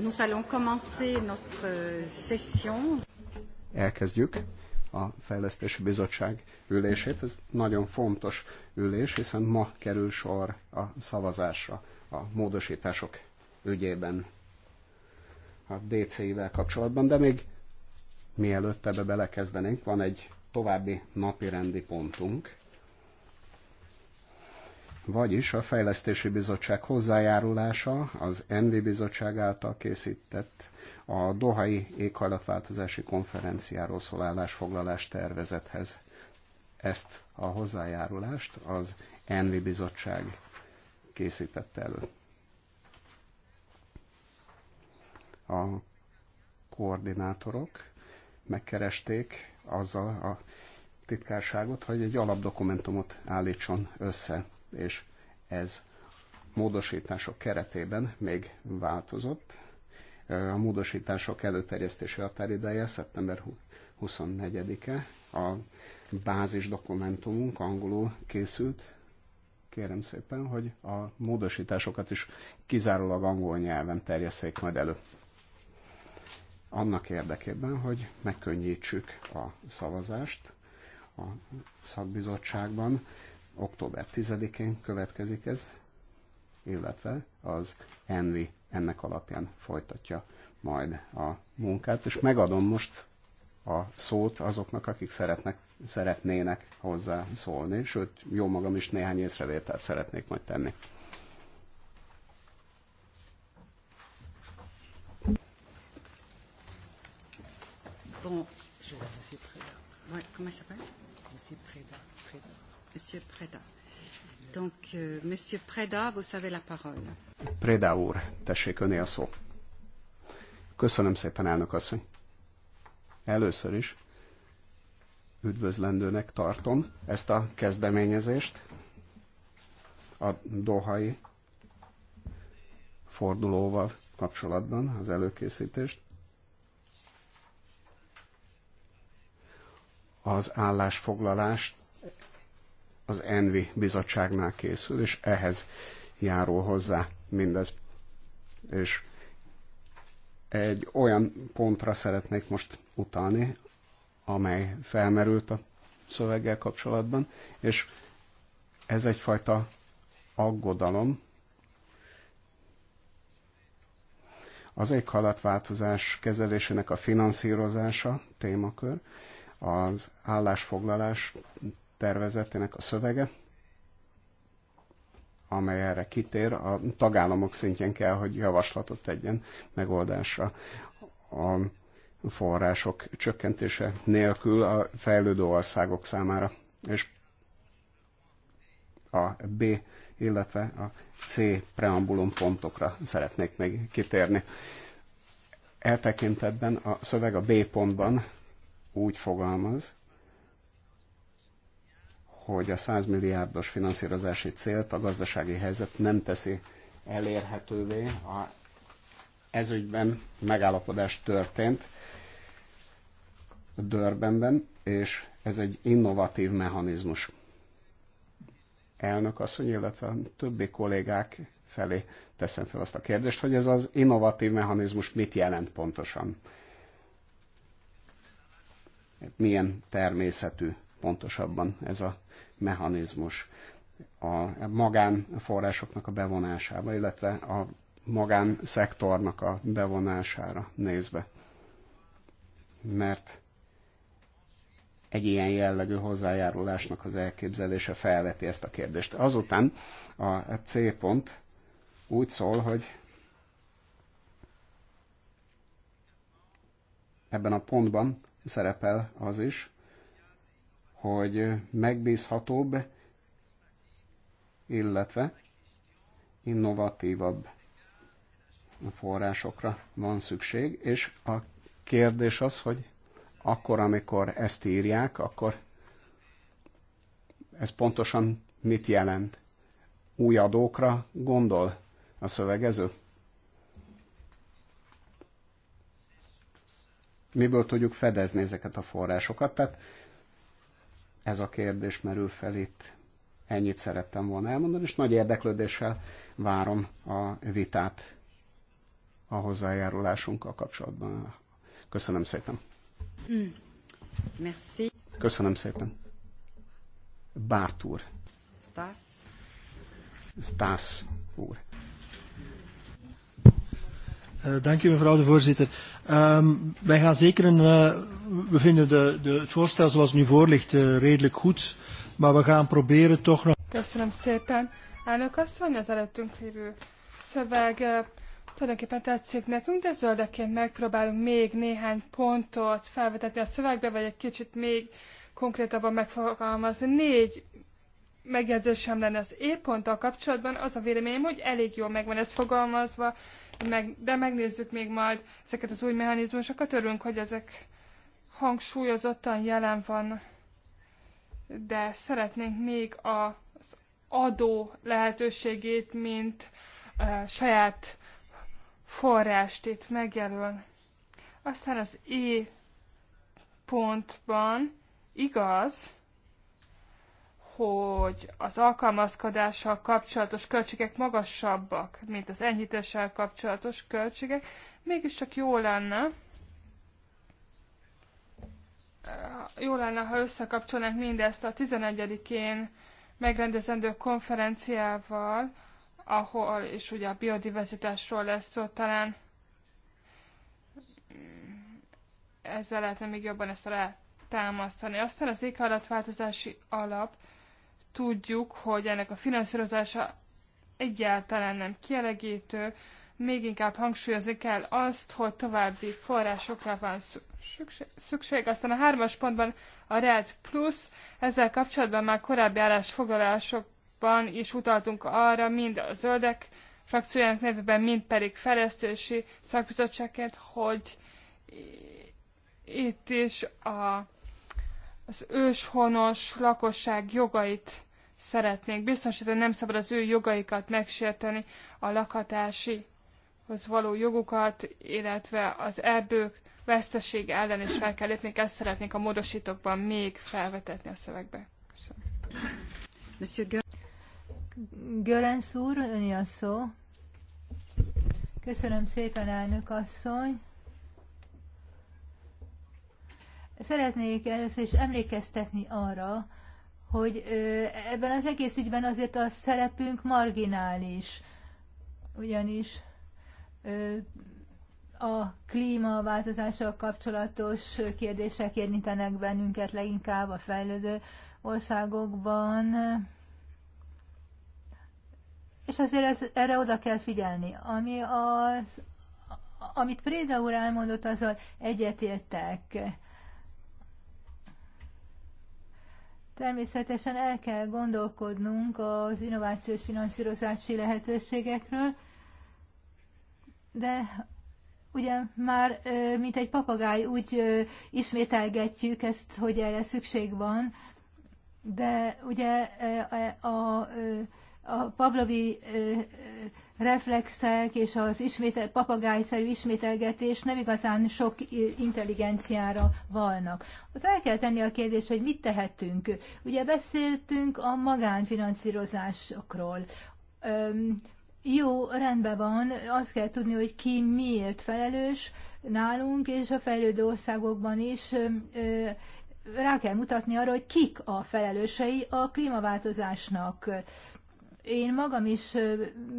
Nous allons commencer notre euh, session. Elkezdjük a Fejlesztési Bizottság ülését. Ez nagyon fontos ülés, hiszen ma kerül sor a szavazásra a módosítások ügyében a DC-vel kapcsolatban, de még mielőtt ebbe belekezdenénk, van egy további napi rendi pontunk, vagyis a Fejlesztési Bizottság hozzájárulása az NV Bizottság által készített a Dohai éghajlatváltozási konferenciáról szól állásfoglalás tervezethez. Ezt a hozzájárulást az NV Bizottság készítette elő. A koordinátorok megkeresték azzal a titkárságot, hogy egy alapdokumentumot állítson össze és ez módosítások keretében még változott. A módosítások előterjesztési határideje szeptember 24-e. A bázis dokumentumunk angolul készült. Kérem szépen, hogy a módosításokat is kizárólag angol nyelven terjesszék majd elő. Annak érdekében, hogy megkönnyítsük a szavazást a szakbizottságban, október 10-én következik ez, illetve az Envi ennek alapján folytatja majd a munkát, és megadom most a szót azoknak, akik szeretnek, szeretnének hozzá szólni, sőt, jó magam is néhány észrevételt szeretnék majd tenni. Bon, je vais vous Comment il s'appelle Monsieur Prédat. Monsieur Preda. Donc, euh, Monsieur Preda, vous la parole. Preda úr, tessék öné a szó. Köszönöm szépen, elnök asszony. Először is üdvözlendőnek tartom ezt a kezdeményezést a dohai fordulóval kapcsolatban az előkészítést. Az állásfoglalást az ENVI bizottságnál készül, és ehhez járul hozzá mindez. És egy olyan pontra szeretnék most utalni, amely felmerült a szöveggel kapcsolatban, és ez egyfajta aggodalom. Az éghajlatváltozás kezelésének a finanszírozása témakör, az állásfoglalás tervezetének a szövege, amely erre kitér, a tagállamok szintjén kell, hogy javaslatot tegyen megoldásra. A források csökkentése nélkül a fejlődő országok számára. És a B, illetve a C preambulum pontokra szeretnék még kitérni. Eltekintetben a szöveg a B pontban úgy fogalmaz, hogy a 100 milliárdos finanszírozási célt a gazdasági helyzet nem teszi elérhetővé. A ezügyben megállapodás történt Dörbenben, és ez egy innovatív mechanizmus. Elnök asszony, illetve a többi kollégák felé teszem fel azt a kérdést, hogy ez az innovatív mechanizmus mit jelent pontosan. Milyen természetű pontosabban ez a mechanizmus a magánforrásoknak a bevonásába, illetve a magánszektornak a bevonására nézve. Mert egy ilyen jellegű hozzájárulásnak az elképzelése felveti ezt a kérdést. Azután a C pont úgy szól, hogy ebben a pontban szerepel az is, hogy megbízhatóbb, illetve innovatívabb forrásokra van szükség, és a kérdés az, hogy akkor, amikor ezt írják, akkor ez pontosan mit jelent? Új adókra gondol a szövegező? Miből tudjuk fedezni ezeket a forrásokat? Tehát ez a kérdés merül fel itt. Ennyit szerettem volna elmondani, és nagy érdeklődéssel várom a vitát a hozzájárulásunkkal kapcsolatban. Köszönöm szépen. Mm. Merci. Köszönöm szépen. Bártúr. Stas. Stász. Stász úr. Eh, dank u mevrouw de voorzitter. Um, wij gaan zeker een, uh, we vinden de, de, het voorstel zoals het nu voor ligt uh, redelijk goed, maar we gaan proberen toch nog... Köszönöm szépen. Elnök asszony, az előttünk lévő szöveg tulajdonképpen tetszik nekünk, de zöldeként megpróbálunk még néhány pontot felvetetni a szövegbe, vagy egy kicsit még konkrétabban megfogalmazni. Négy megjegyzésem lenne az e ponttal kapcsolatban. Az a véleményem, hogy elég jól megvan ez fogalmazva, meg, de megnézzük még majd ezeket az új mechanizmusokat. Örülünk, hogy ezek hangsúlyozottan jelen van, de szeretnénk még az adó lehetőségét, mint e, saját forrást itt megjelölni. Aztán az E pontban igaz, hogy az alkalmazkodással kapcsolatos költségek magasabbak, mint az enyhítéssel kapcsolatos költségek, mégiscsak jó lenne, eh, jó lenne, ha összekapcsolnánk mindezt a 11-én megrendezendő konferenciával, ahol is ugye a biodiverzitásról lesz szó, talán ezzel lehetne még jobban ezt rá támasztani. Aztán az éghajlatváltozási alap tudjuk, hogy ennek a finanszírozása egyáltalán nem kielegítő, még inkább hangsúlyozni kell azt, hogy további forrásokra van szükség. Aztán a hármas pontban a RED Plus, ezzel kapcsolatban már korábbi állásfoglalásokban is utaltunk arra, mind a zöldek frakciójának nevében, mind pedig fejlesztősi szakbizottságként, hogy itt is a, az őshonos lakosság jogait szeretnénk biztosítani, nem szabad az ő jogaikat megsérteni, a az való jogukat, illetve az erdők vesztesége ellen is fel kell lépni, ezt szeretnénk a módosítókban még felvetetni a szövegbe. Köszönöm. Görenc úr, ön a szó. Köszönöm szépen, elnök asszony. Szeretnék először is emlékeztetni arra, hogy ebben az egész ügyben azért a szerepünk marginális, ugyanis a klímaváltozással kapcsolatos kérdések érintenek bennünket leginkább a fejlődő országokban, és azért ez, erre oda kell figyelni. Ami az, amit Préda úr elmondott, azzal egyetértek Természetesen el kell gondolkodnunk az innovációs finanszírozási lehetőségekről, de ugye már, mint egy papagáj, úgy ismételgetjük ezt, hogy erre szükség van, de ugye a, a Pavlovi reflexek és az ismétel, papagájszerű ismételgetés nem igazán sok intelligenciára valnak. Fel kell tenni a kérdést, hogy mit tehetünk. Ugye beszéltünk a magánfinanszírozásokról. Öm, jó, rendben van, azt kell tudni, hogy ki miért felelős nálunk, és a fejlődő országokban is ö, rá kell mutatni arra, hogy kik a felelősei a klímaváltozásnak. Én magam is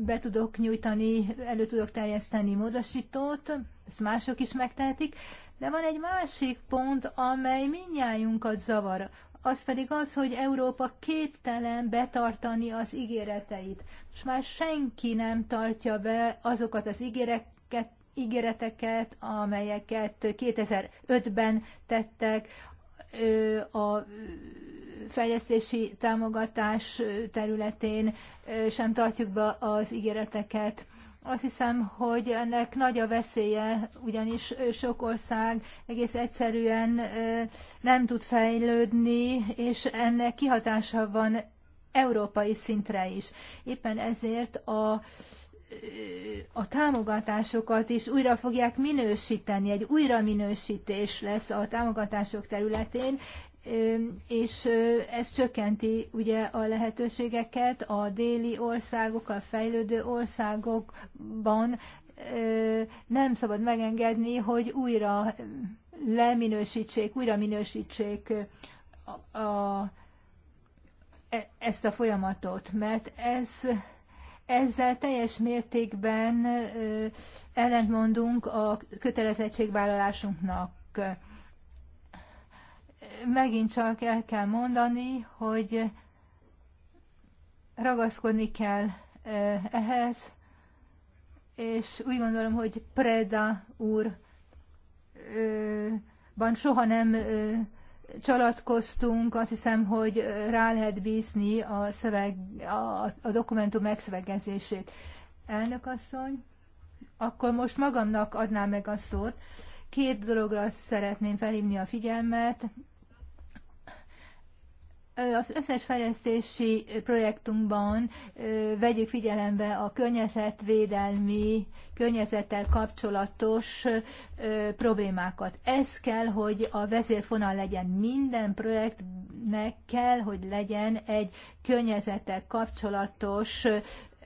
be tudok nyújtani, elő tudok terjeszteni módosítót, ezt mások is megtehetik, de van egy másik pont, amely minnyájunkat zavar. Az pedig az, hogy Európa képtelen betartani az ígéreteit. És már senki nem tartja be azokat az ígéreket, ígéreteket, amelyeket 2005-ben tettek a fejlesztési támogatás területén sem tartjuk be az ígéreteket. Azt hiszem, hogy ennek nagy a veszélye, ugyanis sok ország egész egyszerűen nem tud fejlődni, és ennek kihatása van európai szintre is. Éppen ezért a a támogatásokat is újra fogják minősíteni, egy újra minősítés lesz a támogatások területén, és ez csökkenti ugye a lehetőségeket a déli országok, a fejlődő országokban nem szabad megengedni, hogy újra leminősítsék, újra minősítsék a, a, e, ezt a folyamatot, mert ez ezzel teljes mértékben ellentmondunk a kötelezettségvállalásunknak megint csak el kell mondani, hogy ragaszkodni kell ehhez, és úgy gondolom, hogy Preda úr soha nem csalatkoztunk, azt hiszem, hogy rá lehet bízni a, szöveg, a, a dokumentum megszövegezését. Elnök asszony, akkor most magamnak adnám meg a szót. Két dologra szeretném felhívni a figyelmet az összes fejlesztési projektunkban vegyük figyelembe a környezetvédelmi, környezettel kapcsolatos problémákat. Ez kell, hogy a vezérfonal legyen. Minden projektnek kell, hogy legyen egy környezettel kapcsolatos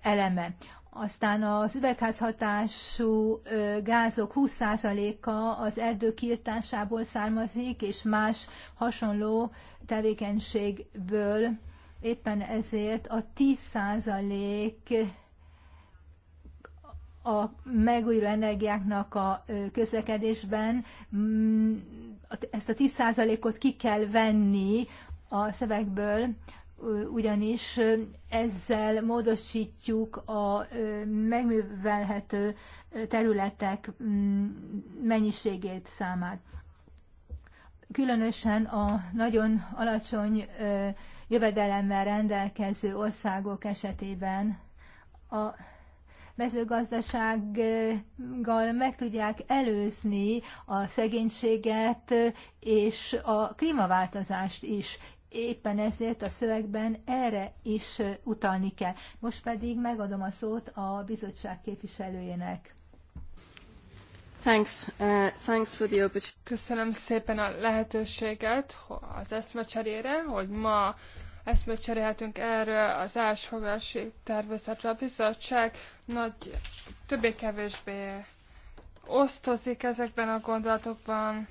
eleme. Aztán az üvegházhatású gázok 20%-a az erdő kiirtásából származik, és más hasonló tevékenységből. Éppen ezért a 10% a megújuló energiáknak a közlekedésben mm, ezt a 10%-ot ki kell venni a szövegből ugyanis ezzel módosítjuk a megművelhető területek mm, mennyiségét, számát. Különösen a nagyon alacsony jövedelemmel rendelkező országok esetében a mezőgazdasággal meg tudják előzni a szegénységet és a klímaváltozást is éppen ezért a szövegben erre is utalni kell. Most pedig megadom a szót a bizottság képviselőjének. Thanks. Uh, thanks for the opportunity. Köszönöm szépen a lehetőséget az eszmecserére, hogy ma eszmecserélhetünk erről az állásfoglalási tervezetre. A bizottság nagy, többé-kevésbé osztozik ezekben a gondolatokban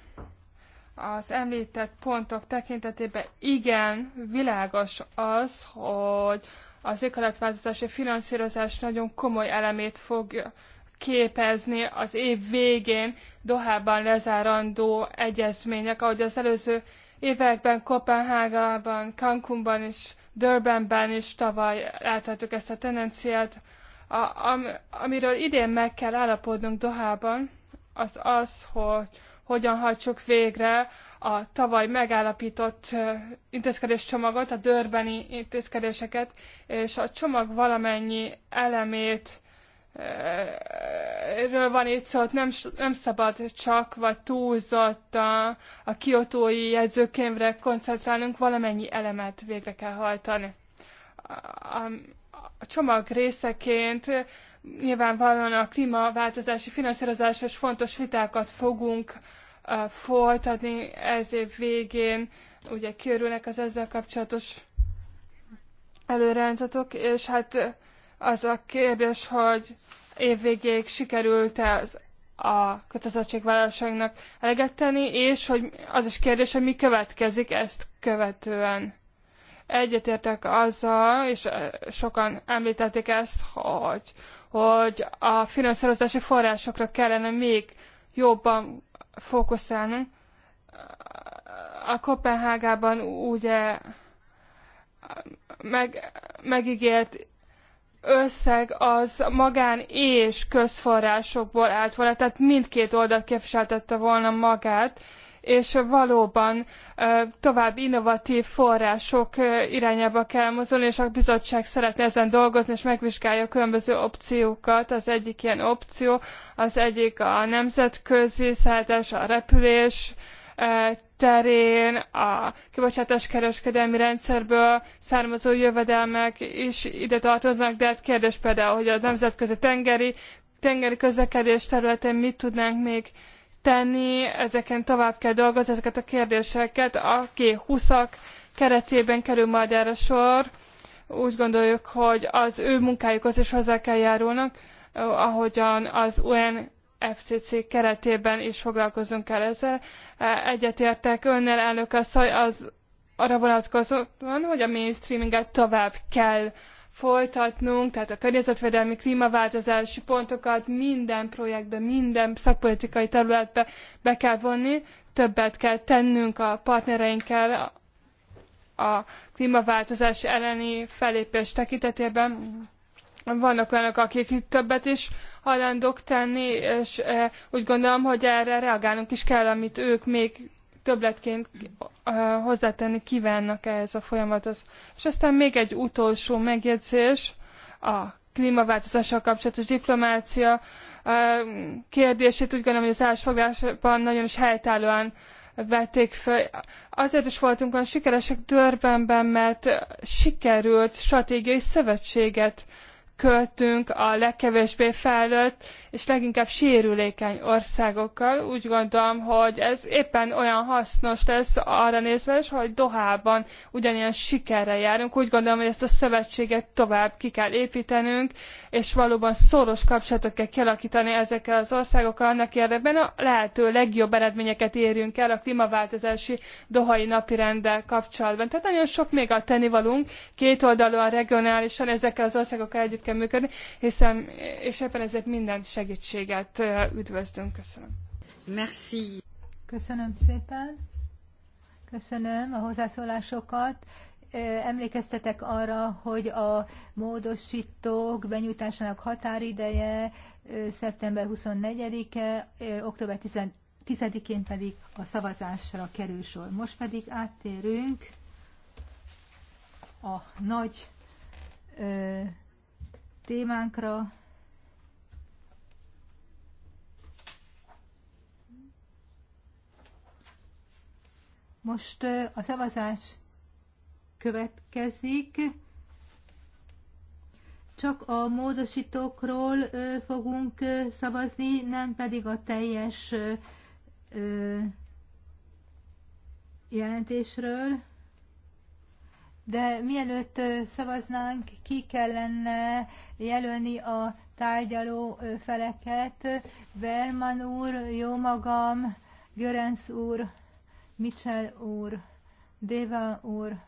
az említett pontok tekintetében igen világos az, hogy az éghajlatváltozási finanszírozás nagyon komoly elemét fog képezni az év végén Dohában lezárandó egyezmények, ahogy az előző években Kopenhágában, Cancunban is, Durbanben is tavaly láthatjuk ezt a tendenciát. A, am, amiről idén meg kell állapodnunk Dohában, az az, hogy hogyan hajtsuk végre a tavaly megállapított intézkedéscsomagot, a dörbeni intézkedéseket, és a csomag valamennyi elemét erről van itt szó, nem, nem szabad csak vagy túlzott a, a kiotói jegyzőkémre koncentrálnunk, valamennyi elemet végre kell hajtani. A, a, a csomag részeként Nyilvánvalóan a klímaváltozási finanszírozásos fontos vitákat fogunk folytatni ez év végén. Ugye kiörülnek az ezzel kapcsolatos előrendzatok, és hát az a kérdés, hogy évvégéig sikerült-e az a kötelezettségvállalásainknak eleget tenni, és hogy az is kérdés, hogy mi következik ezt követően. Egyetértek azzal, és sokan említették ezt, hogy hogy a finanszírozási forrásokra kellene még jobban fókuszálni. A Kopenhágában ugye meg, megígért összeg az magán és közforrásokból állt volna, tehát mindkét oldal képviseltette volna magát, és valóban tovább innovatív források irányába kell mozdulni, és a bizottság szeretne ezen dolgozni, és megvizsgálja a különböző opciókat. Az egyik ilyen opció, az egyik a nemzetközi szállítás, a repülés, terén, a kibocsátás kereskedelmi rendszerből származó jövedelmek is ide tartoznak, de hát kérdés például, hogy a nemzetközi tengeri, tengeri közlekedés területén mit tudnánk még tenni, ezeken tovább kell dolgozni, ezeket a kérdéseket. A G20-ak keretében kerül majd erre sor. Úgy gondoljuk, hogy az ő munkájukhoz is hozzá kell járulnak, ahogyan az UN FCC keretében is foglalkozunk el ezzel. E, egyetértek önnel, elnök asszony, az arra vonatkozóan, hogy a mainstreaminget tovább kell folytatnunk, tehát a környezetvédelmi, klímaváltozási pontokat minden projektbe, minden szakpolitikai területbe be kell vonni, többet kell tennünk a partnereinkkel a klímaváltozás elleni felépés tekintetében. Vannak olyanok, akik itt többet is hajlandók tenni, és eh, úgy gondolom, hogy erre reagálnunk is kell, amit ők még többletként hozzátenni kívánnak ehhez a folyamathoz. És aztán még egy utolsó megjegyzés, a klímaváltozással kapcsolatos diplomácia kérdését úgy gondolom, hogy az állásfoglásban nagyon is helytállóan vették fel. Azért is voltunk olyan sikeresek Dörbenben, mert sikerült stratégiai szövetséget költünk a legkevésbé fejlődött és leginkább sérülékeny országokkal. Úgy gondolom, hogy ez éppen olyan hasznos lesz arra nézve is, hogy Dohában ugyanilyen sikerrel járunk. Úgy gondolom, hogy ezt a szövetséget tovább ki kell építenünk, és valóban szoros kapcsolatot kell kialakítani ezekkel az országokkal annak érdekben, a lehető legjobb eredményeket érjünk el a klímaváltozási dohai napirenddel kapcsolatban. Tehát nagyon sok még a tennivalunk, kétoldalúan, regionálisan ezekkel az országokkal együtt együtt kell működni, hiszen, és éppen ezért minden segítséget üdvözlünk. Köszönöm. Merci. Köszönöm szépen. Köszönöm a hozzászólásokat. Emlékeztetek arra, hogy a módosítók benyújtásának határideje szeptember 24-e, október 10-én pedig a szavazásra kerül sor. Most pedig áttérünk a nagy témánkra. Most a szavazás következik. Csak a módosítókról fogunk szavazni, nem pedig a teljes jelentésről de mielőtt szavaznánk, ki kellene jelölni a tárgyaló feleket, Berman úr, jó magam, Görenc úr, Mitchell úr, Deva úr,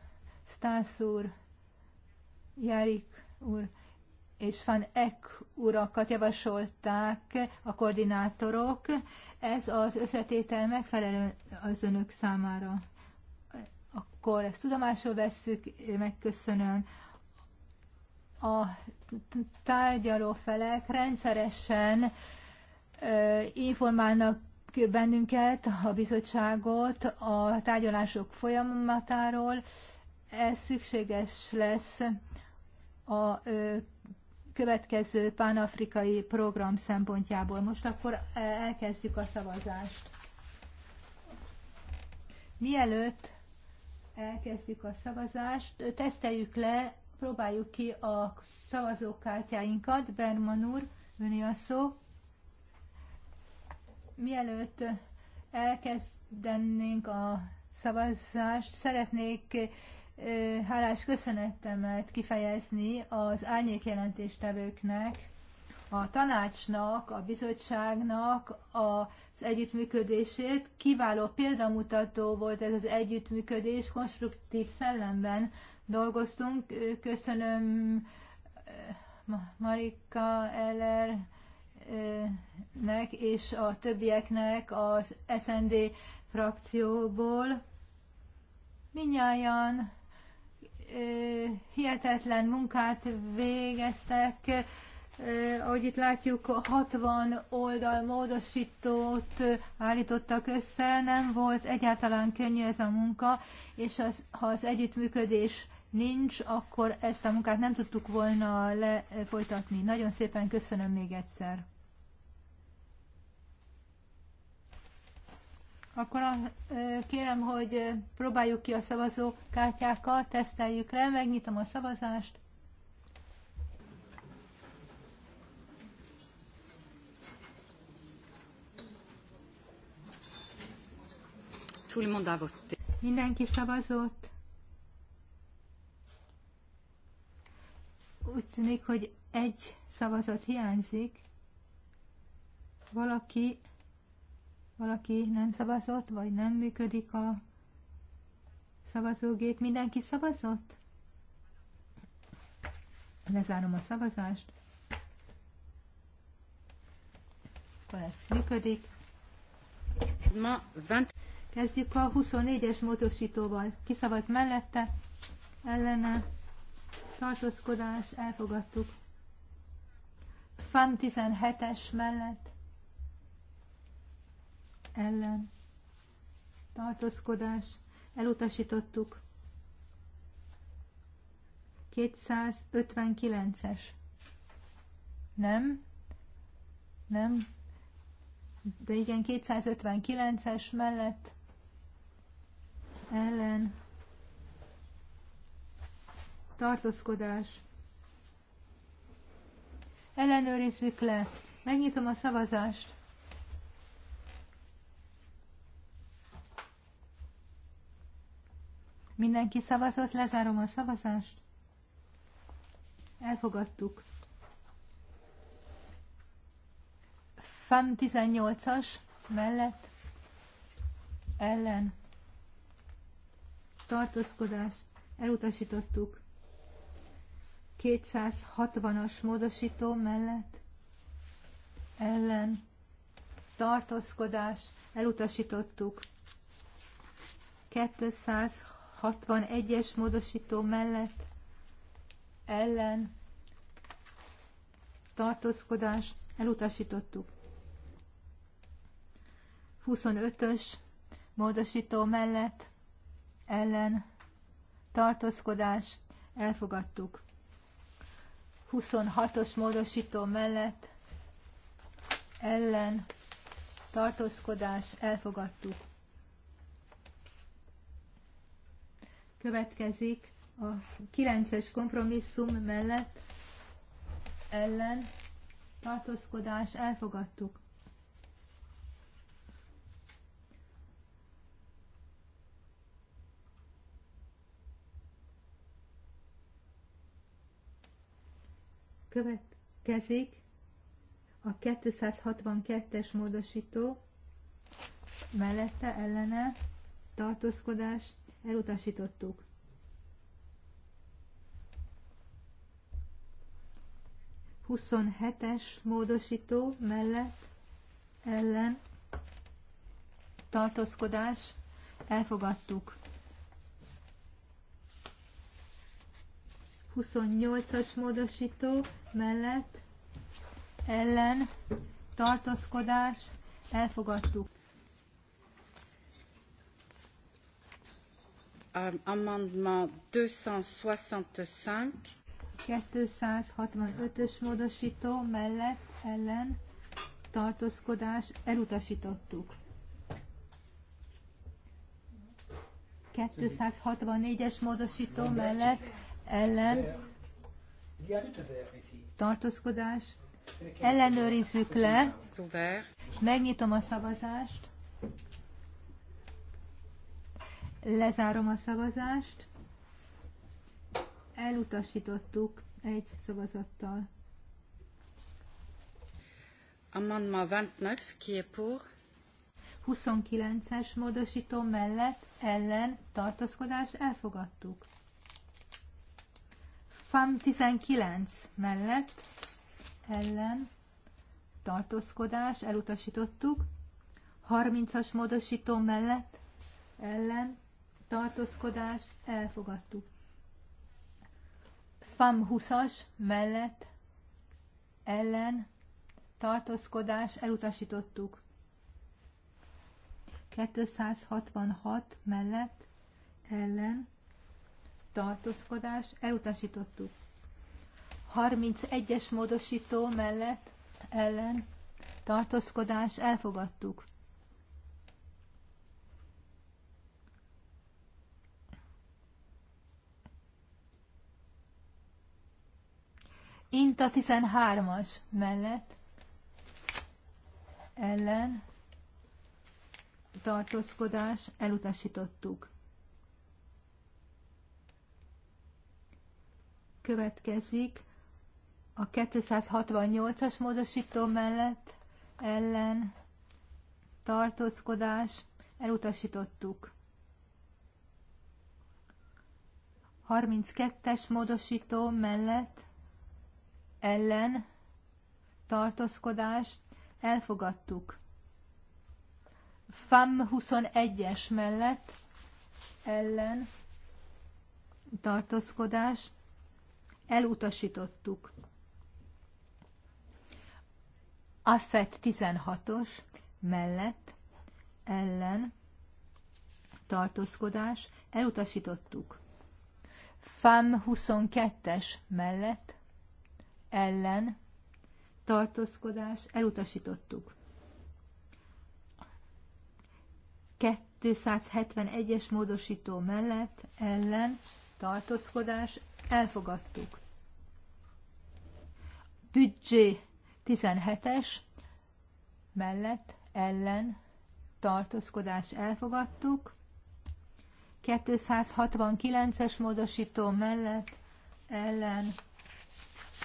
Stász úr, Járik úr és Van Eck urakat javasolták a koordinátorok. Ez az összetétel megfelelő az önök számára akkor ezt tudomásul vesszük, megköszönöm. A tárgyaló felek rendszeresen informálnak bennünket, a bizottságot a tárgyalások folyamatáról. Ez szükséges lesz a következő pánafrikai program szempontjából. Most akkor elkezdjük a szavazást. Mielőtt elkezdjük a szavazást, teszteljük le, próbáljuk ki a szavazókártyáinkat. Berman úr, öné a szó. Mielőtt elkezdenénk a szavazást, szeretnék hálás köszönetemet kifejezni az árnyékjelentéstevőknek, a tanácsnak, a bizottságnak az együttműködését. Kiváló példamutató volt ez az együttműködés, konstruktív szellemben dolgoztunk. Köszönöm eh, Marika Eller nek és a többieknek az SND frakcióból. Minnyáján eh, hihetetlen munkát végeztek, Eh, ahogy itt látjuk, 60 oldal módosítót eh, állítottak össze, nem volt egyáltalán könnyű ez a munka, és az, ha az együttműködés nincs, akkor ezt a munkát nem tudtuk volna lefolytatni. Nagyon szépen köszönöm még egyszer. Akkor eh, kérem, hogy próbáljuk ki a szavazókártyákat, teszteljük le, megnyitom a szavazást. Tout le monde a voté. Mindenki szavazott. Úgy tűnik, hogy egy szavazat hiányzik. Valaki, valaki nem szavazott, vagy nem működik a szavazógép. Mindenki szavazott? Lezárom a szavazást. Akkor ez működik. Ma 20... Kezdjük a 24-es módosítóval. Kiszavaz mellette, ellene, tartózkodás, elfogadtuk. FAM 17-es mellett, ellen, tartózkodás, elutasítottuk. 259-es. Nem? Nem? De igen, 259-es mellett ellen tartózkodás. Ellenőrizzük le. Megnyitom a szavazást. Mindenki szavazott, lezárom a szavazást. Elfogadtuk. FAM 18-as mellett ellen tartózkodás, elutasítottuk. 260-as módosító mellett ellen tartózkodás, elutasítottuk. 261-es módosító mellett ellen tartózkodás, elutasítottuk. 25-ös módosító mellett ellen tartózkodás elfogadtuk. 26-os módosító mellett ellen tartózkodás elfogadtuk. Következik a 9-es kompromisszum mellett ellen tartózkodás elfogadtuk. Következik a 262-es módosító mellette ellene tartózkodás elutasítottuk. Huszonhetes módosító mellett ellen tartózkodás elfogadtuk. 28-as módosító mellett ellen tartózkodás elfogadtuk. Amendement 265. 265-ös módosító mellett ellen tartózkodás elutasítottuk. 264-es módosító mellett ellen tartózkodás, ellenőrizzük le, megnyitom a szavazást, lezárom a szavazást, elutasítottuk egy szavazattal. Amendment 29, qui est pour? 29-es módosító mellett ellen tartózkodás elfogadtuk. FAM 19 mellett ellen tartózkodás, elutasítottuk. 30-as módosító mellett ellen tartózkodás, elfogadtuk. FAM 20-as mellett ellen tartózkodás, elutasítottuk. 266 mellett ellen tartózkodás, elutasítottuk. 31-es módosító mellett ellen tartózkodás, elfogadtuk. Inta 13-as mellett ellen tartózkodás elutasítottuk. következik a 268-as módosító mellett ellen tartózkodás elutasítottuk. 32-es módosító mellett ellen tartózkodás elfogadtuk. FAM 21-es mellett ellen tartózkodás elutasítottuk. Affet 16-os mellett ellen tartózkodás elutasítottuk. FAM 22-es mellett ellen tartózkodás elutasítottuk. 271-es módosító mellett ellen tartózkodás elfogadtuk. Büdzsé 17-es mellett ellen tartózkodás elfogadtuk. 269-es módosító mellett ellen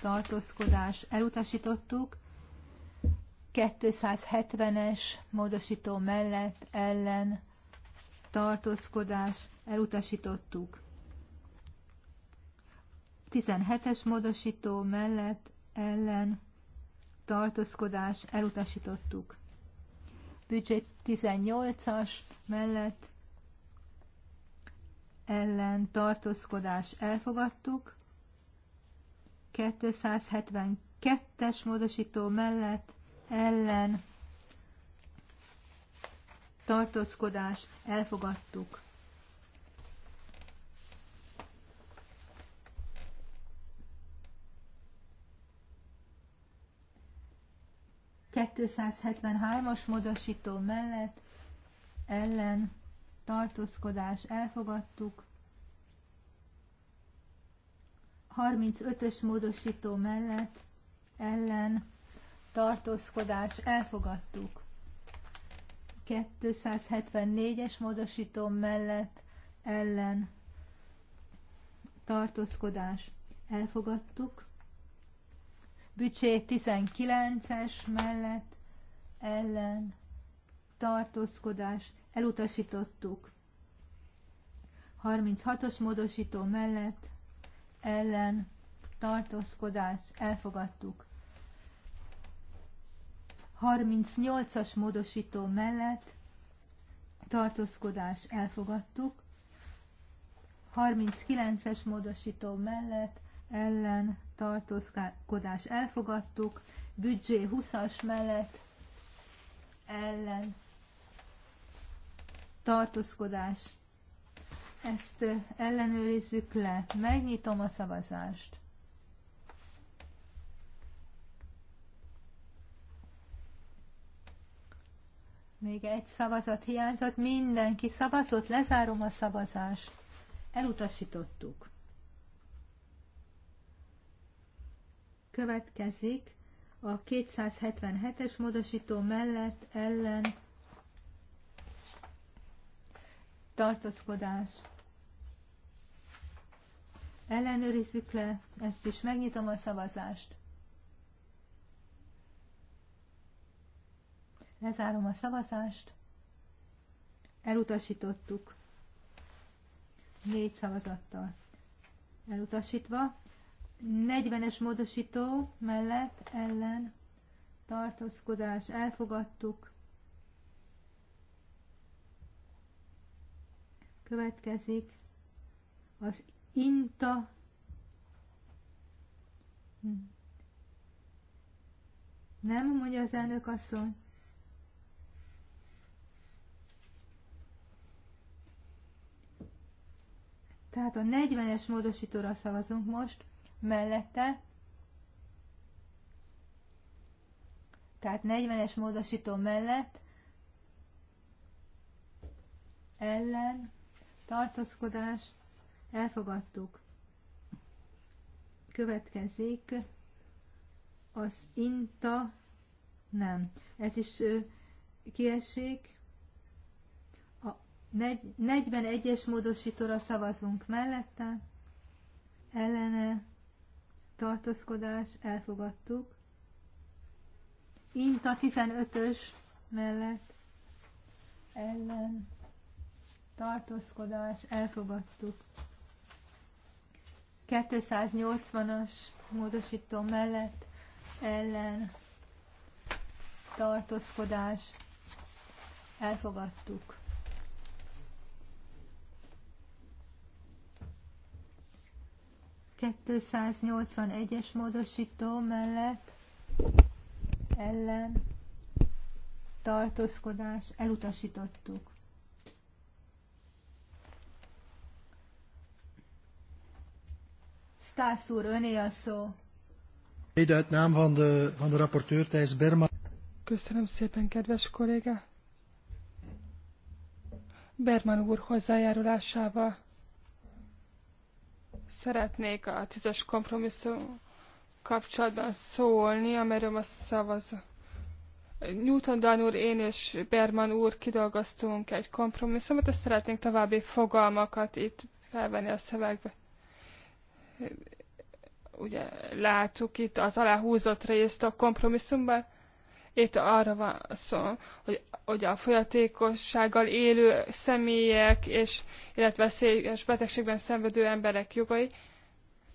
tartózkodás elutasítottuk. 270-es módosító mellett ellen tartózkodás elutasítottuk. 17-es módosító mellett ellen tartózkodás elutasítottuk. Büdzsé 18-as mellett ellen tartózkodás elfogadtuk. 272-es módosító mellett ellen tartózkodás elfogadtuk. 273-as módosító mellett ellen tartózkodás elfogadtuk. 35-ös módosító mellett ellen tartózkodás elfogadtuk. 274-es módosító mellett ellen tartózkodás elfogadtuk bücsé 19-es mellett ellen tartózkodás elutasítottuk. 36-os módosító mellett ellen tartózkodás elfogadtuk. 38-as módosító mellett tartózkodás elfogadtuk. 39-es módosító mellett ellen tartózkodás elfogadtuk, büdzsé 20-as mellett ellen tartózkodás. Ezt ellenőrizzük le. Megnyitom a szavazást. Még egy szavazat hiányzott. Mindenki szavazott. Lezárom a szavazást. Elutasítottuk. Következik a 277-es módosító mellett ellen tartózkodás. Ellenőrizzük le, ezt is megnyitom a szavazást. Lezárom a szavazást. Elutasítottuk. Négy szavazattal. Elutasítva. 40-es módosító mellett ellen tartózkodás elfogadtuk. Következik az INTA nem, mondja az elnök asszony. Tehát a 40-es módosítóra szavazunk most mellette, tehát 40-es módosító mellett ellen tartózkodás elfogadtuk. Következik az inta, nem, ez is kiesik. A 41-es módosítóra szavazunk mellette, ellene tartózkodás, elfogadtuk. a 15-ös mellett ellen tartózkodás, elfogadtuk. 280-as módosító mellett ellen tartózkodás, elfogadtuk. 281-es módosító mellett ellen tartózkodás elutasítottuk. Stász úr, öné a szó. Mede van de, van de rapporteur Thijs Berma. Köszönöm szépen, kedves kolléga. Berman úr hozzájárulásával szeretnék a tízes kompromisszum kapcsolatban szólni, amelyről most szavaz. Newton Dan úr, én és Berman úr kidolgoztunk egy kompromisszumot, és szeretnénk további fogalmakat itt felvenni a szövegbe. Ugye látjuk itt az aláhúzott részt a kompromisszumban, itt arra van szó, hogy, hogy a folyatékossággal élő személyek és illetve széles betegségben szenvedő emberek jogai,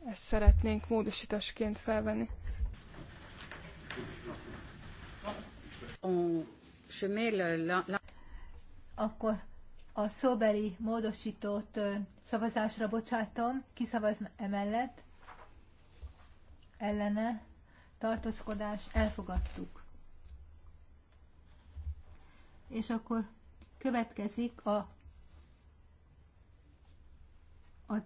ezt szeretnénk módosításként felvenni. Akkor a szóbeli módosítót szavazásra bocsátom. Kiszavaz, emellett? Ellene? Tartózkodás? Elfogadtuk és akkor következik a, a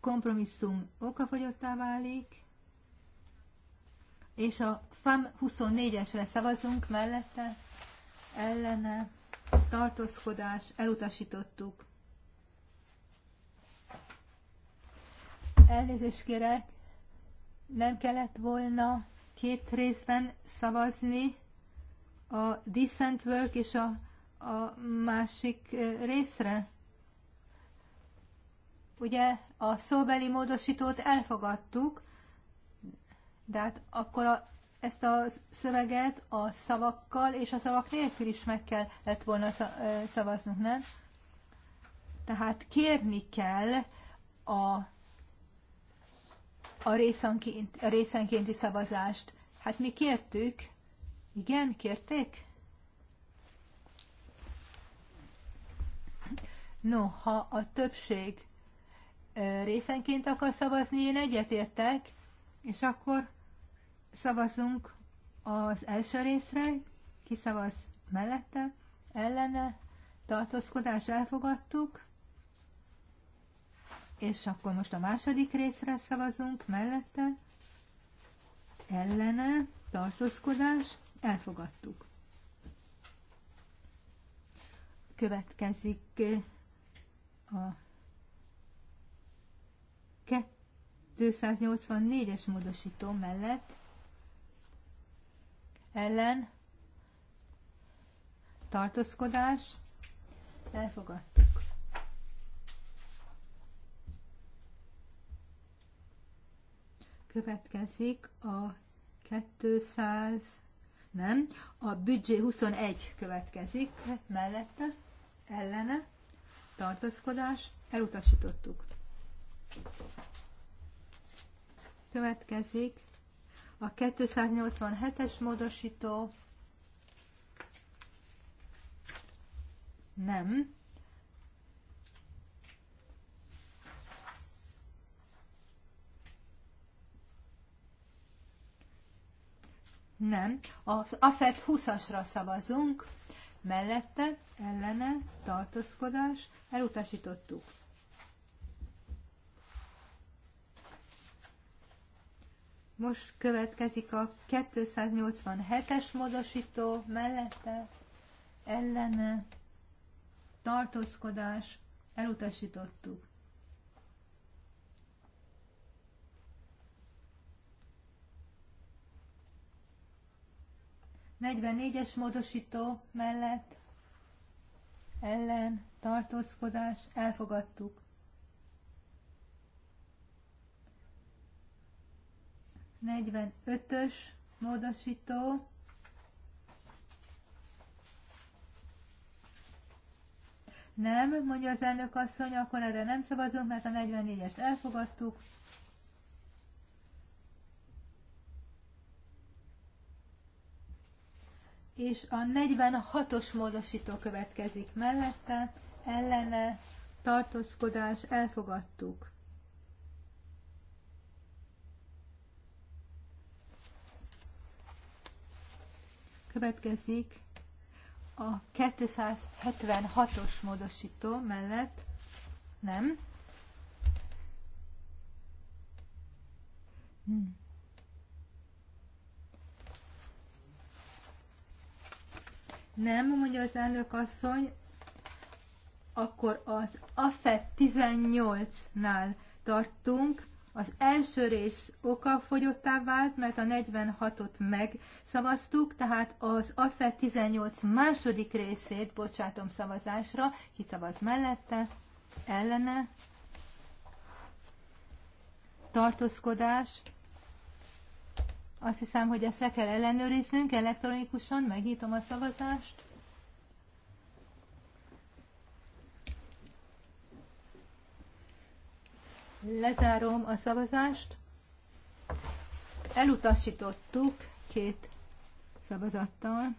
kompromisszum okafogyottá válik, és a FAM 24-esre szavazunk mellette, ellene, tartózkodás, elutasítottuk. Elnézést kérek, nem kellett volna két részben szavazni, a decent work és a, a másik részre? Ugye a szóbeli módosítót elfogadtuk, de hát akkor a, ezt a szöveget a szavakkal és a szavak nélkül is meg kellett volna szavaznunk, nem? Tehát kérni kell a, a, részenként, a részenkénti szavazást. Hát mi kértük, igen, kérték? No, ha a többség részenként akar szavazni, én egyetértek, és akkor szavazunk az első részre, ki szavaz mellette, ellene, tartózkodás elfogadtuk, és akkor most a második részre szavazunk mellette, ellene, tartózkodás, elfogadtuk. Következik eh, a 284-es módosító mellett ellen tartózkodás elfogadtuk. Következik a 200 nem. A büdzsé 21 következik, mellette, ellene, tartózkodás, elutasítottuk. Következik a 287-es módosító, nem, Nem. Az AFET 20-asra szavazunk, mellette, ellene, tartózkodás, elutasítottuk. Most következik a 287-es módosító mellette, ellene, tartózkodás, elutasítottuk. 44-es módosító mellett ellen tartózkodás elfogadtuk. 45 ötös módosító Nem, mondja az elnök asszony, akkor erre nem szavazunk, mert a 44-est elfogadtuk. és a 46-os módosító következik mellette, ellene tartózkodás elfogadtuk. Következik a 276-os módosító mellett, nem. Hmm. Nem, mondja az elnök asszony, akkor az AFET 18-nál tartunk. Az első rész fogyottá vált, mert a 46-ot megszavaztuk, tehát az AFET 18 második részét bocsátom szavazásra. Ki szavaz mellette? Ellene? Tartózkodás? Azt hiszem, hogy ezt le kell ellenőriznünk elektronikusan. Megnyitom a szavazást. Lezárom a szavazást. Elutasítottuk két szavazattal.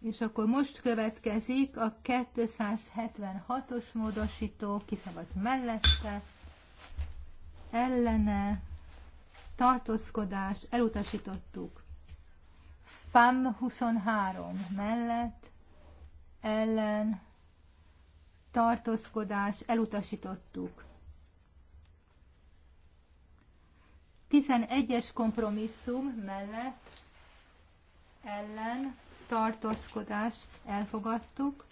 És akkor most következik a 276-os módosító, kiszavaz mellette, ellene, tartózkodást elutasítottuk. FAM 23 mellett ellen tartózkodás elutasítottuk. 11-es kompromisszum mellett ellen tartózkodás elfogadtuk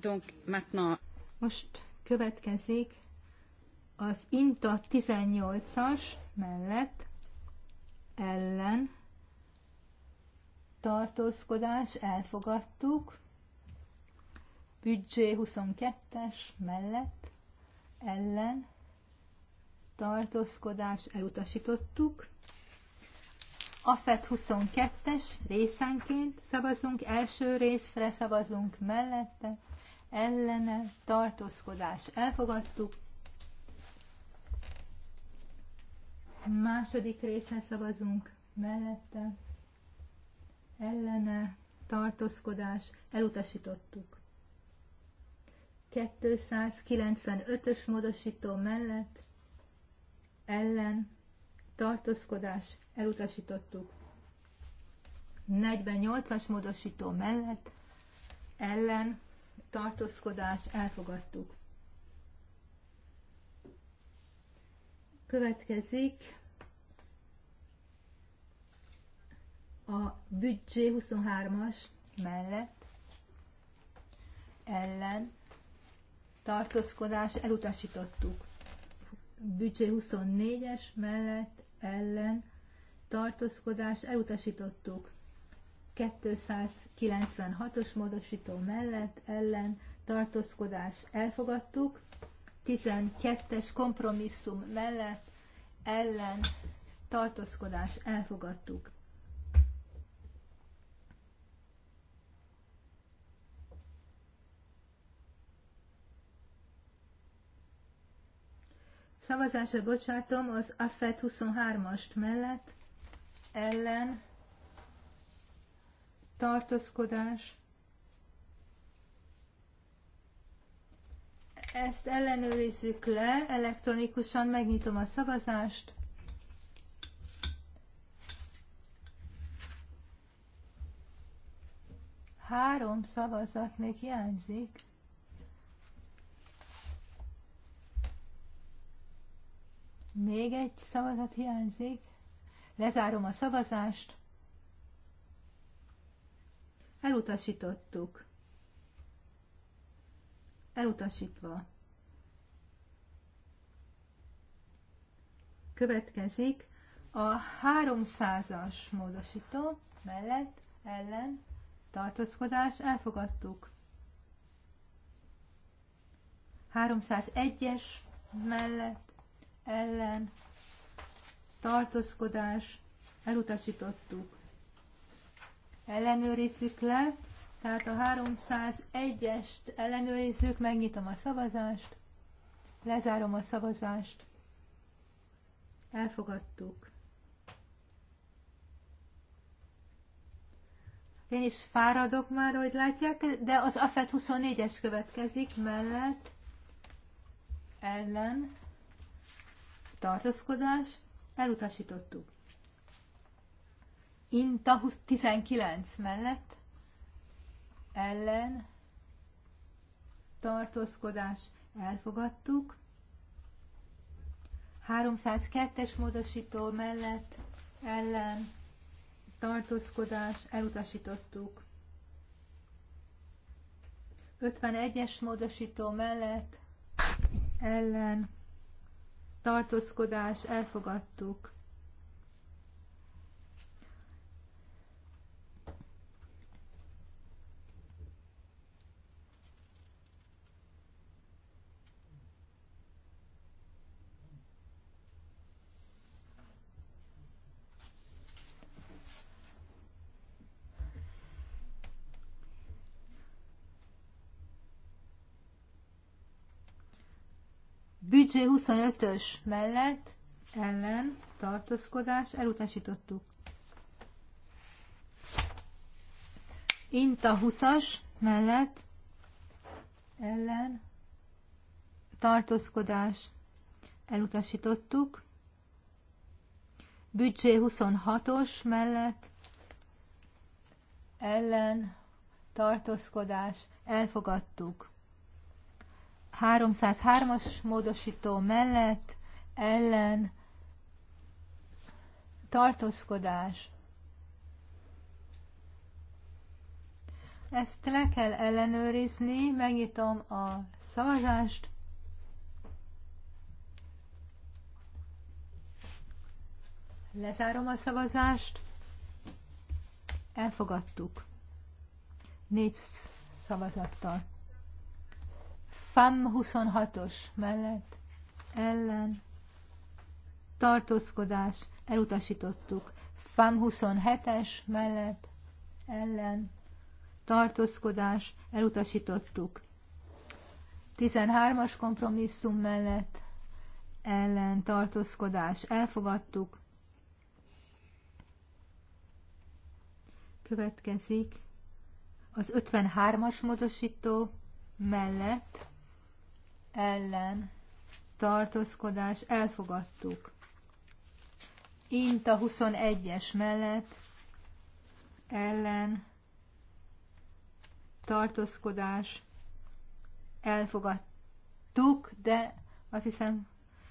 donc maintenant... Most következik az INTA 18-as mellett ellen tartózkodás elfogadtuk, büdzsé 22-es mellett ellen tartózkodás elutasítottuk, AFET 22-es részenként szavazunk, első részre szavazunk mellette, ellene, tartózkodás elfogadtuk. Második részre szavazunk mellette, ellene, tartózkodás elutasítottuk. 295-ös módosító mellett, ellen, tartózkodás elutasítottuk. 48-as módosító mellett ellen tartózkodás elfogadtuk. Következik a büdzsé 23-as mellett ellen tartózkodás elutasítottuk. Büdzsé 24-es mellett ellen tartózkodás elutasítottuk. 296-os módosító mellett ellen tartózkodás elfogadtuk. 12-es kompromisszum mellett ellen tartózkodás elfogadtuk. Szavazásra bocsátom az AFET 23-ast mellett ellen tartózkodás. Ezt ellenőrizzük le elektronikusan, megnyitom a szavazást. Három szavazat még hiányzik. Még egy szavazat hiányzik. Lezárom a szavazást. Elutasítottuk. Elutasítva. Következik a 300-as módosító mellett, ellen, tartózkodás, elfogadtuk. 301-es mellett, ellen tartózkodás elutasítottuk. Ellenőrizzük le, tehát a 301-est ellenőrizzük, megnyitom a szavazást, lezárom a szavazást, elfogadtuk. Én is fáradok már, hogy látják, de az AFET 24-es következik mellett, ellen, tartózkodás, elutasítottuk. Inta 19 mellett ellen tartózkodás elfogadtuk. 302-es módosító mellett ellen tartózkodás elutasítottuk. 51-es módosító mellett ellen tartózkodás elfogadtuk. Budget 25-ös mellett ellen tartózkodás elutasítottuk. Inta 20-as mellett ellen tartózkodás elutasítottuk. Büdzsé 26-os mellett ellen tartózkodás elfogadtuk. 303-as módosító mellett ellen tartózkodás. Ezt le kell ellenőrizni, megnyitom a szavazást. Lezárom a szavazást. Elfogadtuk. Négy szavazattal. FAM 26-os mellett ellen tartózkodás elutasítottuk. FAM 27-es mellett ellen tartózkodás elutasítottuk. 13-as kompromisszum mellett ellen tartózkodás elfogadtuk. Következik az 53-as módosító mellett ellen tartózkodás elfogadtuk. a 21-es mellett ellen tartózkodás elfogadtuk, de azt hiszem,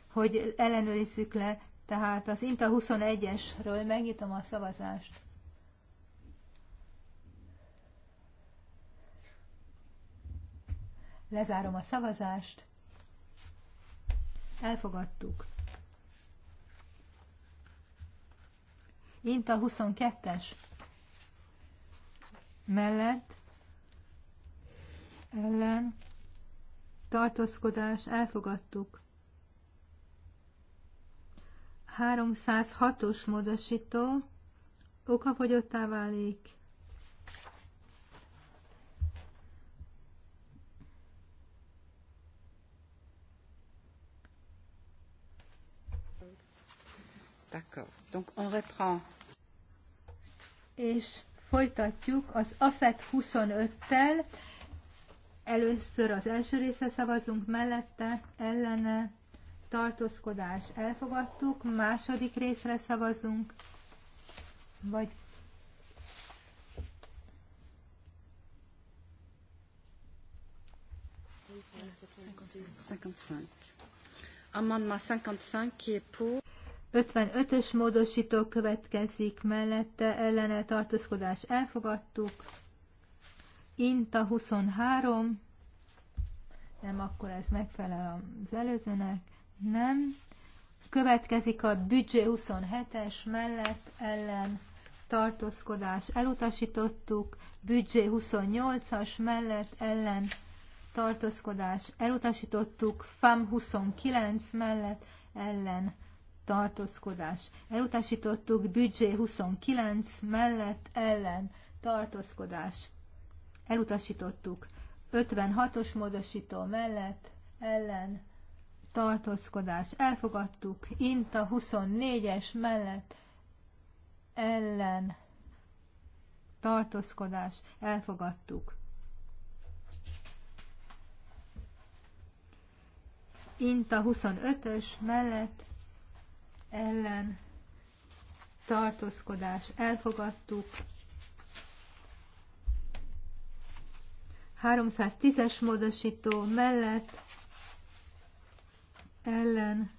hogy ellenőrizzük le, tehát az Inta 21-esről megnyitom a szavazást. Lezárom a szavazást. Elfogadtuk. Inta 22-es mellett ellen tartózkodás elfogadtuk. 306-os módosító okafogyottá válik. D'accord. Donc on reprend. És folytatjuk az AFET 25-tel. Először az első része szavazunk mellette, ellene, tartózkodás elfogadtuk, második részre szavazunk, vagy Amendement 55 qui est pour 55-ös módosító következik, mellette ellene tartózkodás elfogadtuk. Inta 23, nem, akkor ez megfelel az előzőnek, nem. Következik a büdzsé 27-es mellett ellen tartózkodás elutasítottuk, büdzsé 28-as mellett ellen tartózkodás elutasítottuk, FAM 29 mellett ellen tartózkodás. Elutasítottuk büdzsé 29 mellett ellen tartózkodás. Elutasítottuk 56-os módosító mellett ellen tartózkodás. Elfogadtuk Inta 24-es mellett ellen tartózkodás. Elfogadtuk. Inta 25-ös mellett ellen tartózkodás elfogadtuk. 310-es módosító mellett ellen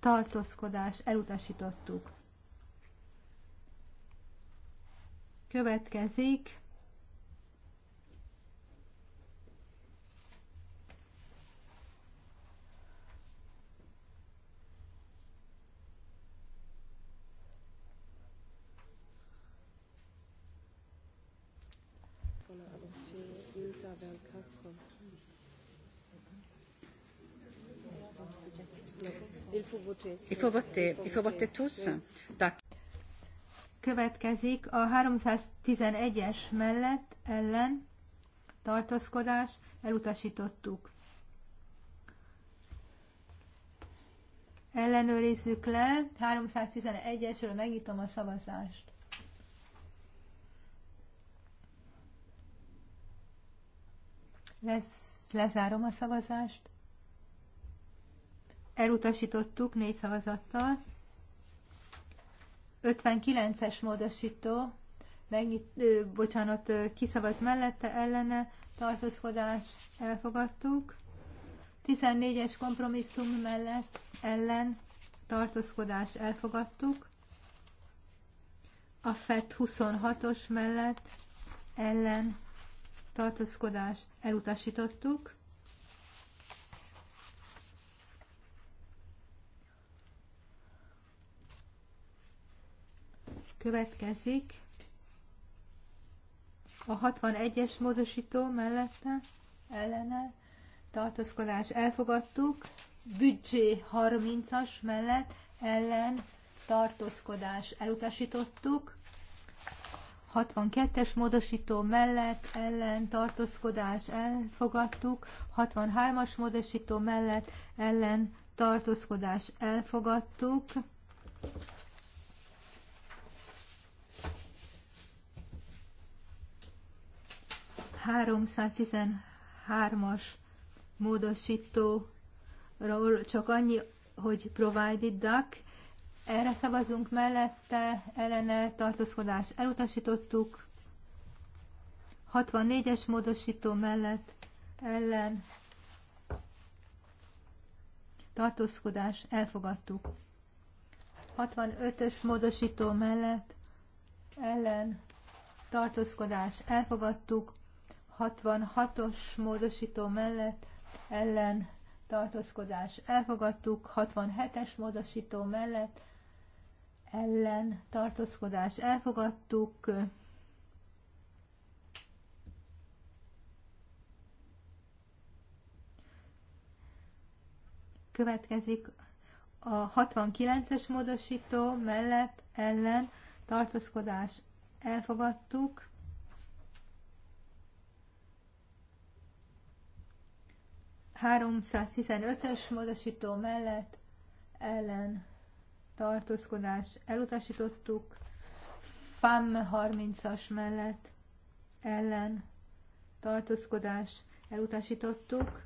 tartózkodás elutasítottuk. Következik Il faut voter. Il faut voter tous. Következik a 311-es mellett ellen tartózkodás, elutasítottuk. Ellenőrizzük le, 311-esről megnyitom a szavazást. Lesz, lezárom a szavazást elutasítottuk négy szavazattal. 59-es módosító, megnyit, ö, bocsánat, kiszavaz mellette, ellene, tartózkodás elfogadtuk. 14-es kompromisszum mellett, ellen, tartózkodás elfogadtuk. A FET 26-os mellett, ellen, tartózkodást elutasítottuk. Következik a 61-es módosító mellette ellene tartózkodás elfogadtuk, büdzsé 30-as mellett ellen tartózkodás elutasítottuk, 62-es módosító mellett ellen tartózkodás elfogadtuk, 63-as módosító mellett ellen tartózkodás elfogadtuk, 313-as módosítóról csak annyi, hogy provided duck, erre szavazunk mellette, ellene tartózkodás elutasítottuk, 64-es módosító mellett ellen tartózkodás elfogadtuk. 65-ös módosító mellett ellen tartózkodás elfogadtuk. 66-os módosító mellett ellen tartózkodás elfogadtuk, 67-es módosító mellett ellen tartózkodás elfogadtuk, következik a 69-es módosító mellett ellen tartózkodás elfogadtuk, 315-ös módosító mellett ellen tartózkodás elutasítottuk, FAM 30-as mellett ellen tartózkodás elutasítottuk.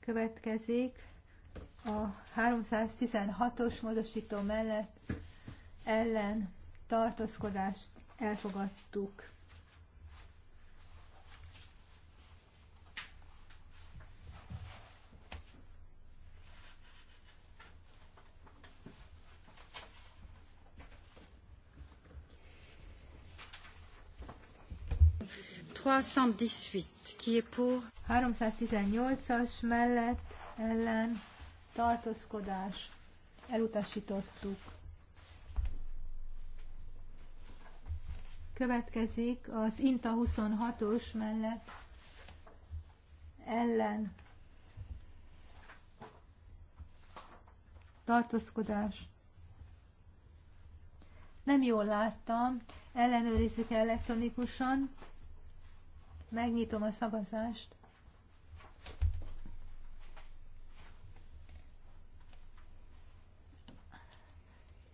Következik a 316-os módosító mellett ellen tartózkodás elfogadtuk. 318, as mellett ellen tartózkodás elutasítottuk. Következik az INTA 26-os mellett ellen tartózkodás. Nem jól láttam, ellenőrizzük elektronikusan. Megnyitom a szavazást.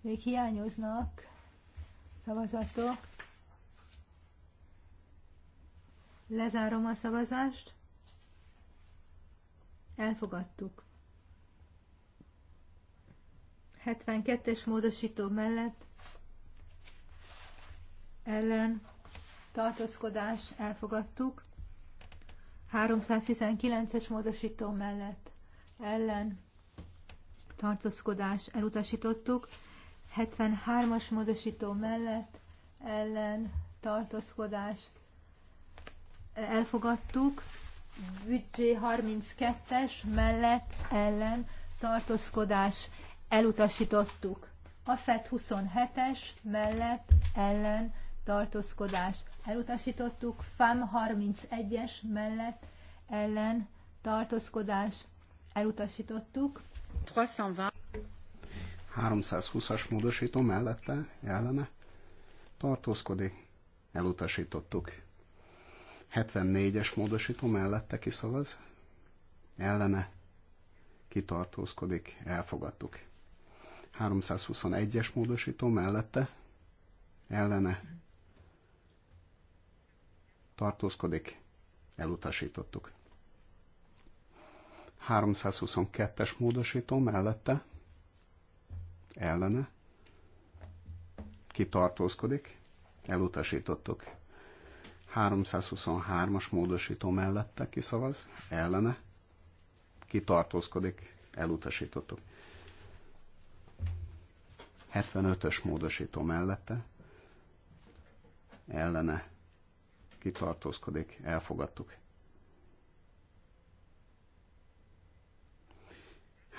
Még hiányoznak szavazatok. Lezárom a szavazást. Elfogadtuk. 72-es módosító mellett ellen tartózkodás elfogadtuk. 319-es módosító mellett ellen tartózkodás elutasítottuk. 73-as módosító mellett ellen tartózkodás elfogadtuk. Büdzsé 32-es mellett ellen tartózkodás elutasítottuk. A FED 27-es mellett ellen tartózkodás elutasítottuk, FAM 31-es mellett ellen tartózkodás elutasítottuk. 320. 320-as módosító mellette ellene tartózkodik, elutasítottuk. 74-es módosító mellette kiszavaz, ellene kitartózkodik, elfogadtuk. 321-es módosító mellette ellene tartózkodik, elutasítottuk. 322-es módosító mellette, ellene, kitartózkodik, elutasítottuk. 323-as módosító mellette kiszavaz, ellene, kitartózkodik, elutasítottuk. 75-ös módosító mellette, ellene, kitartózkodik, elfogadtuk.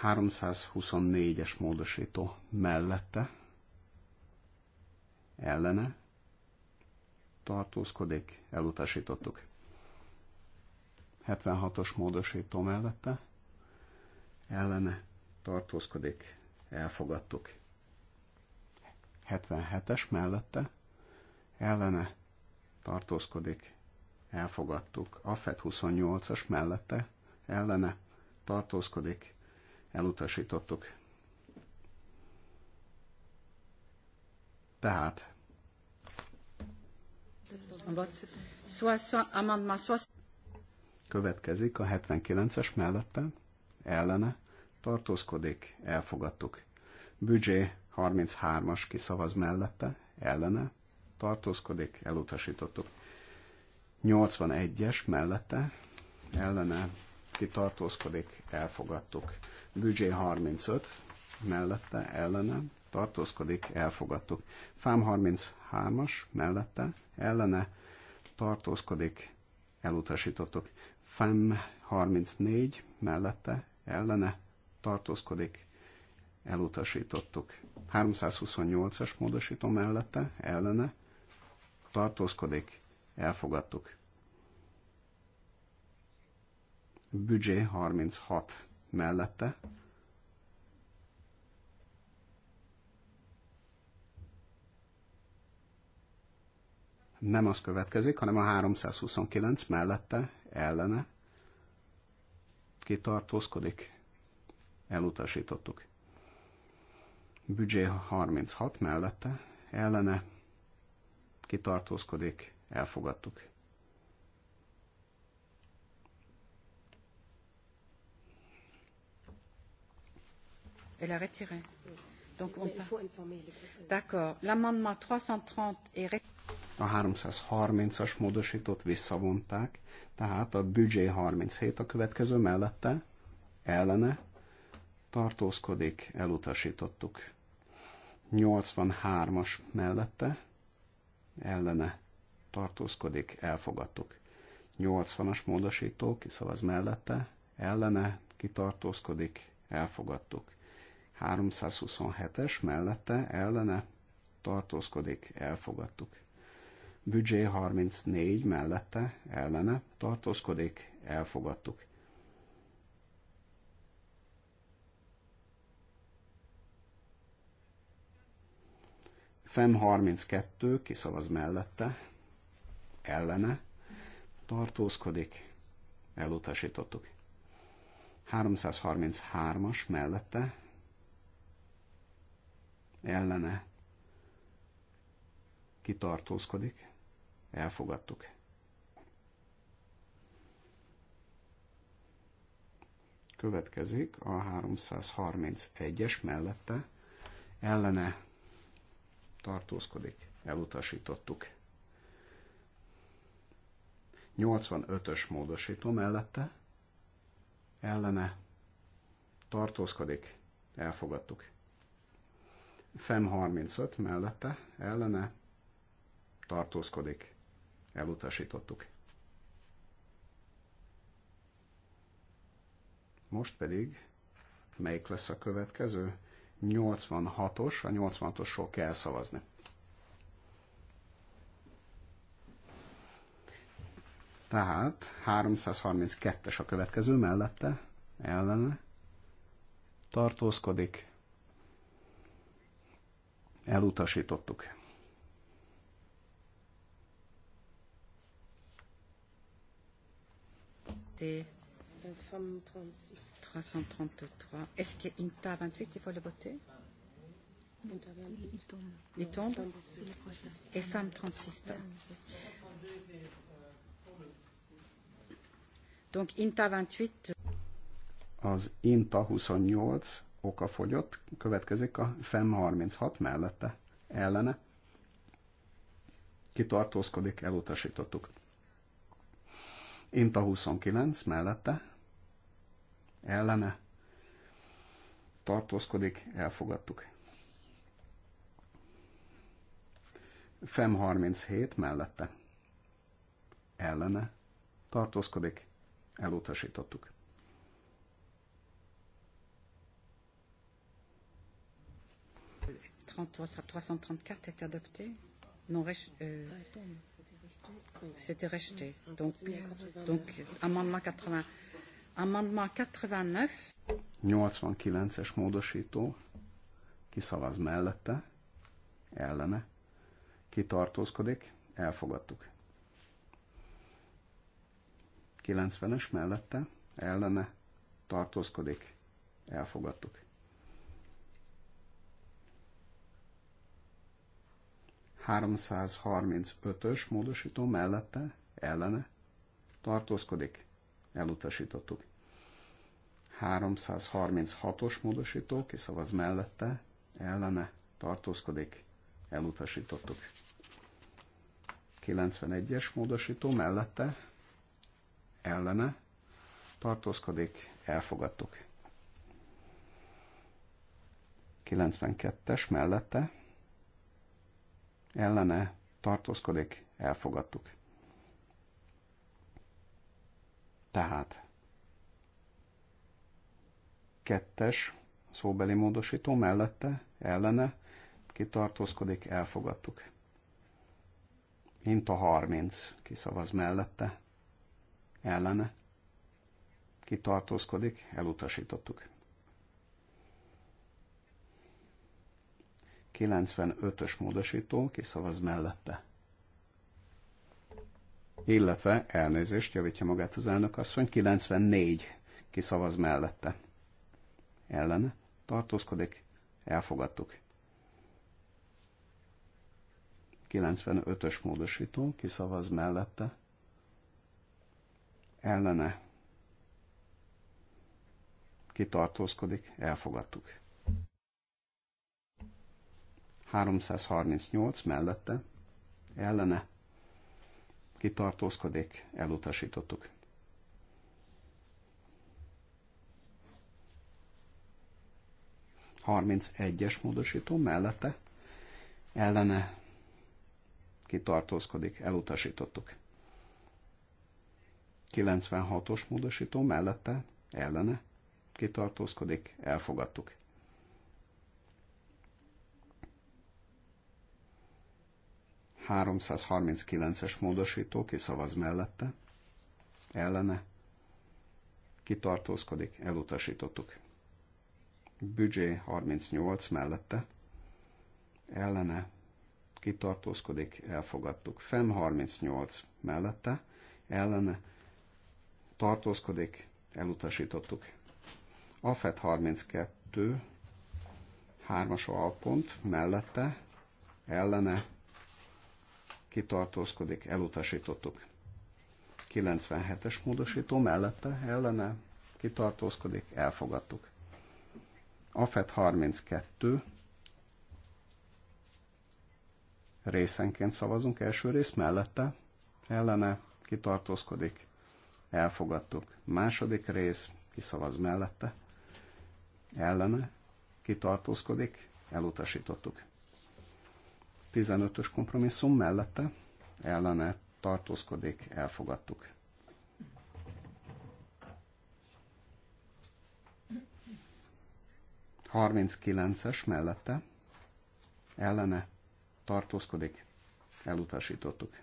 324-es módosító mellette, ellene tartózkodik, elutasítottuk. 76-os módosító mellette, ellene tartózkodik, elfogadtuk. 77-es mellette, ellene tartózkodik, elfogadtuk. Afet 28-as mellette, ellene tartózkodik, elutasítottuk. Tehát. Következik a 79-es mellette, ellene, tartózkodik, elfogadtuk. Büdzsé 33-as kiszavaz mellette, ellene, tartózkodik, elutasítottuk. 81-es mellette ellene ki tartózkodik, elfogadtuk. Büdzsé 35 mellette ellene tartózkodik, elfogadtuk. Fám 33-as mellette ellene tartózkodik, elutasítottuk. Fem 34 mellette ellene tartózkodik, elutasítottuk. 328-as módosító mellette ellene tartózkodik, elfogadtuk. Büdzsé 36 mellette. Nem az következik, hanem a 329 mellette, ellene kitartózkodik. Elutasítottuk. Büdzsé 36 mellette, ellene kitartózkodik, elfogadtuk. Elle a retiré. Donc on part. D'accord. L'amendement 330 est a 330-as módosítót visszavonták, tehát a büdzsé 37 a következő mellette, ellene tartózkodik, elutasítottuk. 83-as mellette, ellene tartózkodik, elfogadtuk. 80-as módosító kiszavaz mellette, ellene kitartózkodik, elfogadtuk. 327-es mellette, ellene tartózkodik, elfogadtuk. Büdzsé 34 mellette, ellene tartózkodik, elfogadtuk. FEM 32 szavaz mellette, ellene, tartózkodik, elutasítottuk. 333-as mellette, ellene, kitartózkodik, elfogadtuk. Következik a 331-es mellette, ellene tartózkodik, elutasítottuk. 85-ös módosító mellette, ellene, tartózkodik, elfogadtuk. FEM 35 mellette, ellene, tartózkodik, elutasítottuk. Most pedig melyik lesz a következő? 86-os, a 86-osról kell szavazni. Tehát 332-es a következő mellette, ellene, tartózkodik, elutasítottuk. T. 35. 333. Est-ce 28, il faut le voter Il, il tombe. Il tombe Et femme 36. Donc INTA 28. Az INTA 28 oka fogyott, következik a FEM 36 mellette, ellene. Kitartózkodik, elutasítottuk. INTA 29 mellette, ellene tartózkodik, elfogadtuk. FEM 37 mellette ellene tartózkodik, elutasítottuk. est adopté Non, euh, c'était rejeté. Donc, donc amendement 80. Amendement 89. 89-es módosító. Kiszavaz mellette, ellene. Kitartózkodik, elfogadtuk. 90-es mellette, ellene, tartózkodik, elfogadtuk. ...335-ös módosító mellette, ellene, tartózkodik, elutasítottuk. 336-os módosító, szavaz mellette, ellene, tartózkodik, elutasítottuk. 91-es módosító mellette, ellene, tartózkodik, elfogadtuk. 92-es mellette, ellene, tartózkodik, elfogadtuk. Tehát kettes szóbeli módosító mellette, ellene, kitartózkodik, elfogadtuk. Mint a 30 kiszavaz mellette, ellene, kitartózkodik, elutasítottuk. 95-ös módosító kiszavaz mellette, illetve elnézést, javítja magát az elnök asszony, 94 kiszavaz mellette. Ellene tartózkodik, elfogadtuk. 95-ös módosító kiszavaz mellette. Ellene kitartózkodik, elfogadtuk. 338 mellette, ellene ki tartózkodik, elutasítottuk. egyes módosító mellette ellene kitartózkodik, elutasítottuk. 96-os módosító mellette ellene kitartózkodik, elfogadtuk. 339-es módosító kiszavaz mellette, ellene, kitartózkodik, elutasítottuk. Büdzsé 38 mellette, ellene, kitartózkodik, elfogadtuk. FEM 38 mellette, ellene, tartózkodik, elutasítottuk. AFET 32, 3-as alpont mellette, ellene, kitartózkodik, elutasítottuk. 97-es módosító mellette, ellene, kitartózkodik, elfogadtuk. AFET 32 részenként szavazunk, első rész mellette, ellene, kitartózkodik, elfogadtuk. Második rész, kiszavaz mellette, ellene, kitartózkodik, elutasítottuk. 15-ös kompromisszum mellette ellene tartózkodik, elfogadtuk. Harminckilences mellette ellene tartózkodik, elutasítottuk.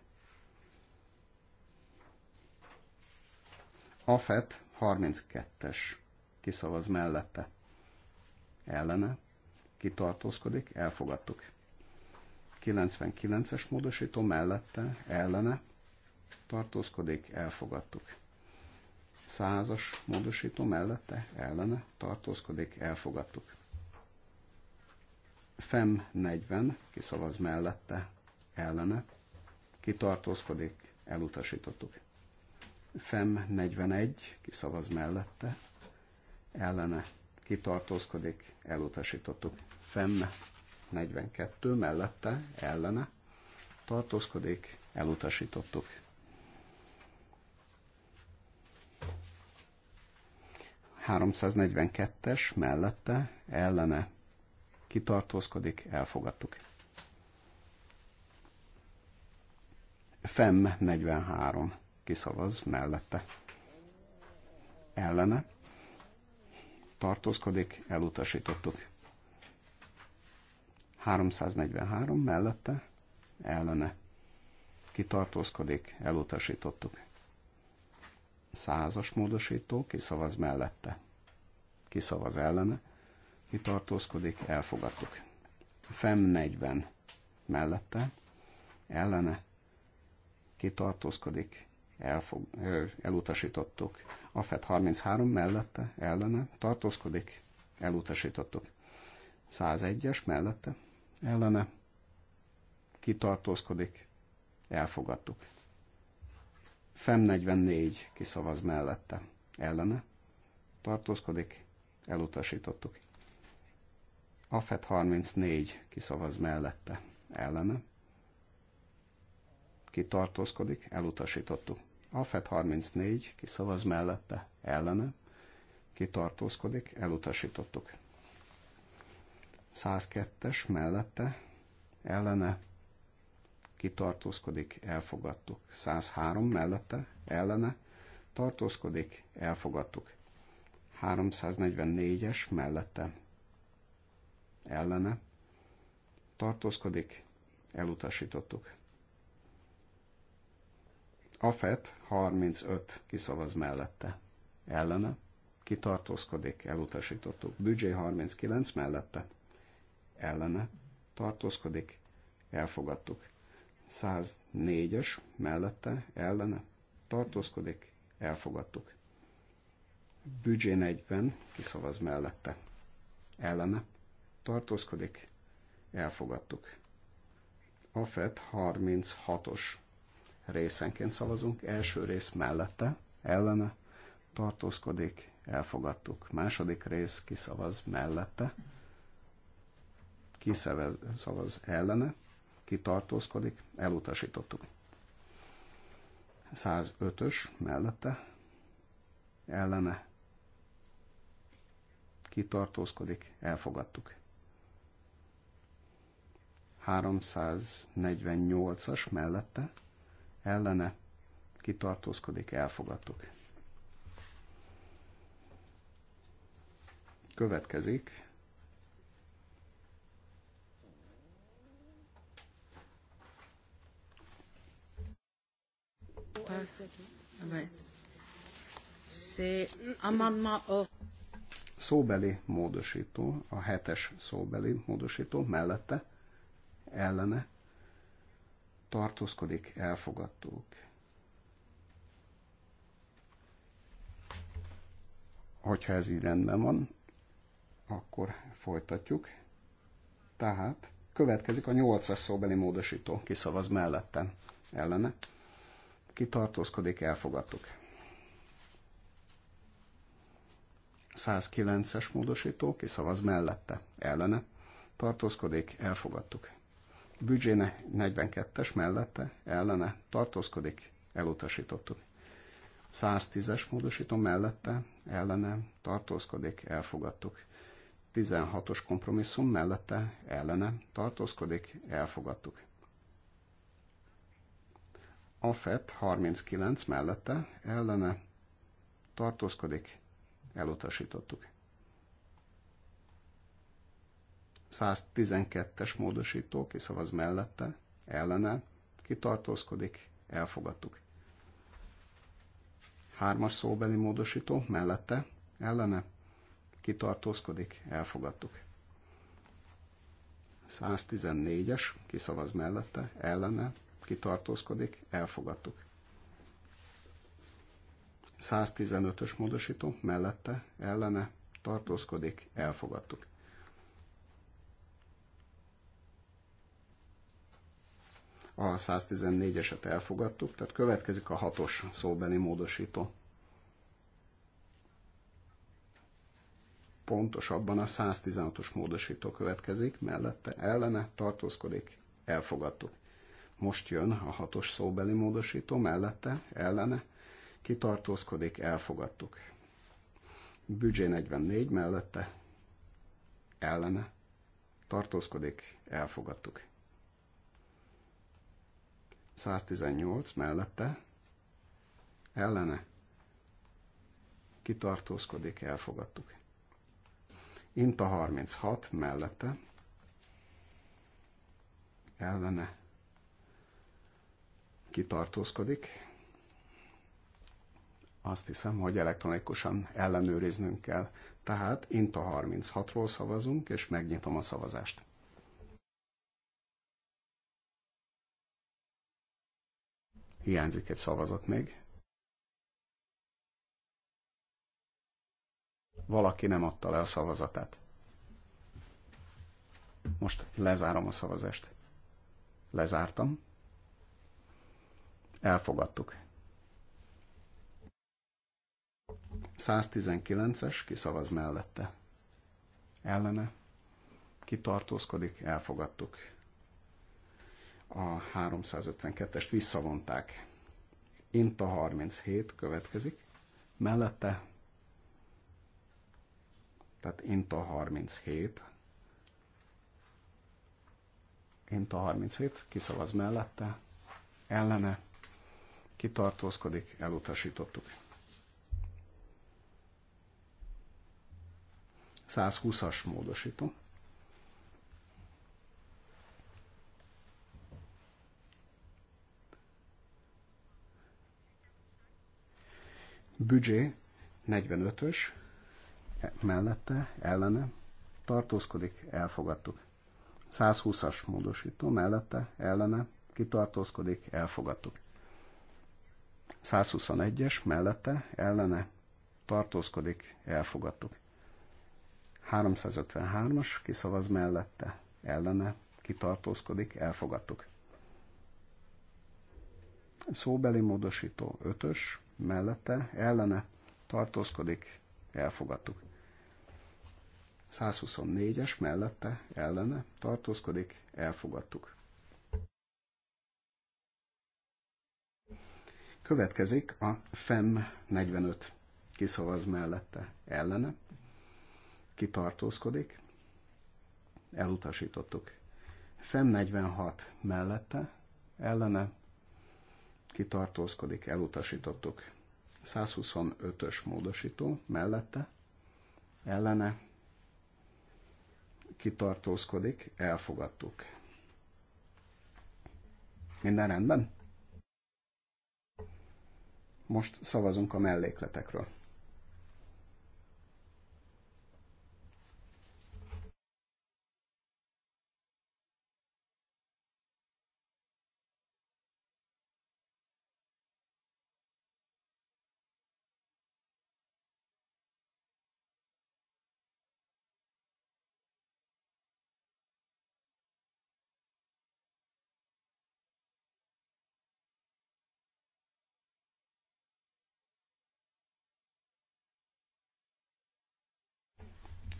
Afet e 32-es kiszavaz mellette. Ellene kitartózkodik, elfogadtuk. 99-es módosító mellette, ellene tartózkodik, elfogadtuk. 100-as módosító mellette, ellene tartózkodik, elfogadtuk. FEM 40 kiszavaz mellette, ellene, kitartózkodik, elutasítottuk. FEM 41 kiszavaz mellette, ellene, kitartózkodik, elutasítottuk. FEM 42 mellette ellene tartózkodik, elutasítottuk. ...342-es mellette, ellene kitartózkodik, elfogadtuk. FEM 43 kiszavaz mellette. Ellene tartózkodik, elutasítottuk. 343 mellette ellene kitartózkodik, elutasítottuk. Százas módosító kiszavaz mellette, kiszavaz ellene, kitartózkodik, elfogadtuk. FEM 40 mellette, ellene, kitartózkodik, elfog, elutasítottuk. A 33 mellette, ellene, tartózkodik, elutasítottuk. 101-es mellette, ellene kitartózkodik, elfogadtuk. FEM 44 kiszavaz mellette, ellene tartózkodik, elutasítottuk. AFET 34 kiszavaz mellette, ellene kitartózkodik, elutasítottuk. AFET 34 kiszavaz mellette, ellene kitartózkodik, elutasítottuk. 102-es mellette ellene kitartózkodik, elfogadtuk. 103 mellette ellene tartózkodik, elfogadtuk. 344-es mellette ellene tartózkodik, elutasítottuk. FET 35 kiszavaz mellette. Ellene kitartózkodik, elutasítottuk. Büdzsé 39 mellette ellene tartózkodik, elfogadtuk. 104-es mellette ellene tartózkodik, elfogadtuk. Büdzsé 40 kiszavaz mellette ellene tartózkodik, elfogadtuk. A FED 36-os részenként szavazunk, első rész mellette ellene tartózkodik, elfogadtuk. Második rész kiszavaz mellette, ki szavaz, szavaz ellene, ki tartózkodik, elutasítottuk. 105-ös mellette ellene ki tartózkodik, elfogadtuk. 348-as mellette ellene ki tartózkodik, elfogadtuk. Következik Szóbeli módosító, a hetes szóbeli módosító mellette, ellene tartózkodik, elfogadtuk. Hogyha ez így rendben van, akkor folytatjuk. Tehát következik a nyolcas szóbeli módosító, kiszavaz mellette, ellene ki tartózkodik, elfogadtuk. 109-es módosító, ki szavaz mellette, ellene, tartózkodik, elfogadtuk. Büdzséne 42-es mellette, ellene, tartózkodik, elutasítottuk. 110-es módosító mellette, ellene, tartózkodik, elfogadtuk. 16-os kompromisszum mellette, ellene, tartózkodik, elfogadtuk. AFET 39 mellette ellene tartózkodik, elutasítottuk. 112-es módosító kiszavaz mellette, ellene, kitartózkodik, elfogadtuk. Hármas szóbeli módosító mellette, ellene, kitartózkodik, elfogadtuk. 114-es kiszavaz mellette, ellene, kitartózkodik, elfogadtuk. 115-ös módosító mellette, ellene, tartózkodik, elfogadtuk. A 114-eset elfogadtuk, tehát következik a 6-os szóbeli módosító. Pontosabban a 116-os módosító következik, mellette, ellene, tartózkodik, elfogadtuk. Most jön a hatos szóbeli módosító mellette, ellene, kitartózkodik, elfogadtuk. Büdzsé 44 mellette, ellene, tartózkodik, elfogadtuk. 118 mellette, ellene, kitartózkodik, elfogadtuk. Inta 36 mellette, ellene, kitartózkodik, azt hiszem, hogy elektronikusan ellenőriznünk kell. Tehát a 36-ról szavazunk, és megnyitom a szavazást. Hiányzik egy szavazat még. Valaki nem adta le a szavazatát. Most lezárom a szavazást. Lezártam. Elfogadtuk. 119-es kiszavaz mellette. Ellene. Kitartózkodik. Elfogadtuk. A 352-est visszavonták. Inta 37 következik. Mellette. Tehát Inta 37. Inta 37 kiszavaz mellette. Ellene kitartózkodik, elutasítottuk. 120-as módosító. Büdzsé 45-ös mellette, ellene tartózkodik, elfogadtuk. 120-as módosító mellette, ellene kitartózkodik, elfogadtuk. 121-es mellette ellene tartózkodik, elfogadtuk. 353-as kiszavaz mellette ellene kitartózkodik, elfogadtuk. Szóbeli módosító 5-ös mellette ellene tartózkodik, elfogadtuk. 124-es mellette ellene tartózkodik, elfogadtuk. Következik a FEM 45. Kiszavaz mellette ellene. Kitartózkodik. Elutasítottuk. FEM 46 mellette ellene. Kitartózkodik. Elutasítottuk. 125-ös módosító mellette ellene. Kitartózkodik. Elfogadtuk. Minden rendben? Most szavazunk a mellékletekről.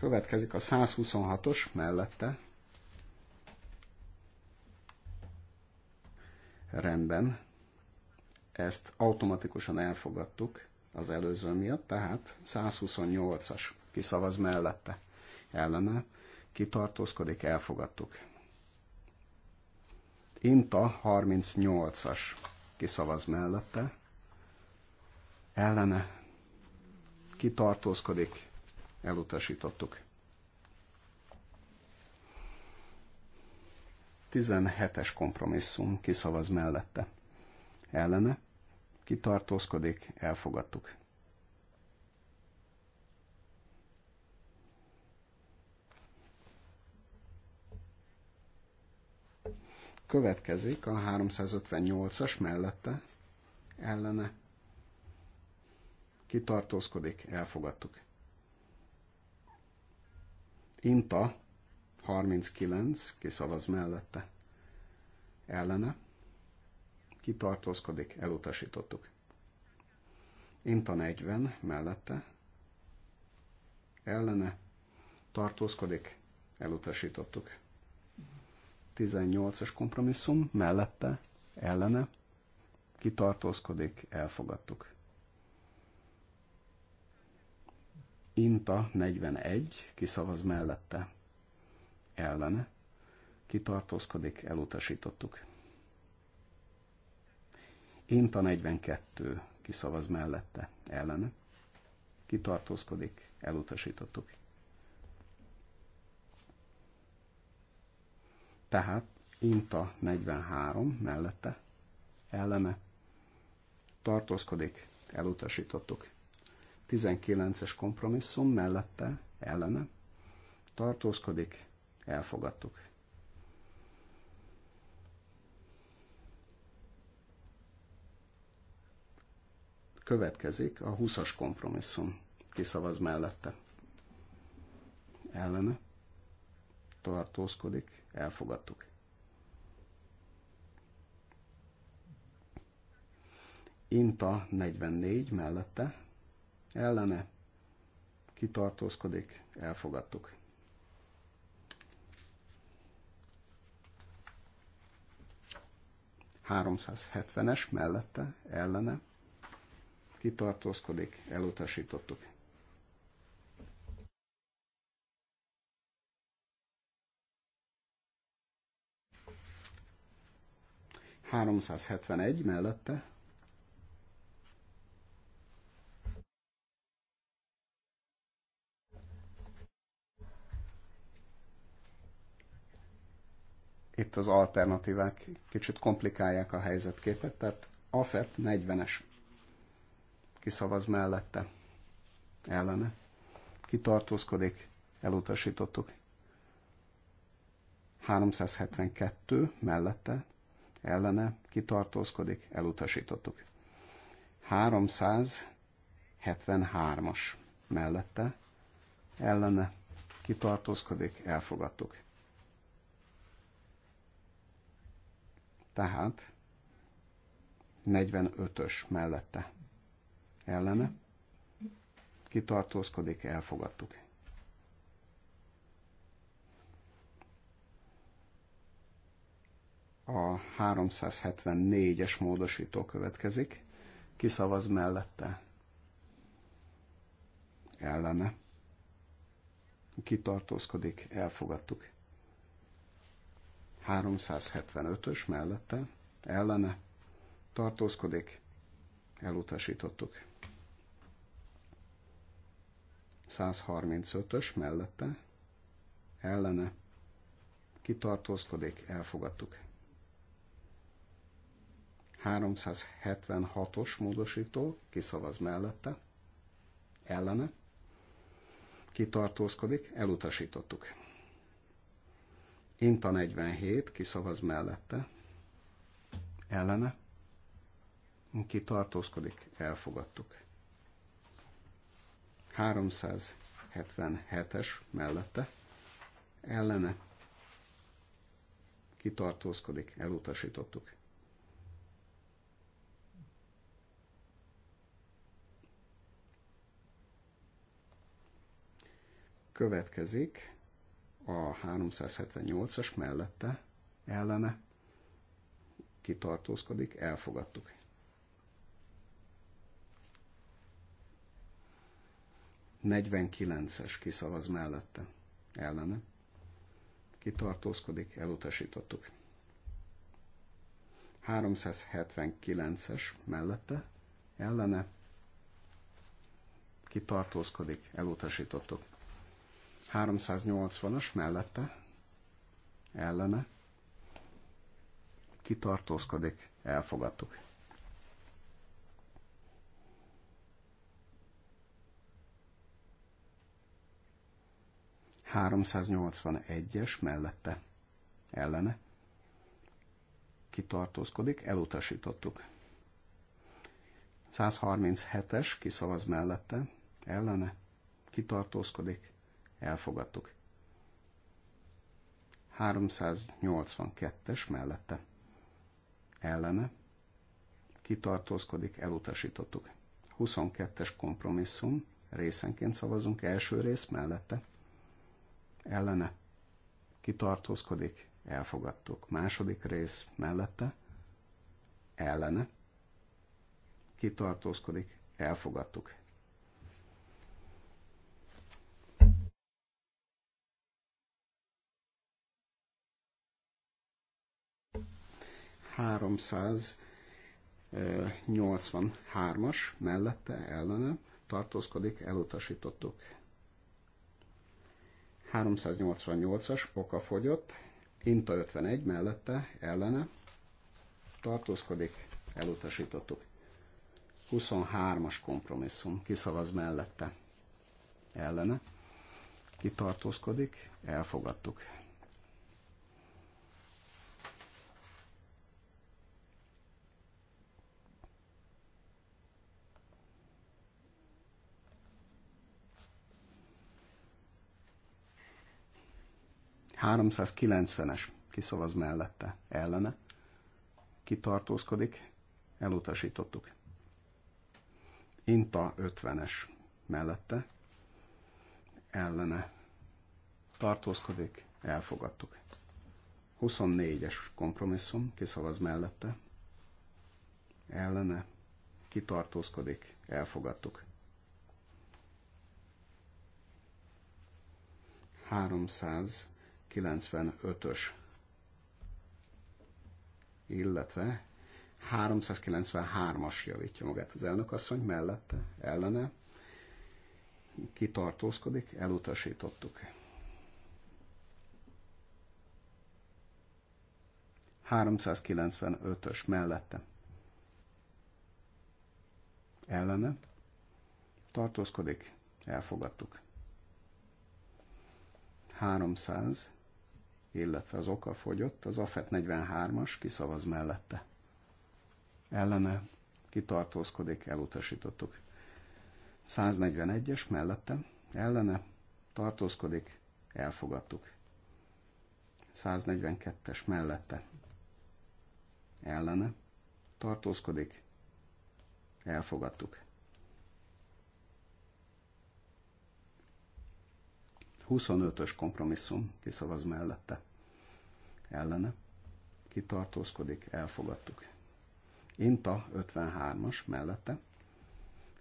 Következik a 126-os mellette. Rendben. Ezt automatikusan elfogadtuk az előző miatt, tehát 128-as kiszavaz mellette ellene, kitartózkodik, elfogadtuk. Inta 38-as kiszavaz mellette, ellene, kitartózkodik, elutasítottuk. 17-es kompromisszum kiszavaz mellette. Ellene kitartózkodik, elfogadtuk. Következik a 358-as mellette, ellene kitartózkodik, elfogadtuk. Inta 39, kiszavaz mellette. Ellene. Kitartózkodik, elutasítottuk. Inta 40, mellette. Ellene. Tartózkodik, elutasítottuk. 18-as kompromisszum, mellette, ellene. Kitartózkodik, elfogadtuk. Inta 41, kiszavaz mellette, ellene, kitartózkodik, elutasítottuk. Inta 42, kiszavaz mellette, ellene, kitartózkodik, elutasítottuk. Tehát Inta 43 mellette, ellene, tartózkodik, elutasítottuk. 19-es kompromisszum mellette ellene tartózkodik, elfogadtuk. Következik a 20-as kompromisszum, kiszavaz mellette. Ellene tartózkodik, elfogadtuk. Inta 44 mellette ellene kitartózkodik, elfogadtuk. es mellette, ellene kitartózkodik, elutasítottuk. Háromszázhetvenegy mellette, itt az alternatívák kicsit komplikálják a helyzetképet, tehát AFET 40-es kiszavaz mellette, ellene, kitartózkodik, elutasítottuk. 372 mellette, ellene, kitartózkodik, elutasítottuk. 373-as mellette, ellene, kitartózkodik, elfogadtuk. Tehát 45-ös mellette ellene kitartózkodik, elfogadtuk. A 374-es módosító következik, kiszavaz mellette ellene kitartózkodik, elfogadtuk. 375-ös mellette ellene tartózkodik, elutasítottuk. 135-ös mellette ellene kitartózkodik, elfogadtuk. 376-os módosító kiszavaz mellette, ellene, kitartózkodik, elutasítottuk. Inta 47, szavaz mellette, ellene, ki tartózkodik, elfogadtuk. 377-es mellette, ellene, tartózkodik elutasítottuk. Következik a 378-as mellette ellene kitartózkodik, elfogadtuk. ...49-es kiszavaz mellette, ellene. Kitartózkodik, elutasítottuk. 379-es mellette, ellene. Kitartózkodik, elutasítottuk. 380-as mellette, ellene, kitartózkodik, elfogadtuk. es mellette, ellene, kitartózkodik, elutasítottuk. 137-es kiszavaz mellette, ellene, kitartózkodik, elfogadtuk. 382-es mellette ellene kitartózkodik, elutasítottuk. 22-es kompromisszum, részenként szavazunk, első rész mellette ellene kitartózkodik, elfogadtuk. Második rész mellette ellene kitartózkodik, elfogadtuk. 383-as mellette ellene tartózkodik, elutasítottuk. 388-as oka fogyott, Inta 51 mellette ellene tartózkodik, elutasítottuk. 23-as kompromisszum, kiszavaz mellette ellene, kitartózkodik, elfogadtuk. 390-es kiszavaz mellette, ellene, kitartózkodik, elutasítottuk. Inta 50-es mellette, ellene, tartózkodik, elfogadtuk. 24-es kompromisszum, kiszavaz mellette, ellene, kitartózkodik, elfogadtuk. 300 395-ös, illetve 393-as javítja magát az elnökasszony mellette, ellene, kitartózkodik, elutasítottuk. 395-ös mellette. Ellene. Tartózkodik. Elfogadtuk. 300 illetve az oka fogyott, az AFET 43-as kiszavaz mellette. Ellene kitartózkodik, elutasítottuk. 141-es mellette, ellene tartózkodik, elfogadtuk. 142-es mellette, ellene tartózkodik, elfogadtuk. 25-ös kompromisszum kiszavaz mellette. Ellene. Kitartózkodik, elfogadtuk. Inta 53-as mellette.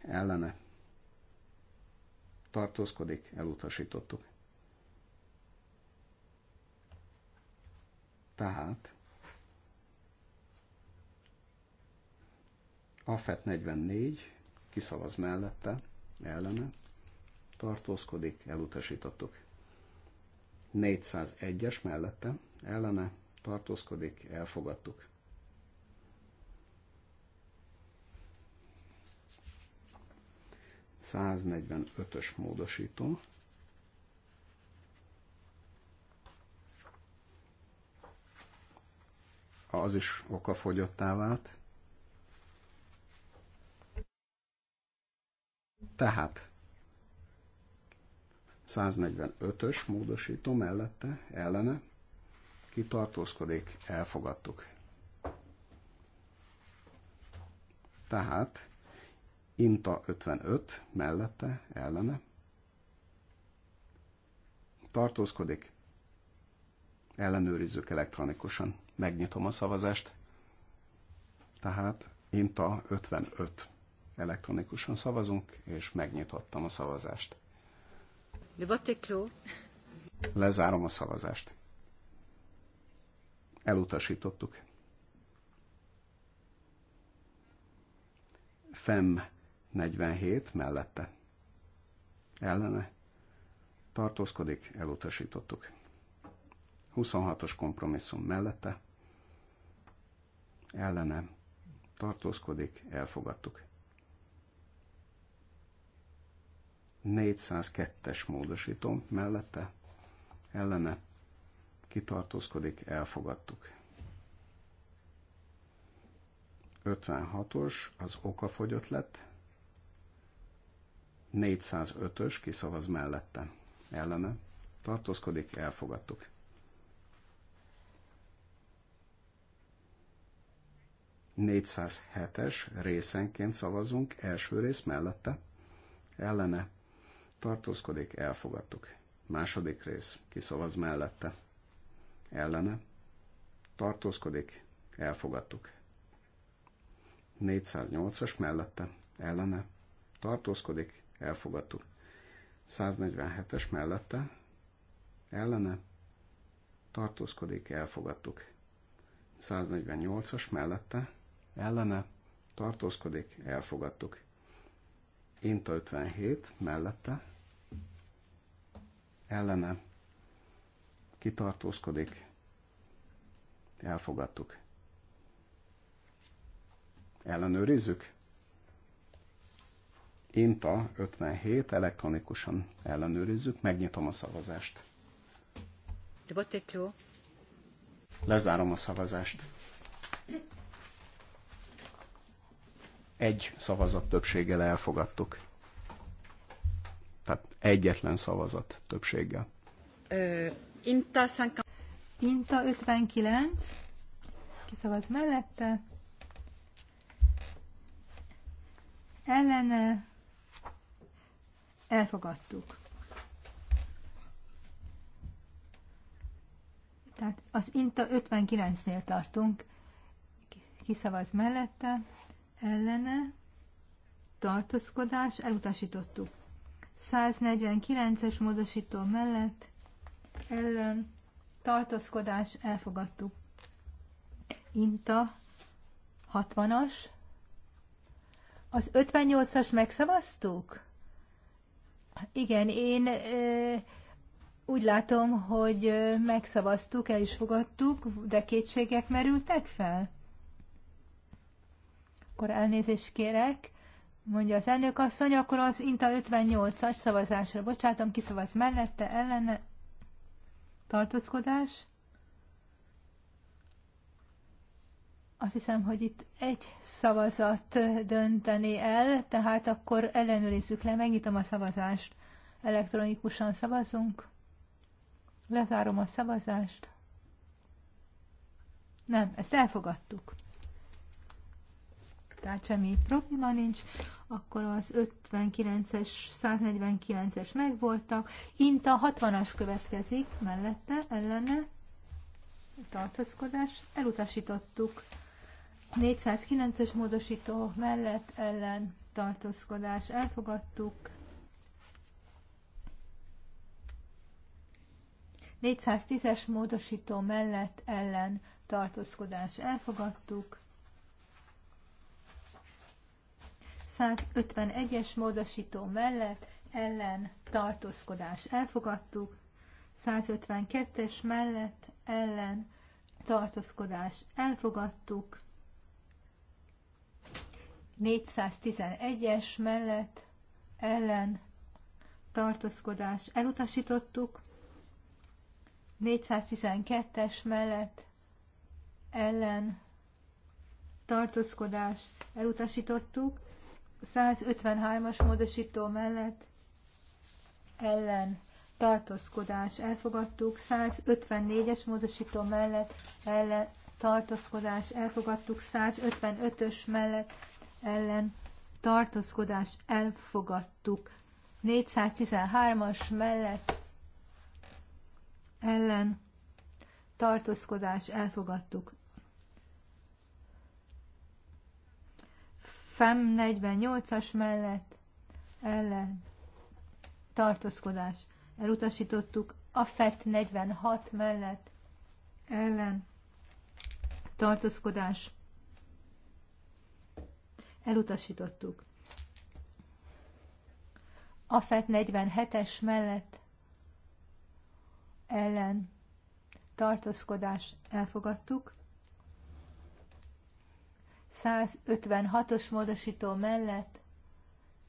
Ellene. Tartózkodik, elutasítottuk. Tehát AFET 44 kiszavaz mellette, ellene, tartózkodik, elutasítottuk. 401-es mellette, ellene, tartózkodik, elfogadtuk. ös módosító. Az is okafogyottá vált. Tehát 145-ös módosító mellette, ellene, ki elfogadtuk. Tehát Inta 55 mellette, ellene, tartózkodik, ellenőrizzük elektronikusan. Megnyitom a szavazást. Tehát Inta 55 elektronikusan szavazunk, és megnyitottam a szavazást. Le vote Lezárom a szavazást. Elutasítottuk. FEM 47 mellette. Ellene. Tartózkodik, elutasítottuk. 26-os kompromisszum mellette. Ellene. Tartózkodik, elfogadtuk. 402-es módosító mellette ellene kitartózkodik, elfogadtuk. 56-os az okafogyott lett, 405-ös kiszavaz mellette, ellene tartózkodik, elfogadtuk. es részenként szavazunk, első rész mellette, ellene tartózkodik, elfogadtuk. Második rész, kiszavaz mellette, ellene, tartózkodik, elfogadtuk. 408-as mellette, ellene, tartózkodik, elfogadtuk. 147-es mellette, ellene, tartózkodik, elfogadtuk. 148-as mellette, ellene, tartózkodik, elfogadtuk. Inta 57 mellette, ellene kitartózkodik, elfogadtuk. Ellenőrizzük. Inta 57, elektronikusan ellenőrizzük, megnyitom a szavazást. Lezárom a szavazást. Egy szavazat többséggel elfogadtuk egyetlen szavazat többséggel. Inta 59, szavaz mellette, ellene elfogadtuk. Tehát az Inta 59-nél tartunk, kiszavaz mellette, ellene, tartózkodás, elutasítottuk. 149-es módosító mellett ellen tartózkodás elfogadtuk. Inta 60-as. Az 58-as megszavaztuk? Igen, én ö, úgy látom, hogy megszavaztuk, el is fogadtuk, de kétségek merültek fel. Akkor elnézést kérek mondja az elnök asszony, akkor az Inta 58-as szavazásra bocsátom, kiszavaz mellette, ellene, tartózkodás. Azt hiszem, hogy itt egy szavazat dönteni el, tehát akkor ellenőrizzük le, megnyitom a szavazást. Elektronikusan szavazunk. Lezárom a szavazást. Nem, ezt elfogadtuk tehát semmi probléma nincs, akkor az 59-es, 149-es megvoltak, Inta 60-as következik mellette, ellene, tartózkodás, elutasítottuk. 409-es módosító mellett ellen tartózkodás elfogadtuk. 410-es módosító mellett ellen tartózkodás elfogadtuk. 151-es módosító mellett ellen tartózkodás elfogadtuk, 152-es mellett ellen tartózkodás elfogadtuk, 411-es mellett ellen tartózkodás elutasítottuk, 412-es mellett ellen tartózkodás elutasítottuk, 153-as módosító mellett ellen tartózkodás elfogadtuk, 154-es módosító mellett ellen tartózkodás elfogadtuk, 155-ös mellett ellen tartózkodás elfogadtuk, 413-as mellett ellen tartózkodás elfogadtuk. FEM 48-as mellett ellen tartózkodás. Elutasítottuk a FET 46 mellett ellen tartózkodás. Elutasítottuk. A FET 47-es mellett ellen tartózkodás elfogadtuk. 156-os módosító mellett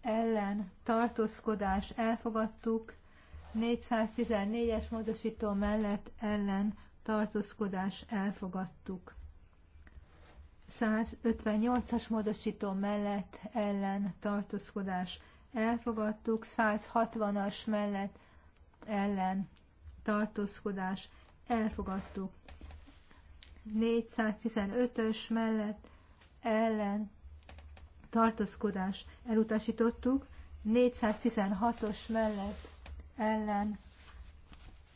ellen tartózkodás elfogadtuk, 414-es módosító mellett ellen tartózkodás elfogadtuk. 158-as módosító mellett ellen tartózkodás elfogadtuk, 160-as mellett ellen tartózkodás elfogadtuk. 415-ös mellett ellen tartózkodás elutasítottuk, 416-os mellett ellen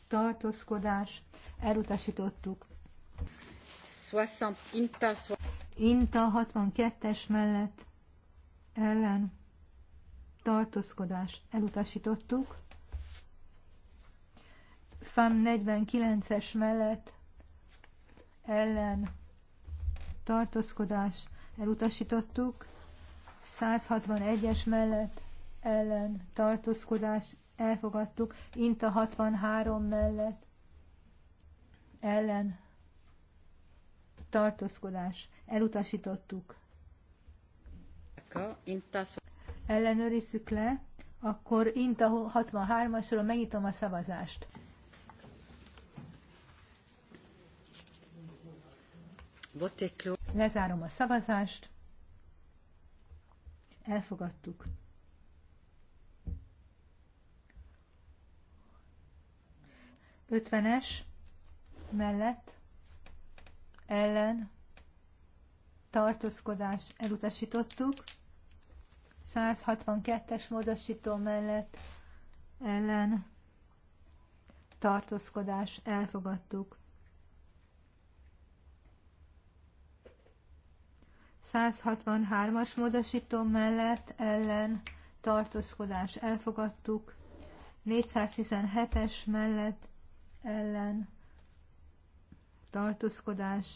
tartózkodás elutasítottuk. Inta 62-es mellett ellen tartózkodás elutasítottuk. FAM 49-es mellett ellen tartózkodás elutasítottuk, 161-es mellett ellen tartózkodás elfogadtuk, Inta 63 mellett ellen tartózkodás elutasítottuk. Ellenőrizzük le, akkor Inta 63-asról megnyitom a szavazást. Lezárom a szavazást. Elfogadtuk. Ötvenes mellett ellen tartózkodás elutasítottuk. 162-es módosító mellett ellen tartózkodás elfogadtuk. 163-as módosító mellett ellen tartózkodás elfogadtuk, 417-es mellett ellen tartózkodás.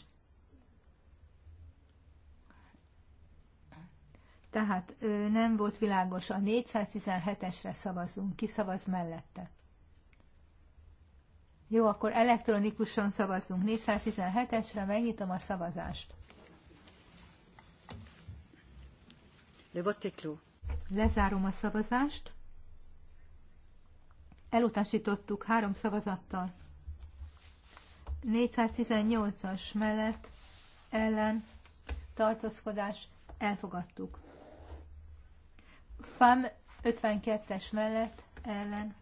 Tehát ő nem volt világos, a 417-esre szavazunk, ki szavaz mellette. Jó, akkor elektronikusan szavazunk. 417-esre megnyitom a szavazást. Le vote est clos. Lezárom a szavazást. Elutasítottuk három szavazattal. 418-as mellett ellen tartózkodás elfogadtuk. FAM 52-es mellett ellen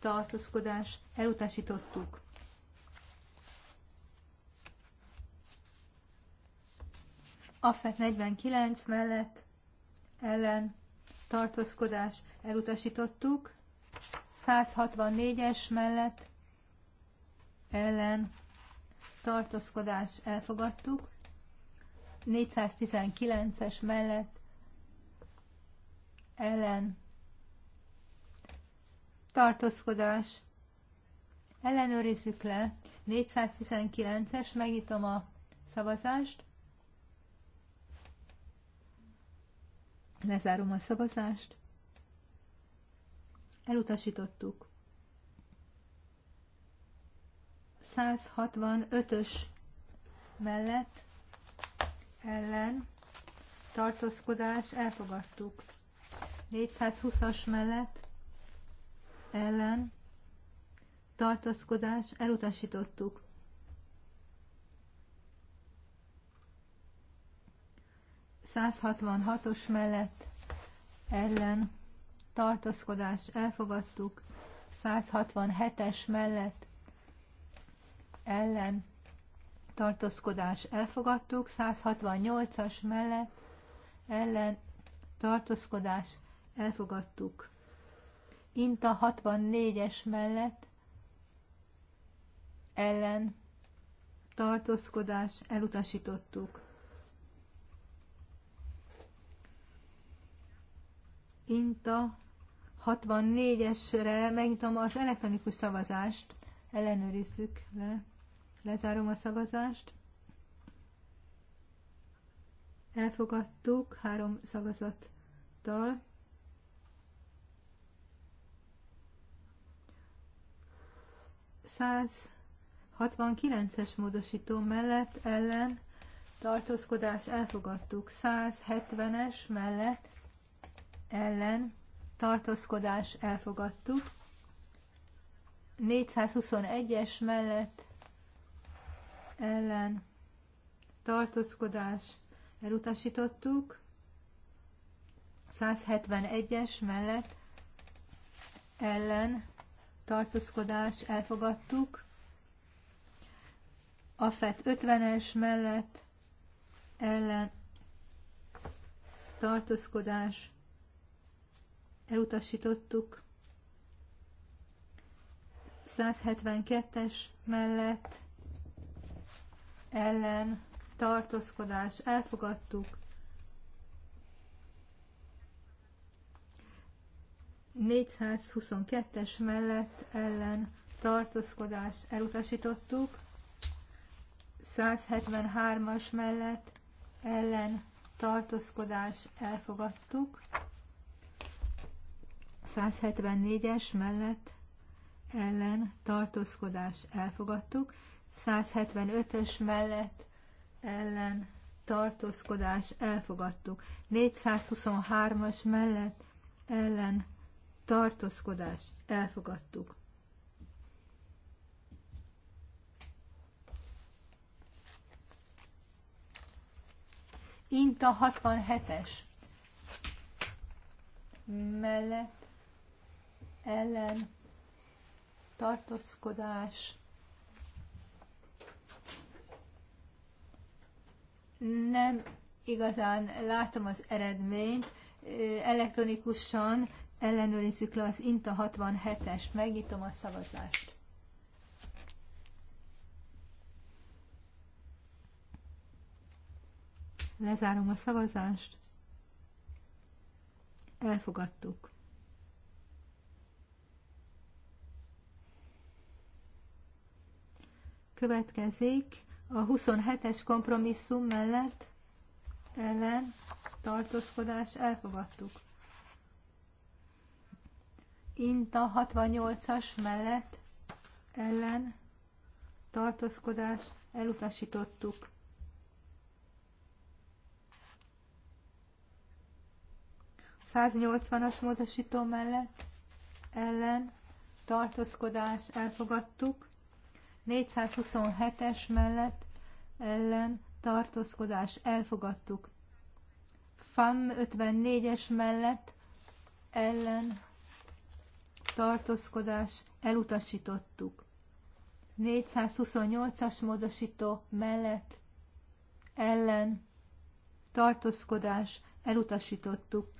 tartózkodás elutasítottuk. AFET 49 mellett ellen tartózkodás elutasítottuk, 164-es mellett ellen tartózkodás elfogadtuk, 419-es mellett ellen tartózkodás ellenőrizzük le, 419-es, megnyitom a szavazást, Lezárom a szavazást. Elutasítottuk. 165-ös mellett ellen tartózkodás elfogadtuk. 420-as mellett ellen tartózkodás elutasítottuk. 166-os mellett ellen tartózkodás elfogadtuk, 167-es mellett ellen tartózkodás elfogadtuk, 168-as mellett ellen tartózkodás elfogadtuk. Inta 64-es mellett ellen tartózkodás elutasítottuk. INTA 64-esre megnyitom az elektronikus szavazást. Ellenőrizzük le. Lezárom a szavazást. Elfogadtuk három szavazattal. Száz 69-es módosító mellett ellen tartózkodás elfogadtuk. 170-es mellett ellen tartózkodás elfogadtuk. 421-es mellett ellen tartózkodás elutasítottuk. 171-es mellett ellen tartózkodás elfogadtuk. A FET 50-es mellett ellen tartózkodás elutasítottuk. 172-es mellett ellen tartózkodás elfogadtuk. 422-es mellett ellen tartózkodás elutasítottuk. 173-as mellett ellen tartózkodás elfogadtuk. 174-es mellett ellen tartózkodás elfogadtuk, 175-ös mellett ellen tartózkodás elfogadtuk, 423-as mellett ellen tartózkodás elfogadtuk. Inta 67-es mellett ellen tartózkodás nem igazán látom az eredményt. Elektronikusan ellenőrizzük le az INTA 67-est. Megnyitom a szavazást. Lezárom a szavazást. Elfogadtuk. Következik a 27-es kompromisszum mellett ellen tartózkodás elfogadtuk. Inta 68-as mellett ellen tartózkodás elutasítottuk. A 180-as módosító mellett ellen tartózkodás elfogadtuk. 427-es mellett ellen tartózkodás elfogadtuk. FAM 54-es mellett ellen tartózkodás elutasítottuk. 428-as módosító mellett ellen tartózkodás elutasítottuk.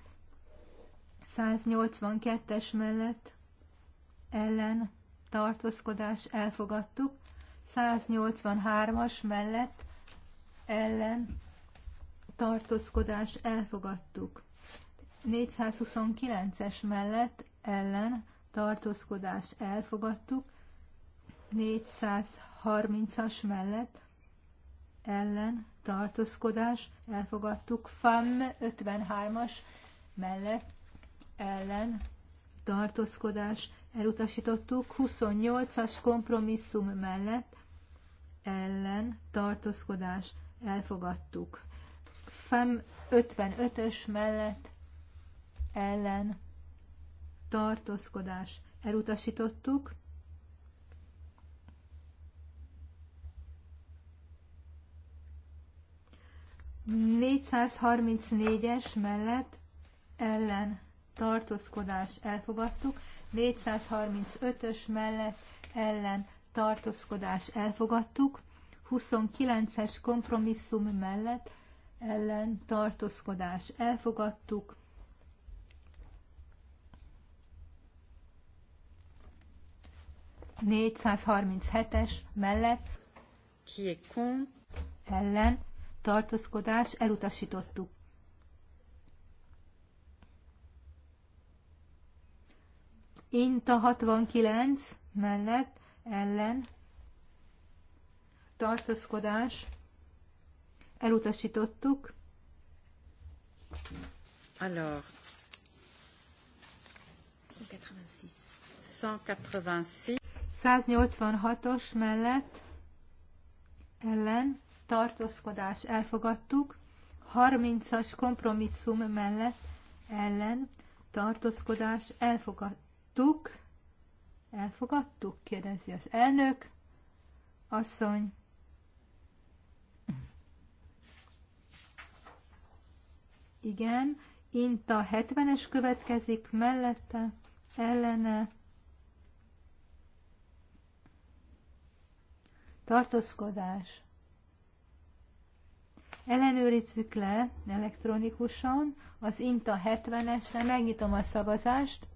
182-es mellett ellen tartózkodás elfogadtuk, 183-as mellett ellen tartózkodás elfogadtuk, 429-es mellett ellen tartózkodás elfogadtuk, 430-as mellett ellen tartózkodás elfogadtuk, FAM 53-as mellett ellen tartózkodás elutasítottuk, 28-as kompromisszum mellett ellen tartózkodás elfogadtuk. FEM 55-ös mellett ellen tartózkodás elutasítottuk. négyszázharmincnégyes mellett ellen tartózkodás elfogadtuk, 435-ös mellett ellen tartózkodás elfogadtuk, 29-es kompromisszum mellett ellen tartózkodás elfogadtuk, es mellett ellen tartózkodás elutasítottuk. Inta 69 mellett ellen tartózkodás elutasítottuk. Alors, 186. 186. 186-os mellett ellen tartózkodás elfogadtuk, 30-as kompromisszum mellett ellen tartózkodás elfogadtuk Elfogadtuk. Elfogadtuk? kérdezi az elnök. Asszony. Igen. Inta 70-es következik mellette, ellene. Tartózkodás. Ellenőrizzük le elektronikusan az Inta 70-esre, megnyitom a szavazást.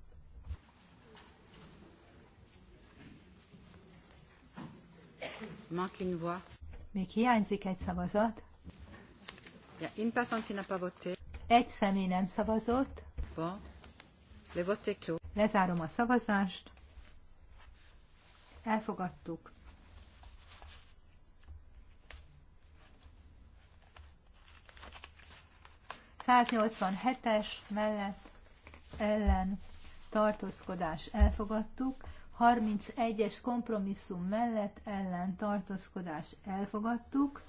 Még hiányzik egy szavazat. Egy személy nem szavazott. Bon. Le vote clos. Lezárom a szavazást. Elfogadtuk. es mellett ellen tartózkodás elfogadtuk. 31-es kompromisszum mellett ellen tartózkodás elfogadtuk.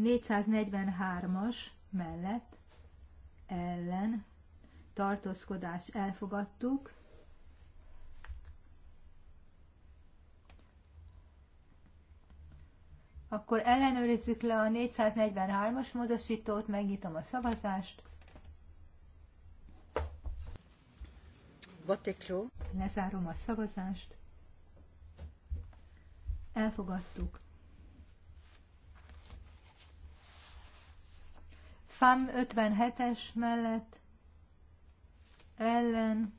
443-as mellett ellen tartózkodás elfogadtuk. Akkor ellenőrizzük le a 443-as módosítót, megnyitom a szavazást. Vatekló. Lezárom a szavazást. Elfogadtuk. FAM 57-es mellett ellen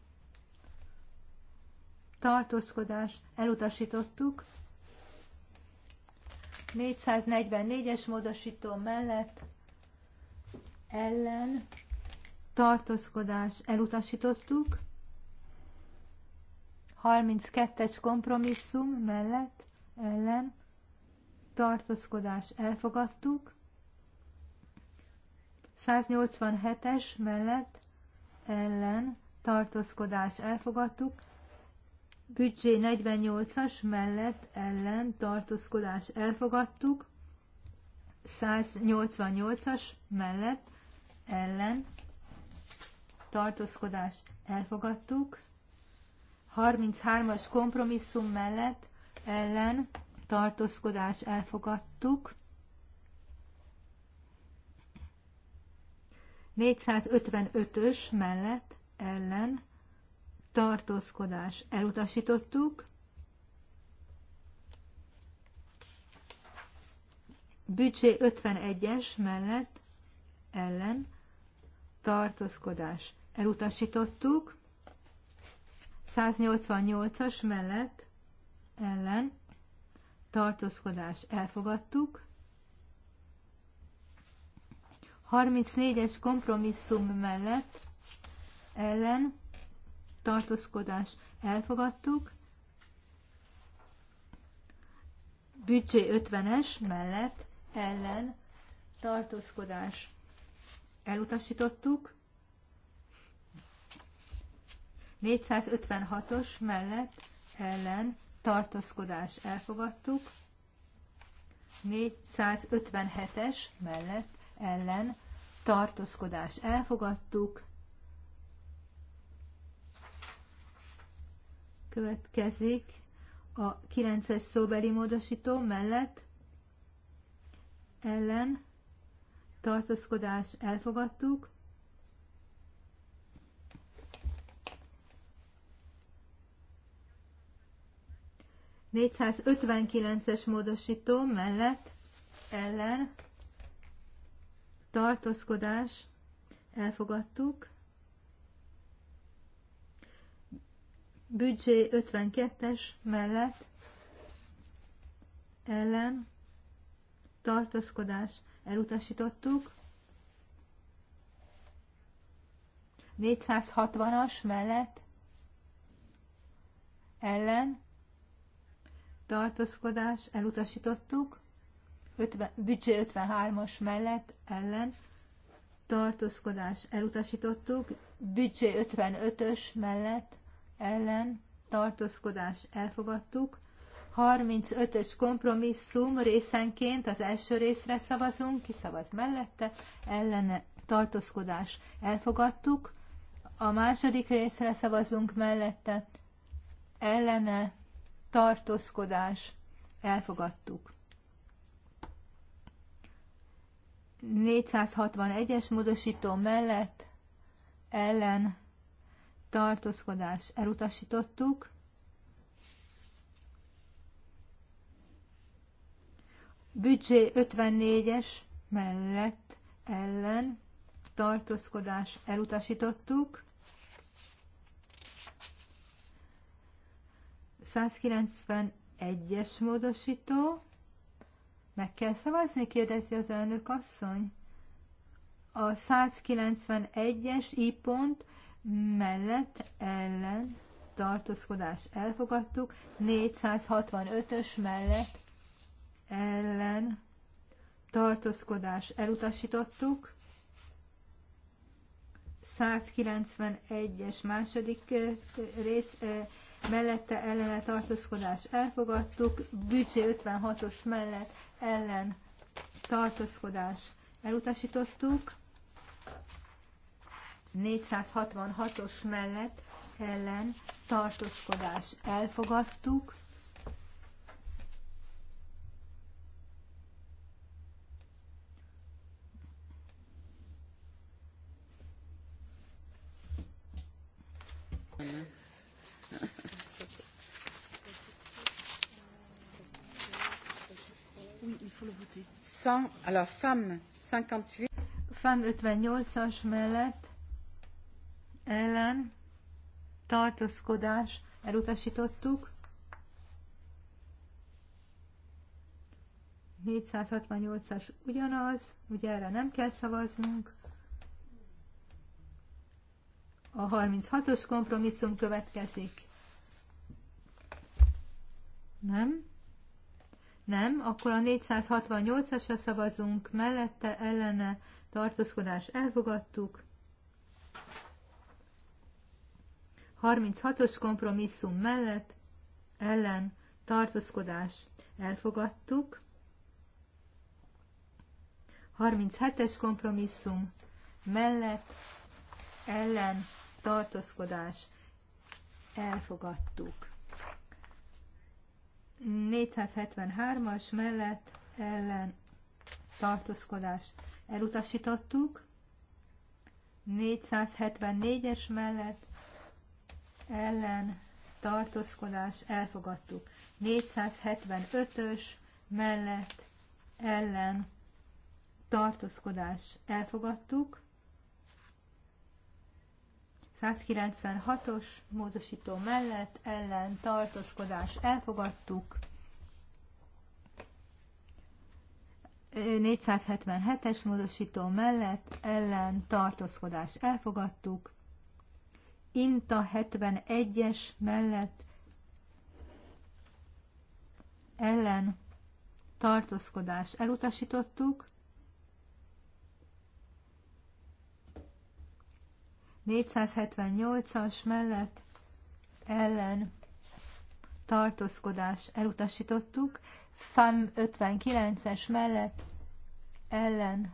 tartózkodás elutasítottuk. 444-es módosító mellett ellen tartózkodás elutasítottuk. 32-es kompromisszum mellett ellen tartózkodás elfogadtuk. 187-es mellett ellen tartózkodás elfogadtuk. Büdzsé 48-as mellett ellen tartózkodás elfogadtuk. 188-as mellett ellen tartózkodást elfogadtuk. 33-as kompromisszum mellett ellen tartózkodás elfogadtuk. 455-ös mellett ellen tartózkodás elutasítottuk. Bücsé 51-es mellett ellen tartózkodás elutasítottuk. 188-as mellett ellen tartózkodás elfogadtuk. 34-es kompromisszum mellett ellen tartózkodás elfogadtuk. Bücsé 50-es mellett ellen tartózkodás elutasítottuk. 456-os mellett ellen tartózkodás elfogadtuk. 457-es mellett ellen tartózkodás elfogadtuk. Következik a 9-es szóbeli módosító mellett ellen tartózkodás elfogadtuk. 459-es módosító mellett ellen tartózkodás elfogadtuk. Büdzsé 52-es mellett ellen tartózkodás elutasítottuk. 460-as mellett ellen tartózkodás, elutasítottuk. 50, 53-as mellett ellen tartózkodás elutasítottuk, Bücsé 55-ös mellett ellen tartózkodás elfogadtuk, 35-ös kompromisszum részenként az első részre szavazunk, ki szavaz mellette, ellene tartózkodás elfogadtuk, a második részre szavazunk mellette, ellene tartózkodás, elfogadtuk. 461-es módosító mellett ellen tartózkodás elutasítottuk. Büdzsé 54-es mellett ellen tartózkodás elutasítottuk. 191-es módosító. Meg kell szavazni, kérdezi az elnök asszony. A 191-es i pont mellett ellen tartózkodás elfogadtuk, 465-ös mellett ellen tartózkodás elutasítottuk, 191-es második eh, rész eh, mellette ellene tartózkodás elfogadtuk, büdzsé 56-os mellett ellen tartózkodás elutasítottuk, 466-os mellett ellen tartózkodás elfogadtuk, Köszönöm. 100, alors femme 58. Femme 58-as mellett ellen tartózkodás elutasítottuk. 468-as ugyanaz, ugye erre nem kell szavaznunk. A 36-os kompromisszum következik. Nem? Nem, akkor a 468-asra szavazunk, mellette ellene tartózkodás elfogadtuk. 36-os kompromisszum mellett ellen tartózkodás elfogadtuk. 37-es kompromisszum mellett ellen tartózkodás elfogadtuk. 473-as mellett ellen tartózkodás elutasítottuk, 474-es mellett ellen tartózkodás elfogadtuk, 475-ös mellett ellen tartózkodás elfogadtuk, 196-os módosító mellett ellen tartózkodás elfogadtuk. 477-es módosító mellett ellen tartózkodás elfogadtuk. Inta 71-es mellett ellen tartózkodás elutasítottuk. 478-as mellett ellen tartózkodás elutasítottuk, FAM 59-es mellett ellen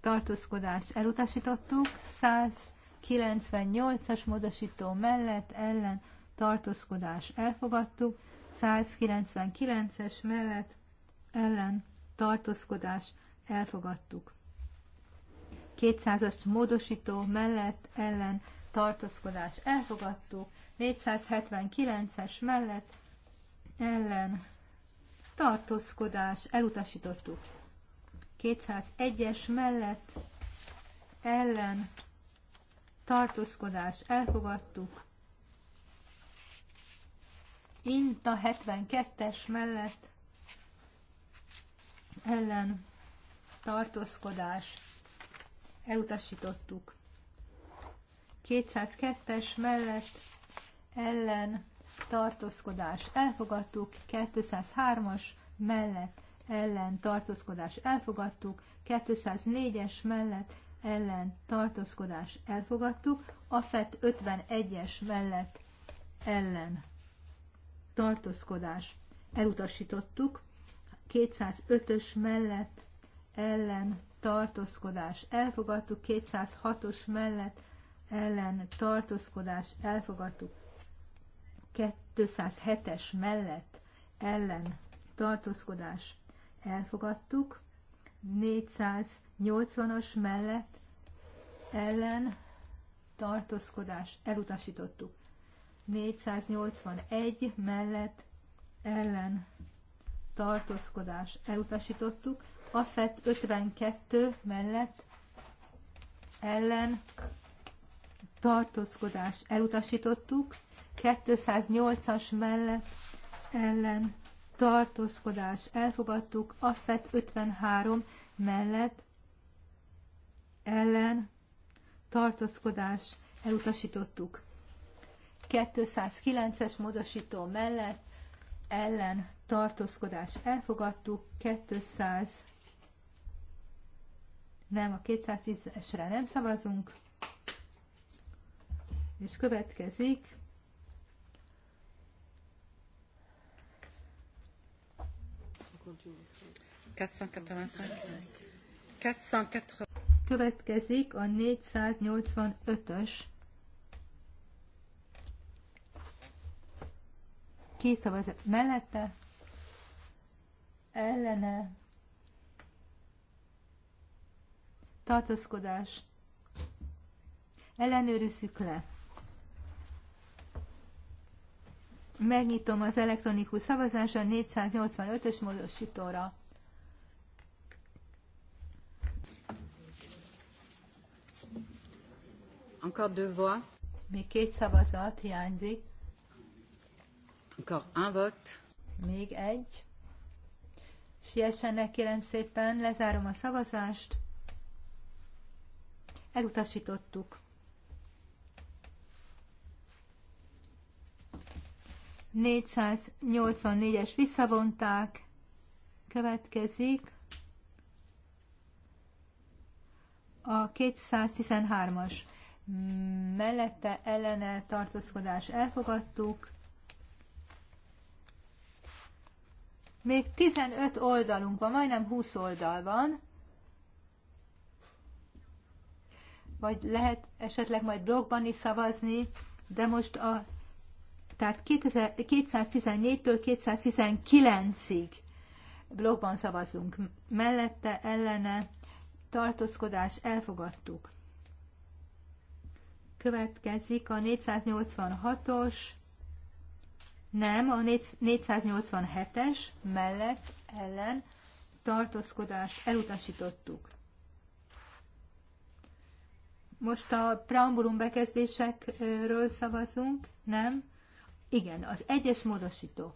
tartózkodás elutasítottuk, 198-as módosító mellett ellen tartózkodás elfogadtuk, 199-es mellett ellen tartózkodás elfogadtuk. 200-as módosító mellett ellen tartózkodás elfogadtuk, 479-es mellett ellen tartózkodás elutasítottuk. 201-es mellett ellen tartózkodás elfogadtuk. a 72-es mellett ellen tartózkodás elutasítottuk. 202-es mellett ellen tartózkodás elfogadtuk, 203-as mellett ellen tartózkodás elfogadtuk, 204-es mellett ellen tartózkodás elfogadtuk, FET 51-es mellett ellen tartózkodás elutasítottuk, 205-ös mellett ellen tartózkodás elfogadtuk, 206-os mellett ellen tartózkodás elfogadtuk, 207-es mellett ellen tartózkodás elfogadtuk, 480-as mellett ellen tartózkodás elutasítottuk. 481 mellett ellen tartózkodás elutasítottuk, AFET 52 mellett ellen tartózkodás elutasítottuk, 208-as mellett ellen tartózkodás elfogadtuk, AFET 53 mellett ellen tartózkodás elutasítottuk. 209-es módosító mellett ellen tartózkodás elfogadtuk, 200 nem, a 210-esre nem szavazunk. És következik Következik a 485-ös. szavaz mellette, ellene tartózkodás, ellenőrizzük le. Megnyitom az elektronikus szavazásra 485-ös módosítóra. Encore deux voix. Még két szavazat hiányzik. Encore un vote. Még egy. Siessenek, kérem szépen, lezárom a szavazást. Elutasítottuk. es visszavonták. Következik a 213-as mellette ellene tartózkodás elfogadtuk. Még 15 oldalunk van, majdnem 20 oldal van. vagy lehet esetleg majd blogban is szavazni, de most a tehát 214-től 219-ig blogban szavazunk. Mellette, ellene, tartózkodás, elfogadtuk. Következik a 486-os, nem, a 487-es mellett, ellen, tartózkodás, elutasítottuk. Most a preambulum bekezdésekről szavazunk, nem? Igen, az egyes módosító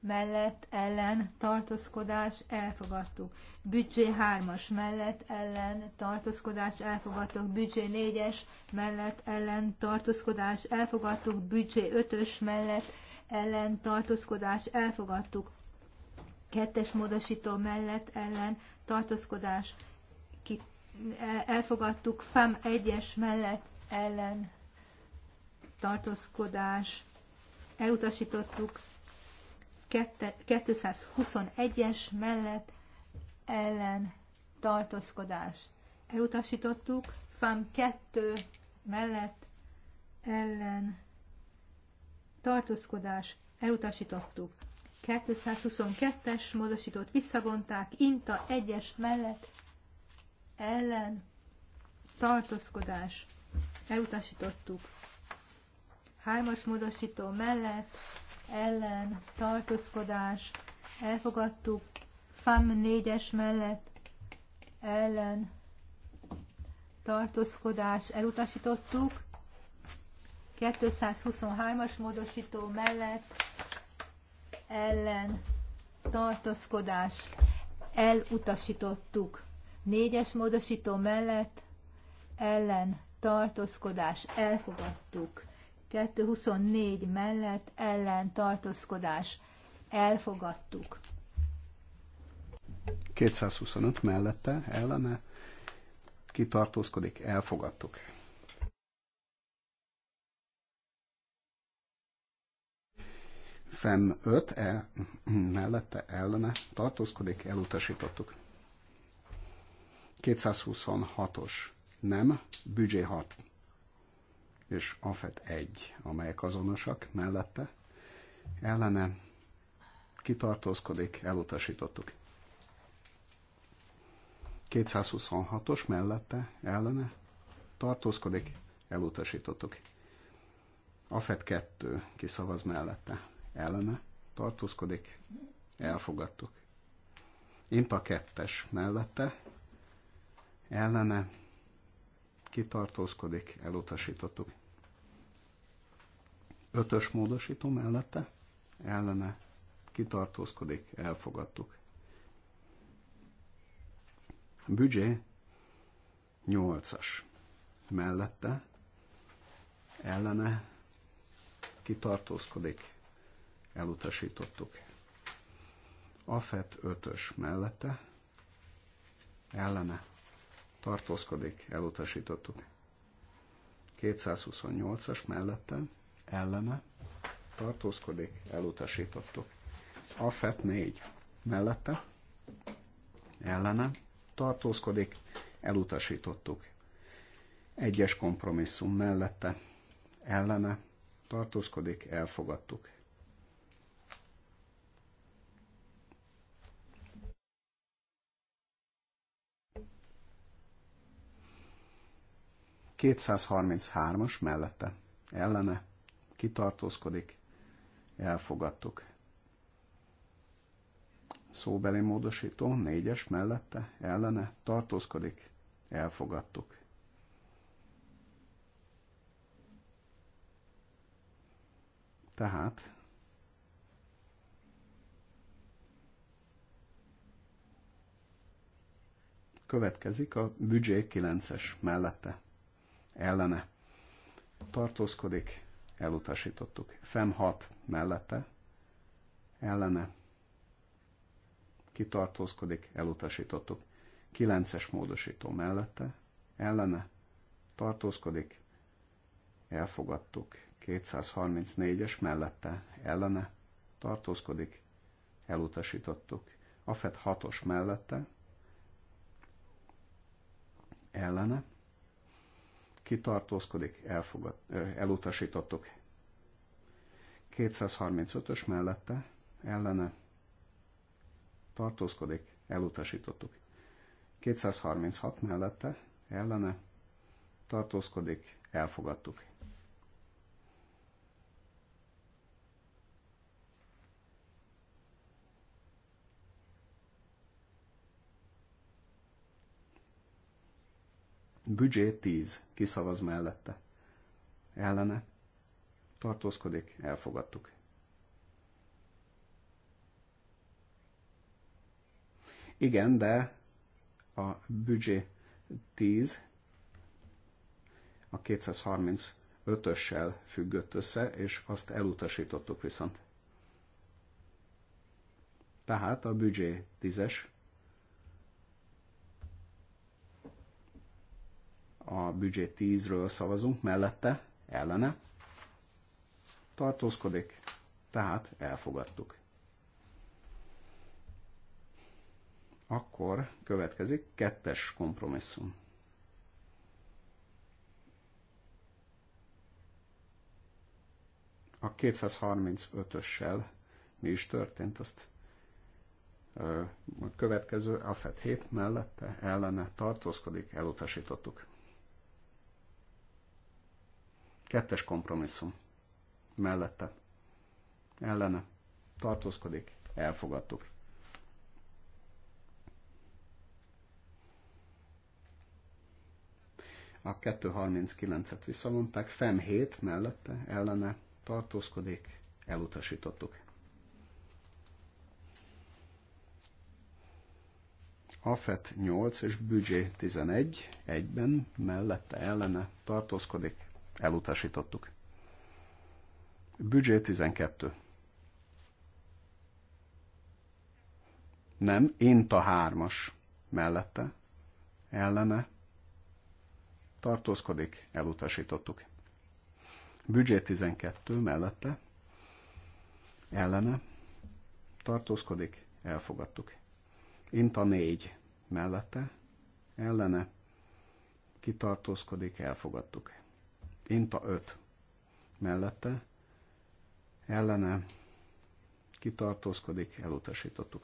mellett ellen tartózkodás elfogadtuk. Büdzsé 3-as mellett ellen tartózkodás elfogadtuk. Büdzsé 4-es mellett ellen tartózkodás elfogadtuk. Büdzsé 5-ös mellett ellen tartózkodás elfogadtuk. Kettes módosító mellett ellen tartózkodás elfogadtuk, FAM 1-es mellett ellen tartózkodás, elutasítottuk 221-es mellett ellen tartózkodás. Elutasítottuk FAM 2 mellett ellen tartózkodás. Elutasítottuk. 222-es módosítót visszavonták, INTA 1-es mellett ellen tartózkodás elutasítottuk. Hármas módosító mellett ellen tartózkodás elfogadtuk. FAM 4-es mellett ellen tartózkodás elutasítottuk. 223-as módosító mellett ellen tartózkodás elutasítottuk. Négyes módosító mellett ellen tartózkodás elfogadtuk. 224 mellett ellen tartózkodás elfogadtuk. 225 mellette ellene kitartózkodik, elfogadtuk. FEM 5 e, mellette ellene tartózkodik, elutasítottuk. 226-os nem, büdzsé 6 és AFET 1, amelyek azonosak mellette, ellene kitartózkodik, elutasítottuk. 226-os mellette, ellene tartózkodik, elutasítottuk. AFET 2 kiszavaz mellette, ellene tartózkodik, elfogadtuk. Inta 2 mellette, ellene kitartózkodik, elutasítottuk. Ötös módosító mellette ellene kitartózkodik, elfogadtuk. Büdzsé nyolcas mellette ellene kitartózkodik, elutasítottuk. Afet ötös mellette ellene tartózkodik, elutasítottuk. 228-as mellette, ellene, tartózkodik, elutasítottuk. A FET 4 mellette, ellene, tartózkodik, elutasítottuk. Egyes kompromisszum mellette, ellene, tartózkodik, elfogadtuk. 233-as mellette ellene kitartózkodik, elfogadtuk. Szóbeli módosító 4-es mellette ellene tartózkodik, elfogadtuk. Tehát következik a büdzsé 9-es mellette ellene tartózkodik, elutasítottuk. Fem hat mellette, ellene kitartózkodik, elutasítottuk. Kilences módosító mellette, ellene tartózkodik, elfogadtuk. 234-es mellette, ellene tartózkodik, elutasítottuk. A FED 6-os mellette, ellene kitartózkodik, elfogad, elutasítottuk. 235-ös mellette, ellene, tartózkodik, elutasítottuk. 236 mellette, ellene, tartózkodik, elfogadtuk. Büdzsé 10. Kiszavaz mellette. Ellene. Tartózkodik. Elfogadtuk. Igen, de a büdzsé 10 a 235-össel függött össze, és azt elutasítottuk viszont. Tehát a büdzsé 10-es a büdzsé 10-ről szavazunk, mellette, ellene, tartózkodik, tehát elfogadtuk. Akkor következik kettes kompromisszum. A 235-össel mi is történt, azt a következő FED 7 mellette ellene tartózkodik, elutasítottuk. Kettes kompromisszum. Mellette. Ellene. Tartózkodik. Elfogadtuk. A 239-et visszavonták. Fem 7 mellette. Ellene. Tartózkodik. Elutasítottuk. AFET 8 és Büdzsé 11 egyben mellette ellene tartózkodik, Elutasítottuk. Büdzsé 12. Nem, Inta 3-as mellette, ellene, tartózkodik, elutasítottuk. Büdzsé 12 mellette, ellene, tartózkodik, elfogadtuk. Inta 4 mellette, ellene, kitartózkodik, elfogadtuk. Inta 5 mellette ellene kitartózkodik, elutasítottuk.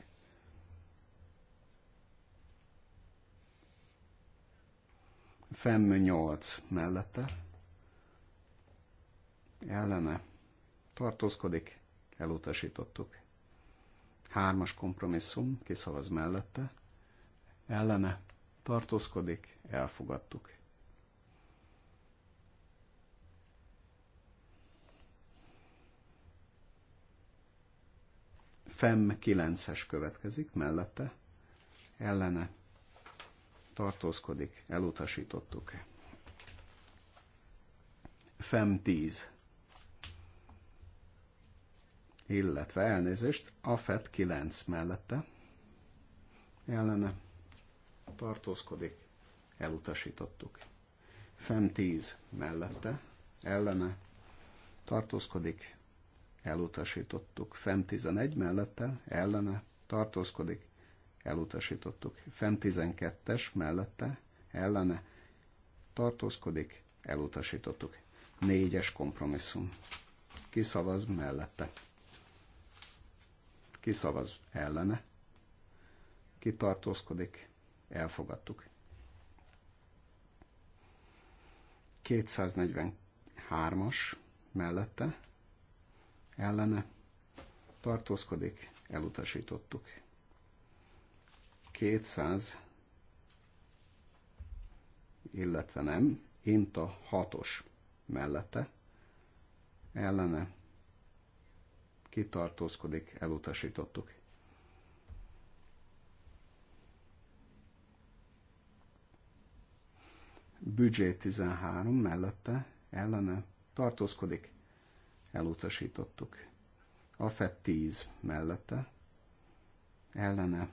Fem 8 mellette ellene tartózkodik, elutasítottuk. Hármas kompromisszum, kiszavaz mellette, ellene tartózkodik, elfogadtuk. FEM 9-es következik, mellette ellene tartózkodik, elutasítottuk. FEM 10, illetve elnézést, a FET 9 mellette ellene tartózkodik, elutasítottuk. FEM 10 mellette ellene tartózkodik, elutasítottuk. Fem 11 mellette, ellene, tartózkodik, elutasítottuk. Fem 12-es mellette, ellene, tartózkodik, elutasítottuk. Négyes kompromisszum. Kiszavaz mellette. Kiszavaz ellene. Kitartózkodik, elfogadtuk. 243-as mellette, ellene tartózkodik, elutasítottuk. 200, illetve nem, Inta 6-os mellette, ellene kitartózkodik, elutasítottuk. Büdzsé 13 mellette, ellene tartózkodik, elutasítottuk. A FED 10 mellette, ellene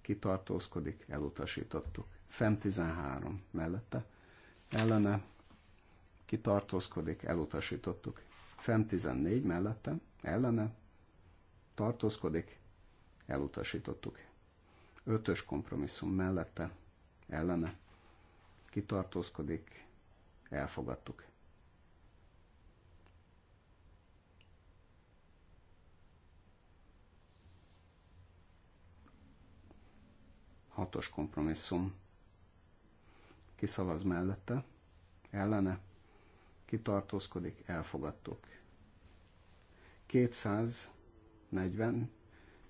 kitartózkodik, elutasítottuk. FEM 13 mellette, ellene kitartózkodik, elutasítottuk. FEM 14 mellette, ellene tartózkodik, elutasítottuk. Ötös kompromisszum mellette, ellene kitartózkodik, elfogadtuk. hatos kompromisszum. Kiszavaz mellette, ellene, kitartózkodik, elfogadtuk. 240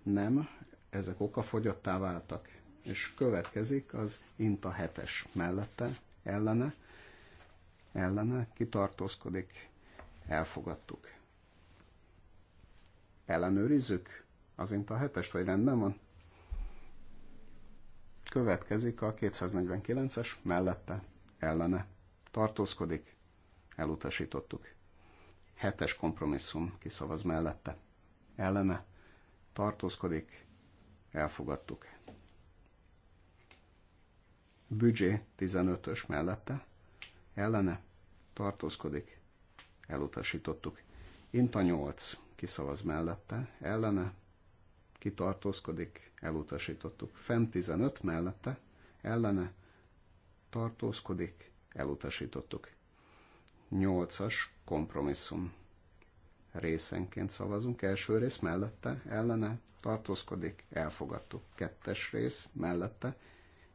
nem, ezek okafogyottá váltak, és következik az INTA hetes mellette, ellene, ellene, kitartózkodik, elfogadtuk. Ellenőrizzük az INTA hetest vagy rendben van? következik a 249-es mellette, ellene tartózkodik, elutasítottuk. Hetes kompromisszum kiszavaz mellette, ellene tartózkodik, elfogadtuk. Büdzsé 15-ös mellette, ellene tartózkodik, elutasítottuk. Inta 8 kiszavaz mellette, ellene kitartózkodik, elutasítottuk. Fent 15 mellette, ellene tartózkodik, elutasítottuk. 8-as kompromisszum. Részenként szavazunk. Első rész mellette, ellene tartózkodik, elfogadtuk. Kettes rész mellette,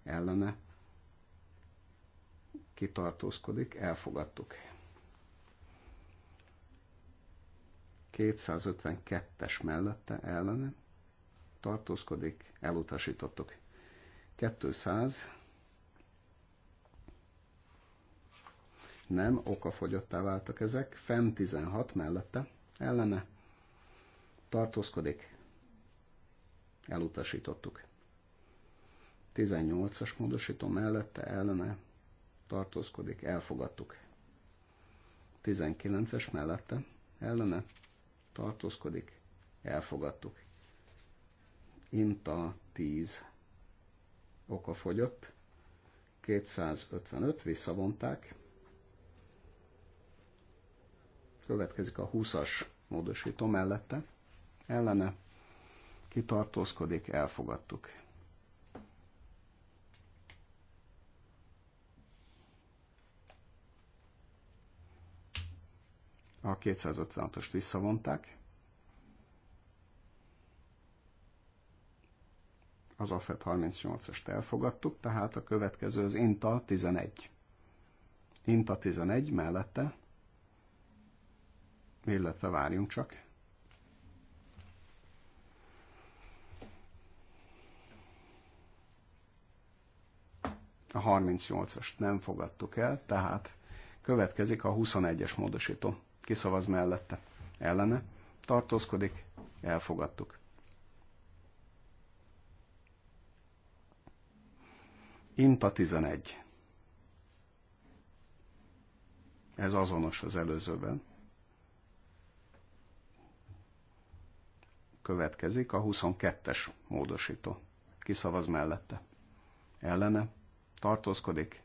ellene kitartózkodik, elfogadtuk. 252-es mellette ellene tartózkodik, elutasítottuk. 200 nem, okafogyottá váltak ezek, fenn 16 mellette, ellene tartózkodik, elutasítottuk. 18-as módosító mellette, ellene tartózkodik, elfogadtuk. 19-es mellette, ellene tartózkodik, elfogadtuk. Inta 10 oka fogyott, 255 visszavonták. Következik a 20-as módosító mellette. Ellene kitartózkodik, elfogadtuk. A 256-ost visszavonták. az AFET 38-est elfogadtuk, tehát a következő az INTA 11. INTA 11 mellette, illetve várjunk csak. A 38-ast nem fogadtuk el, tehát következik a 21-es módosító. Kiszavaz mellette. Ellene tartózkodik, elfogadtuk. Inta 11. Ez azonos az előzőben. Következik a 22-es módosító. Kiszavaz mellette. Ellene. Tartózkodik.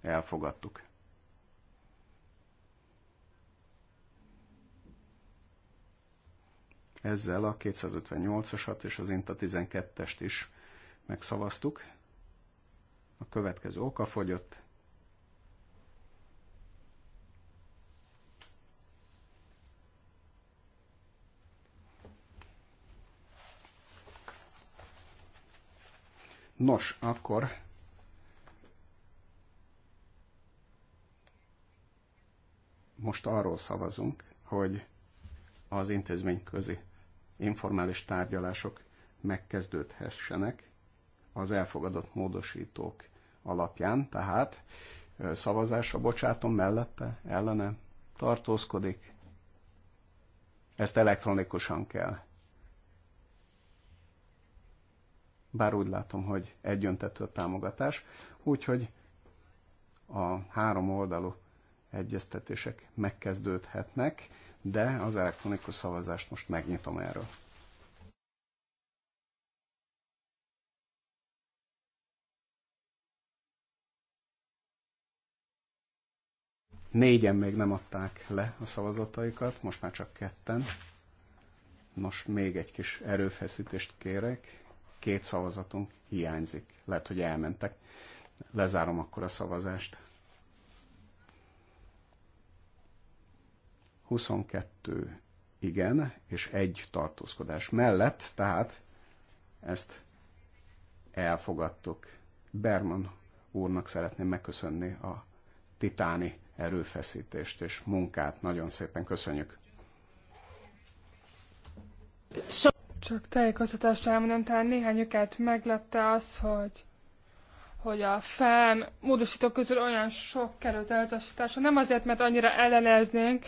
Elfogadtuk. Ezzel a 258-asat és az Inta 12-est is megszavaztuk. A következő oka fogyott. Nos, akkor most arról szavazunk, hogy az intézményközi informális tárgyalások megkezdődhessenek az elfogadott módosítók alapján, tehát szavazásra bocsátom mellette, ellene tartózkodik. Ezt elektronikusan kell. Bár úgy látom, hogy egyöntető a támogatás, úgyhogy a három oldalú egyeztetések megkezdődhetnek, de az elektronikus szavazást most megnyitom erről. Négyen még nem adták le a szavazataikat, most már csak ketten. Nos, még egy kis erőfeszítést kérek. Két szavazatunk hiányzik. Lehet, hogy elmentek. Lezárom akkor a szavazást. 22 igen, és egy tartózkodás mellett, tehát ezt elfogadtuk. Berman úrnak szeretném megköszönni a titáni erőfeszítést és munkát. Nagyon szépen köszönjük. Csak tájékoztatást elmondom, talán néhány őket meglepte az, hogy hogy a FEM módosítók közül olyan sok került elutasításra. Nem azért, mert annyira elleneznénk,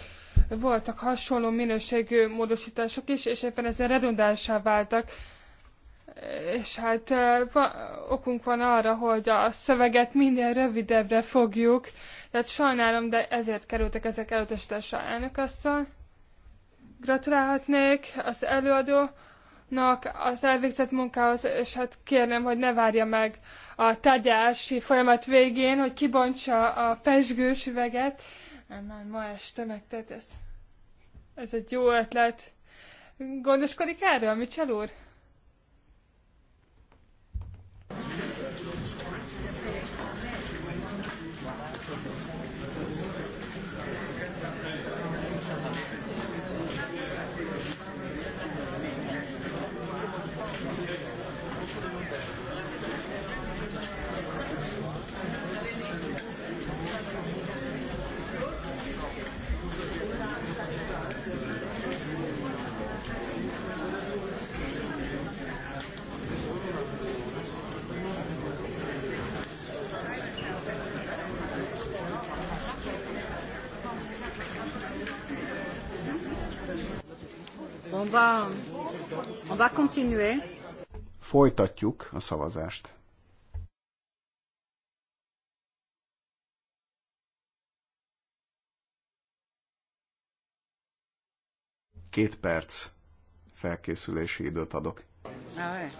voltak hasonló minőségű módosítások is, és éppen ezzel redundánsá váltak. És hát okunk van arra, hogy a szöveget minél rövidebbre fogjuk, tehát sajnálom, de ezért kerültek ezek elutasításra elnökasszal. Gratulálhatnék az előadónak az elvégzett munkához, és hát kérném, hogy ne várja meg a tárgyalási folyamat végén, hogy kibontsa a pesgős üveget. Már ma este megtett ez. Ez egy jó ötlet. Gondoskodik erről, Michel úr? va, on va continuer. Folytatjuk a szavazást. Két perc felkészülési időt adok. Ah, ouais.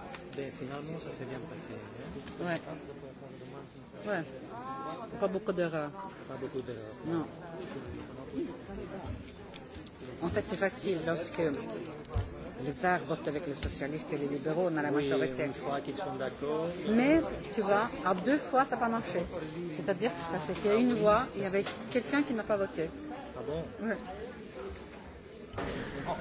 Ouais. Pas beaucoup d'erreurs. Pas beaucoup d'erreurs. Non. En fait, c'est facile lorsque le VAR vote avec les socialistes et les libéraux, on a la oui, majorité. Une fois qu'ils sont d'accord. Mais, tu vois, à deux fois, ça n'a pas marché. C'est-à-dire que ça s'est fait une voix, il y avait quelqu'un qui n'a pas voté. Ah bon ouais. Oh,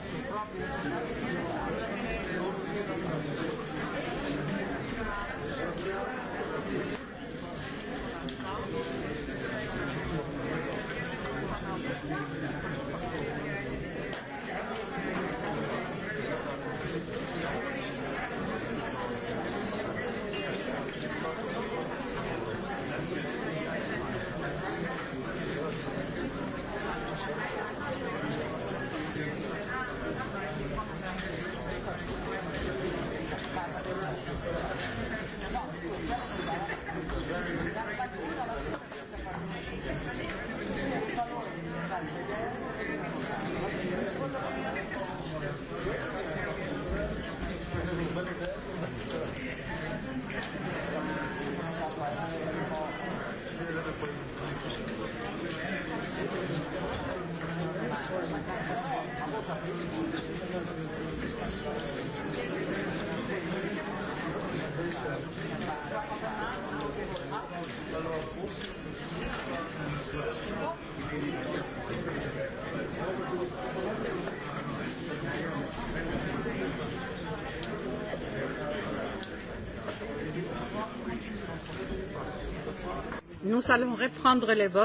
reprendre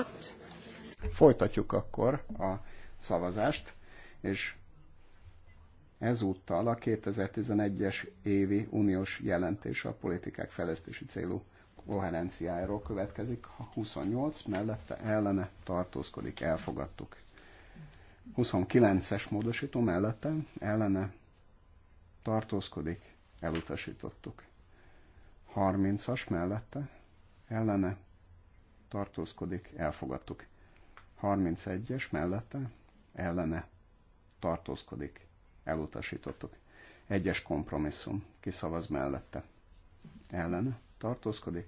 Folytatjuk akkor a szavazást, és ezúttal a 2011-es évi uniós jelentés a politikák fejlesztési célú koherenciájáról következik. A 28 mellette ellene tartózkodik, elfogadtuk. 29-es módosító mellette ellene tartózkodik, elutasítottuk. 30-as mellette ellene tartózkodik, elfogadtuk. 31-es mellette, ellene tartózkodik, elutasítottuk. Egyes kompromisszum, kiszavaz mellette. Ellene tartózkodik,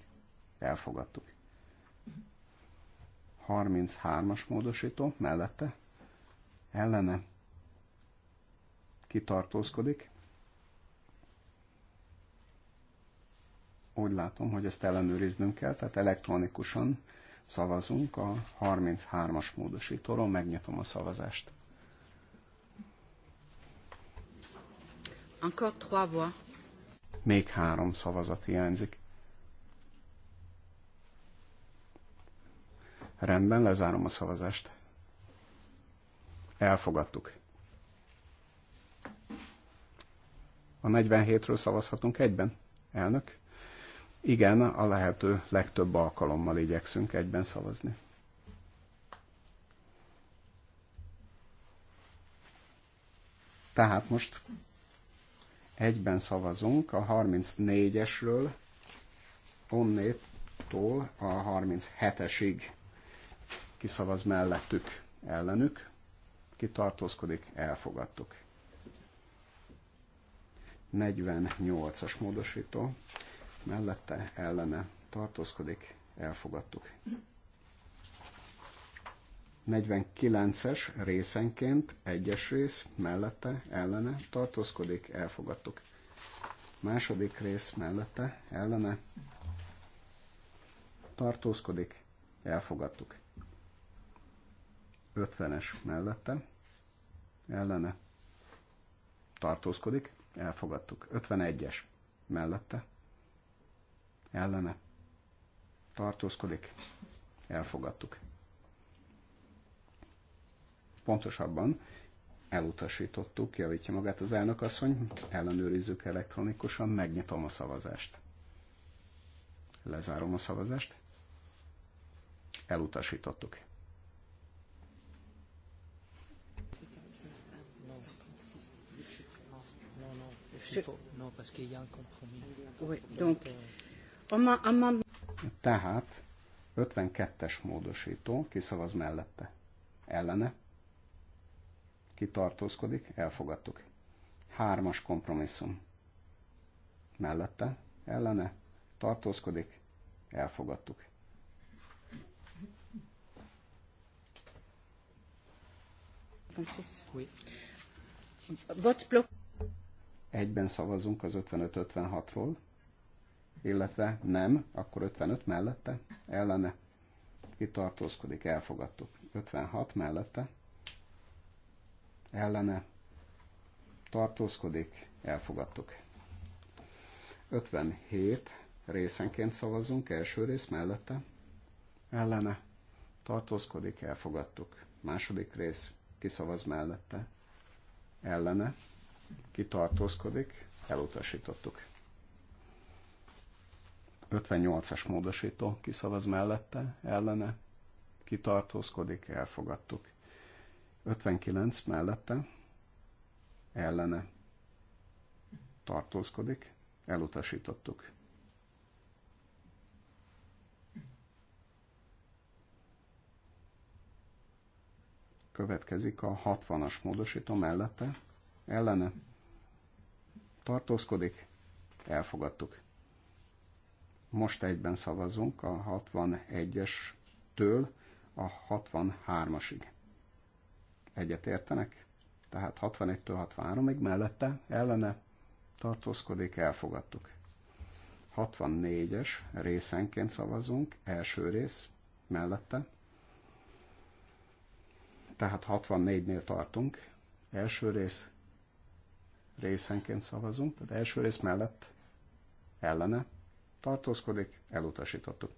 elfogadtuk. 33-as módosító mellette, ellene kitartózkodik. Úgy látom, hogy ezt ellenőriznünk kell, tehát elektronikusan szavazunk a 33-as módosítóról, megnyitom a szavazást. Encore trois voix. Még három szavazat hiányzik. Rendben, lezárom a szavazást. Elfogadtuk. A 47-ről szavazhatunk egyben, elnök? igen, a lehető legtöbb alkalommal igyekszünk egyben szavazni. Tehát most egyben szavazunk a 34-esről, onnétól a 37-esig kiszavaz mellettük, ellenük, ki tartózkodik, elfogadtuk. 48-as módosító mellette ellene tartózkodik, elfogadtuk. 49-es részenként egyes rész mellette ellene tartózkodik, elfogadtuk. Második rész mellette ellene tartózkodik, elfogadtuk. 50-es mellette ellene tartózkodik, elfogadtuk. 51-es mellette ellene tartózkodik, elfogadtuk. Pontosabban elutasítottuk, javítja magát az elnökasszony, ellenőrizzük elektronikusan, megnyitom a szavazást. Lezárom a szavazást. Elutasítottuk. donc, tehát 52-es módosító kiszavaz mellette. Ellene. Kitartózkodik, elfogadtuk. Hármas kompromisszum. Mellette, ellene, tartózkodik, elfogadtuk. Egyben szavazunk az 55-56-ról illetve nem, akkor 55 mellette, ellene kitartózkodik, elfogadtuk. 56 mellette, ellene tartózkodik, elfogadtuk. 57 részenként szavazunk, első rész mellette, ellene tartózkodik, elfogadtuk. Második rész kiszavaz mellette, ellene kitartózkodik, elutasítottuk. 58-as módosító kiszavaz mellette, ellene, kitartózkodik, elfogadtuk. 59 mellette, ellene, tartózkodik, elutasítottuk. Következik a 60-as módosító mellette, ellene, tartózkodik, elfogadtuk. Most egyben szavazunk a 61-estől a 63-asig. Egyet értenek? Tehát 61-től 63-ig mellette, ellene tartózkodik, elfogadtuk. 64-es részenként szavazunk, első rész mellette. Tehát 64-nél tartunk, első rész részenként szavazunk, tehát első rész mellett ellene tartózkodik, elutasítottuk.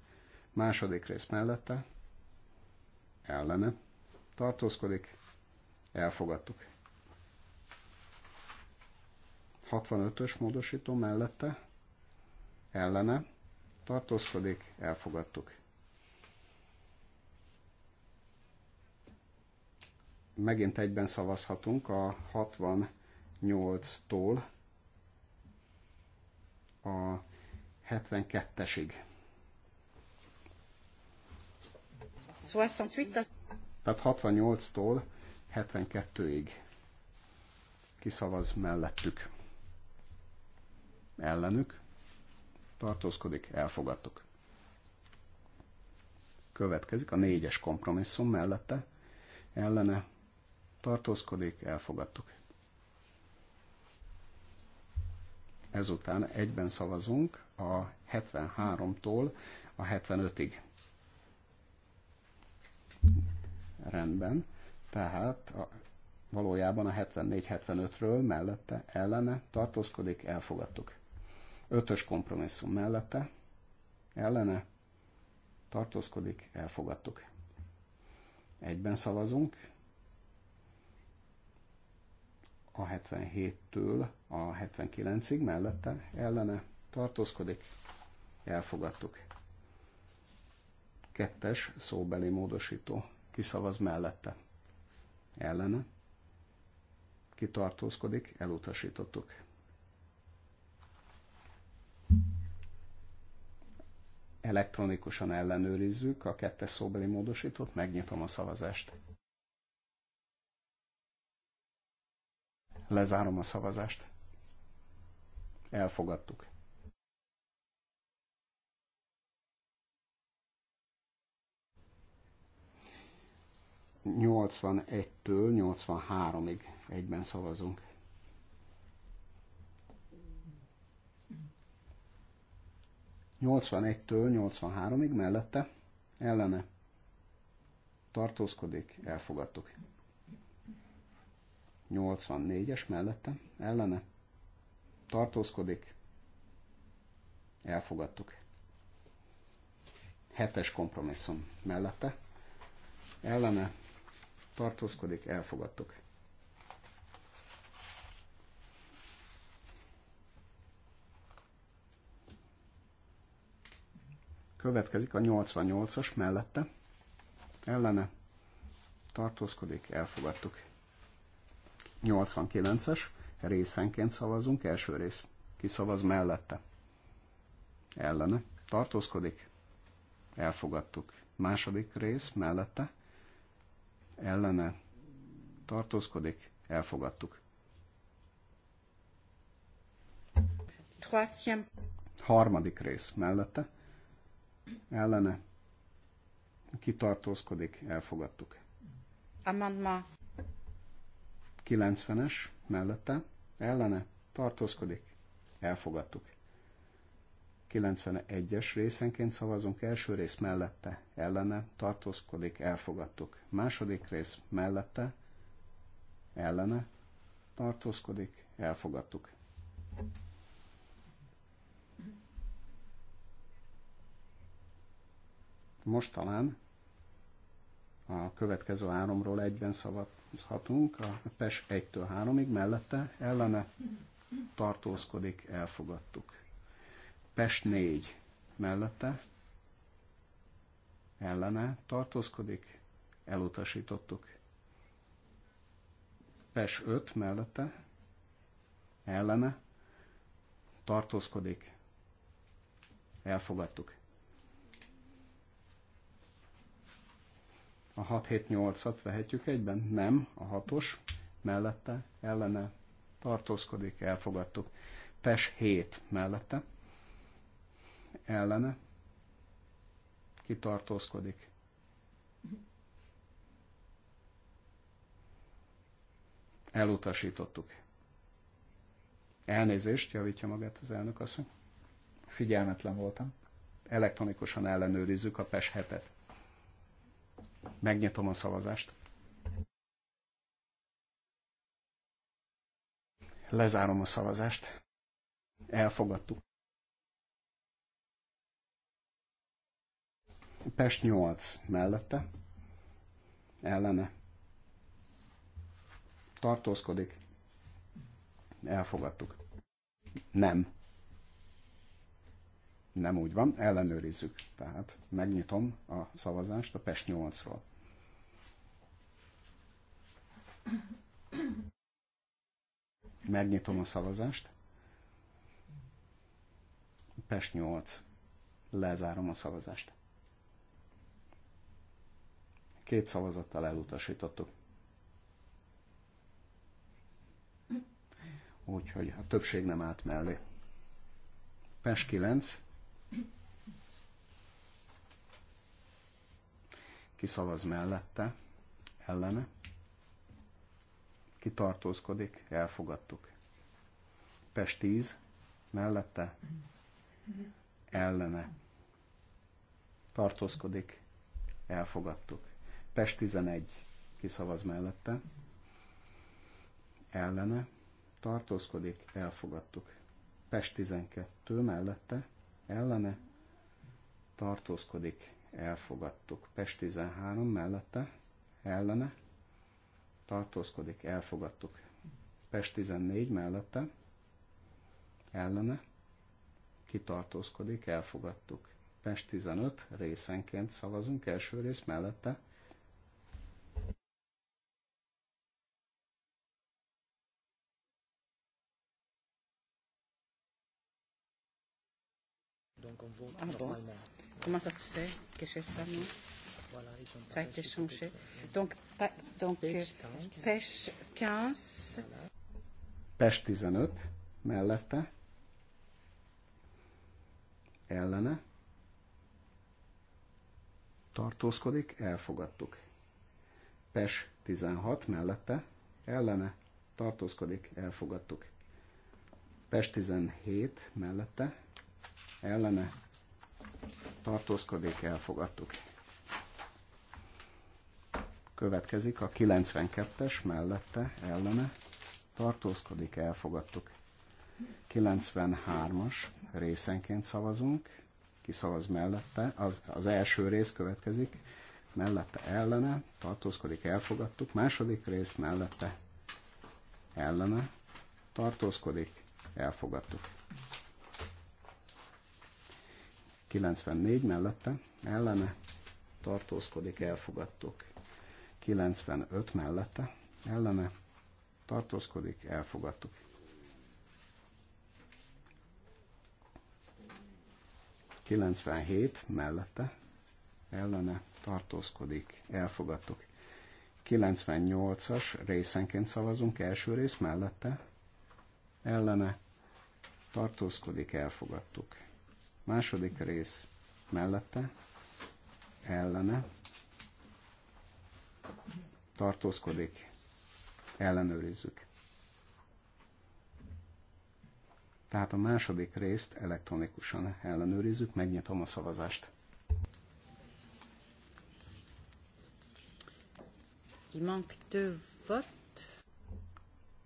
Második rész mellette, ellene, tartózkodik, elfogadtuk. 65-ös módosító mellette, ellene, tartózkodik, elfogadtuk. Megint egyben szavazhatunk a 68-tól a 72-esig. 68. Tehát 68-tól 72-ig kiszavaz mellettük. Ellenük tartózkodik, elfogadtuk. Következik a négyes kompromisszum mellette, ellene tartózkodik, elfogadtuk. Ezután egyben szavazunk a 73-tól a 75-ig. Rendben. Tehát a, valójában a 74-75-ről mellette ellene tartózkodik, elfogadtuk. Ötös kompromisszum mellette ellene tartózkodik, elfogadtuk. Egyben szavazunk, a 77-től a 79-ig mellette ellene tartózkodik, elfogadtuk. Kettes szóbeli módosító, kiszavaz mellette, ellene, kitartózkodik, elutasítottuk. elektronikusan ellenőrizzük a kettes szóbeli módosítót, megnyitom a szavazást. Lezárom a szavazást. Elfogadtuk. 81-től 83-ig egyben szavazunk. től 83-ig mellette, ellene, tartózkodik, elfogadtuk. 84-es mellette, ellene, tartózkodik, elfogadtuk. 7-es kompromisszum mellette, ellene, tartózkodik, elfogadtok. Következik a 88-as mellette, ellene, tartózkodik, elfogadtuk. 89-es, részenként szavazunk, első rész, kiszavaz mellette, ellene, tartózkodik, elfogadtuk. Második rész mellette, ellene tartózkodik, elfogadtuk. Troisième. Harmadik rész mellette ellene kitartózkodik, elfogadtuk. Amendment. 90-es mellette ellene tartózkodik, elfogadtuk. 91-es részenként szavazunk, első rész mellette, ellene, tartózkodik, elfogadtuk. Második rész mellette, ellene, tartózkodik, elfogadtuk. Most talán a következő háromról egyben szavazhatunk, a PES 1-től 3-ig mellette, ellene, tartózkodik, elfogadtuk. Pest 4 mellette ellene tartózkodik, elutasítottuk. Pes 5 mellette ellene tartózkodik, elfogadtuk. A 6-7-8-at vehetjük egyben? Nem, a 6-os mellette ellene tartózkodik, elfogadtuk. Pes 7 mellette ellene kitartózkodik. Elutasítottuk. Elnézést, javítja magát az elnök asszony. Figyelmetlen voltam. Elektronikusan ellenőrizzük a PES hetet. Megnyitom a szavazást. Lezárom a szavazást. Elfogadtuk. Pest 8 mellette, ellene tartózkodik, elfogadtuk. Nem. Nem úgy van, ellenőrizzük. Tehát megnyitom a szavazást a Pest 8-ról. Megnyitom a szavazást. Pest 8. Lezárom a szavazást. Két szavazattal elutasítottuk. Úgyhogy a többség nem állt mellé. PES 9. Kiszavaz mellette, ellene. tartózkodik, elfogadtuk. PES 10. Mellette, ellene tartózkodik, elfogadtuk. Pest 11 kiszavaz mellette, ellene, tartózkodik, elfogadtuk. Pest 12 mellette, ellene, tartózkodik, elfogadtuk. Pest 13 mellette, ellene, tartózkodik, elfogadtuk. Pest 14 mellette, ellene, kitartózkodik, elfogadtuk. Pest 15 részenként szavazunk, első rész mellette, vote ah bon Comment ça se fait que j'ai ça, non voilà, ils ont Ça a été changé. Donc, pa, donc pêche 15. Pêche 15. Pest 15 mellette. Ellene. Tartózkodik, elfogadtuk. Pes 16 mellette, ellene, tartózkodik, elfogadtuk. Pes 17 mellette, ellene tartózkodik, elfogadtuk. Következik a 92-es mellette, ellene tartózkodik, elfogadtuk. 93-as részenként szavazunk, ki szavaz mellette, az, az első rész következik, mellette ellene, tartózkodik, elfogadtuk, második rész mellette ellene, tartózkodik, elfogadtuk. 94 mellette ellene tartózkodik, elfogadtuk. 95 mellette ellene tartózkodik, elfogadtuk. Kilencvenhét mellette ellene tartózkodik, elfogadtuk. 98-as részenként szavazunk, első rész mellette ellene tartózkodik, elfogadtuk Második rész mellette, ellene, tartózkodik, ellenőrizzük. Tehát a második részt elektronikusan ellenőrizzük, megnyitom a szavazást.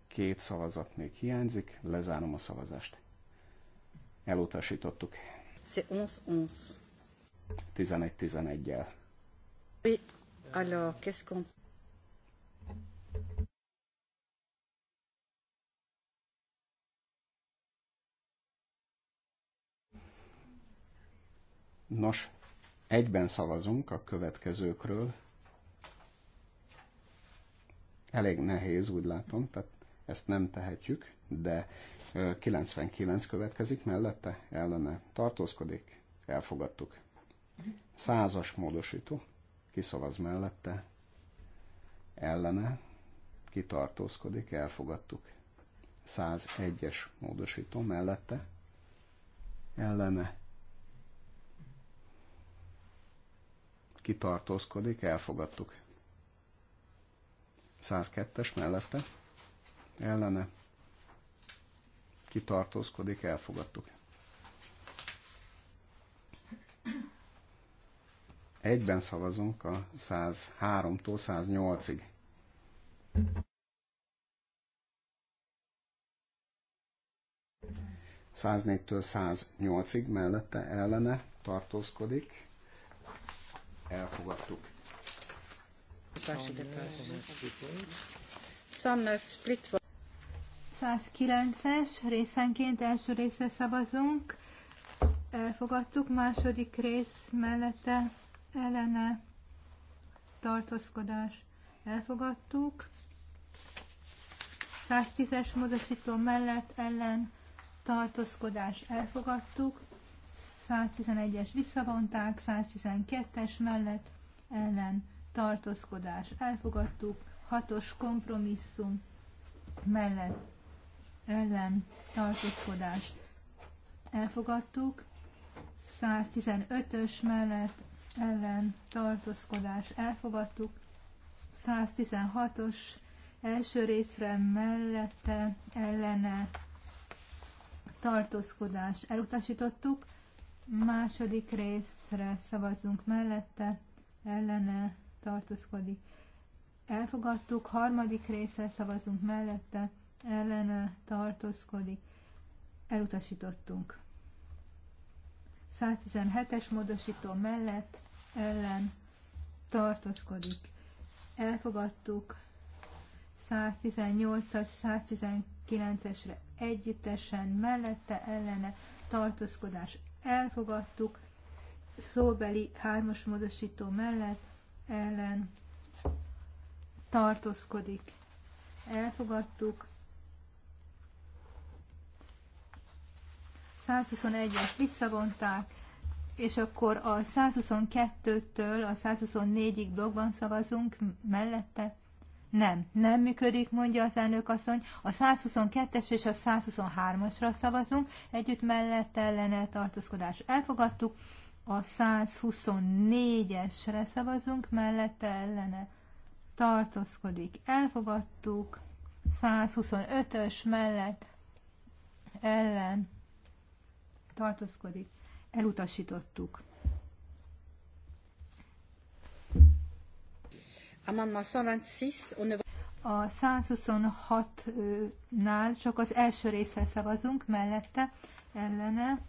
Két szavazat még hiányzik, lezárom a szavazást. Elutasítottuk C'est 11-11. 11-11-jel. Oui, alors, qu'est-ce qu'on... Nos, egyben szavazunk a következőkről. Elég nehéz, úgy látom, tehát ezt nem tehetjük, de 99 következik mellette, ellene tartózkodik, elfogadtuk. Százas módosító, kiszavaz mellette, ellene, kitartózkodik, elfogadtuk. 101-es módosító mellette, ellene, kitartózkodik, elfogadtuk. 102-es mellette, ellene kitartózkodik, elfogadtuk. Egyben szavazunk a 103-tól 108-ig. től 108-ig mellette ellene tartózkodik. Elfogadtuk. Sanner split 109-es részenként első része szavazunk. Elfogadtuk. Második rész mellette ellene tartózkodás. Elfogadtuk. 110-es módosító mellett ellen tartózkodás. Elfogadtuk. 111-es visszavonták, 112-es mellett ellen tartózkodás. Elfogadtuk. 6-os kompromisszum mellett ellen tartózkodás elfogadtuk, 115-ös mellett ellen tartózkodás elfogadtuk, 116-os első részre mellette ellene tartózkodás elutasítottuk, második részre szavazunk mellette, ellene tartózkodik. Elfogadtuk, harmadik részre szavazunk mellette, ellene tartózkodik, elutasítottunk. 117-es módosító mellett ellen tartózkodik. Elfogadtuk 118-as, 119-esre együttesen, mellette ellene tartózkodás elfogadtuk, szóbeli hármas módosító mellett ellen tartózkodik. Elfogadtuk 121-et visszavonták, és akkor a 122-től a 124-ig blogban szavazunk mellette. Nem, nem működik, mondja az elnök asszony. A 122-es és a 123-asra szavazunk, együtt mellette ellene tartózkodás elfogadtuk. A 124-esre szavazunk, mellette ellene tartózkodik, elfogadtuk. 125-ös mellett ellen tartózkodik, elutasítottuk. A 126-nál csak az első része szavazunk, mellette ellene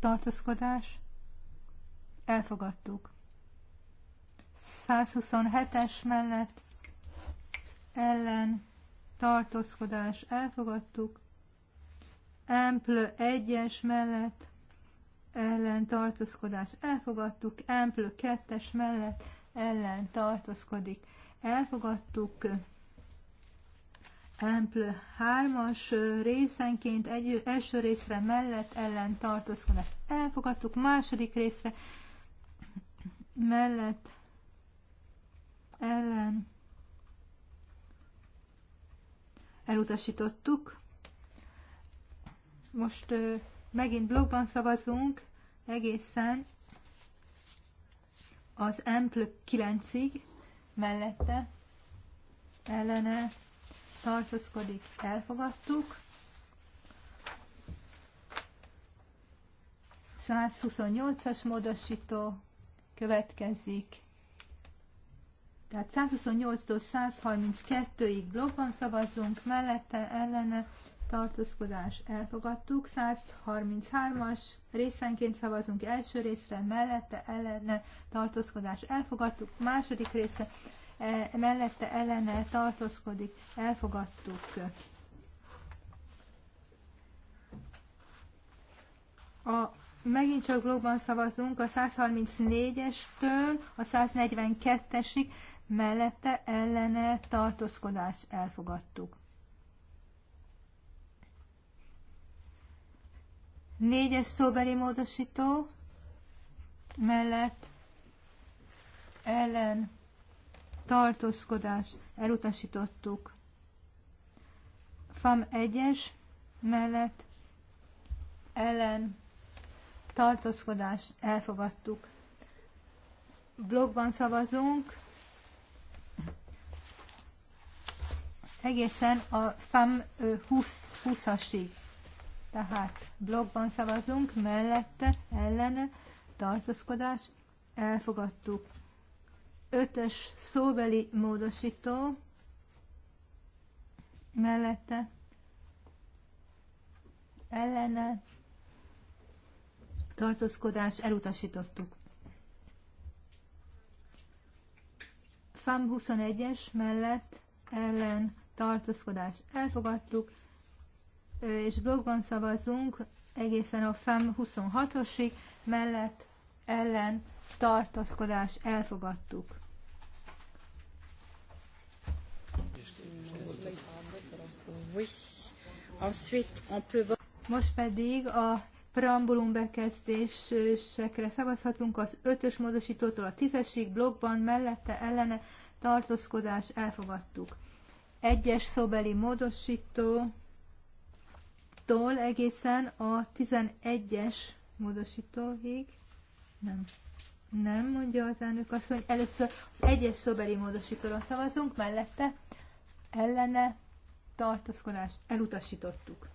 tartózkodás, elfogadtuk. 127-es mellett ellen tartózkodás, elfogadtuk. M 1 egyes mellett ellen tartózkodás elfogadtuk, M 2 kettes mellett ellen tartózkodik elfogadtuk. M 3 hármas részenként egy, első részre mellett ellen tartózkodás elfogadtuk, második részre mellett ellen elutasítottuk. Most megint blogban szavazunk egészen az M 9-ig mellette ellene tartózkodik, elfogadtuk. 128-as módosító következik. Tehát 128-tól 132-ig blogban szavazzunk, mellette, ellene tartózkodás elfogadtuk. 133-as részenként szavazunk első részre, mellette ellene tartózkodás elfogadtuk. Második része e, mellette ellene tartózkodik, elfogadtuk. A, megint csak blogban szavazunk a 134-estől a 142-esig, mellette ellene tartózkodás elfogadtuk. Négyes szóbeli módosító mellett ellen tartózkodás elutasítottuk. FAM egyes mellett ellen tartózkodás elfogadtuk. Blogban szavazunk. Egészen a FAM 20-asig. Tehát blogban szavazunk, mellette, ellene, tartózkodás, elfogadtuk. Ötös szóbeli módosító, mellette, ellene, tartózkodás, elutasítottuk. FAM 21-es mellett ellen tartózkodás elfogadtuk, és blogban szavazunk egészen a FEM 26-osig, mellett ellen tartózkodás elfogadtuk. Most pedig a preambulum bekezdésekre szavazhatunk az ötös módosítótól a tízesig Blogban mellette ellene tartózkodás elfogadtuk. Egyes szobeli módosító tól egészen a 11-es módosítóig. Nem. Nem, mondja az elnök azt, hogy először az egyes szobeli módosítóra szavazunk, mellette ellene tartozkodás elutasítottuk.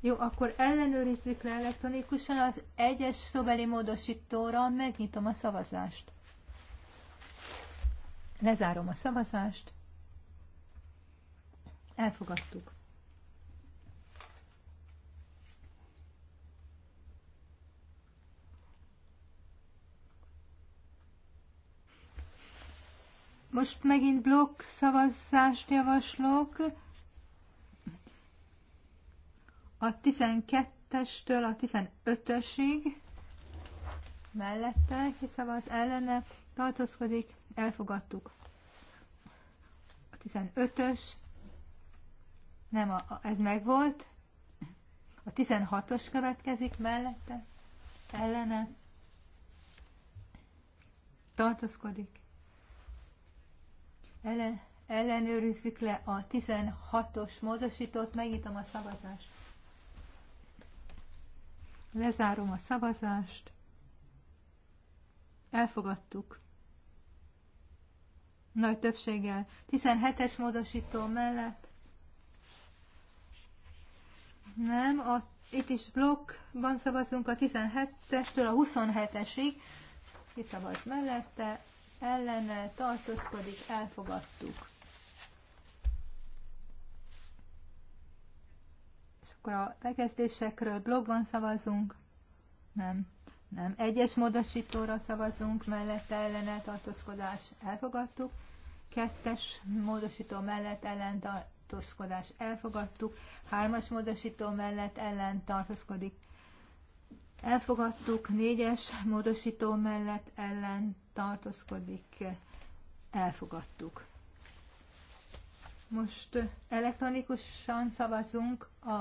Jó, akkor ellenőrizzük le elektronikusan az egyes szobeli módosítóra, megnyitom a szavazást. Lezárom a szavazást. Elfogadtuk. Most megint blokk szavazást javaslok. A 12-estől a 15-ösig mellette ki szavaz ellene tartózkodik, elfogadtuk. A 15-ös nem, a, ez megvolt. A 16-os következik mellette, ellene. tartozkodik. Ellen, ellenőrizzük le a 16-os módosítót, megnyitom a szavazást. Lezárom a szavazást. Elfogadtuk. Nagy többséggel. 17-es módosító mellett nem, a, itt is blokkban szavazunk a 17-estől a 27-esig. Ki szavaz mellette, ellene, tartózkodik, elfogadtuk. És akkor a bekezdésekről blogban szavazunk. Nem, nem. Egyes módosítóra szavazunk, mellette ellene tartózkodás elfogadtuk. Kettes módosító mellett ellen tartózkodás elfogadtuk, hármas módosító mellett ellen tartózkodik elfogadtuk, négyes módosító mellett ellen tartózkodik elfogadtuk. Most elektronikusan szavazunk a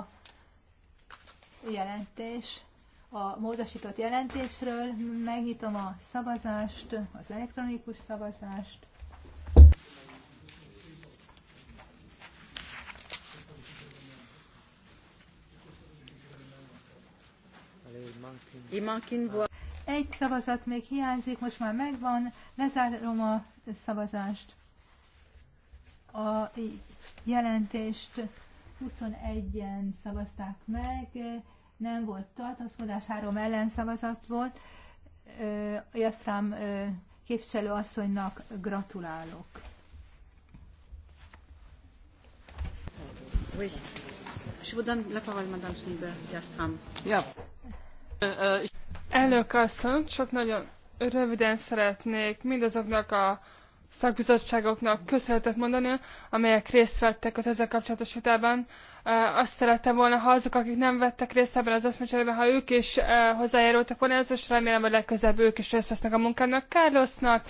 jelentés, a módosított jelentésről. Megnyitom a szavazást, az elektronikus szavazást. Egy szavazat még hiányzik, most már megvan, lezárom a szavazást. A jelentést 21-en szavazták meg, nem volt tartózkodás, három ellenszavazat volt. Jasztrám képviselőasszonynak asszonynak gratulálok. Oui. Je vous donne la parole, Madame Schneider, jastram Elnök asszony, csak nagyon röviden szeretnék mindazoknak a szakbizottságoknak köszönetet mondani, amelyek részt vettek az ezzel kapcsolatos vitában. Azt szerettem volna, ha azok, akik nem vettek részt ebben az eszmecserében, ha ők is hozzájárultak volna, és remélem, hogy legközelebb ők is részt vesznek a munkának. Carlosnak,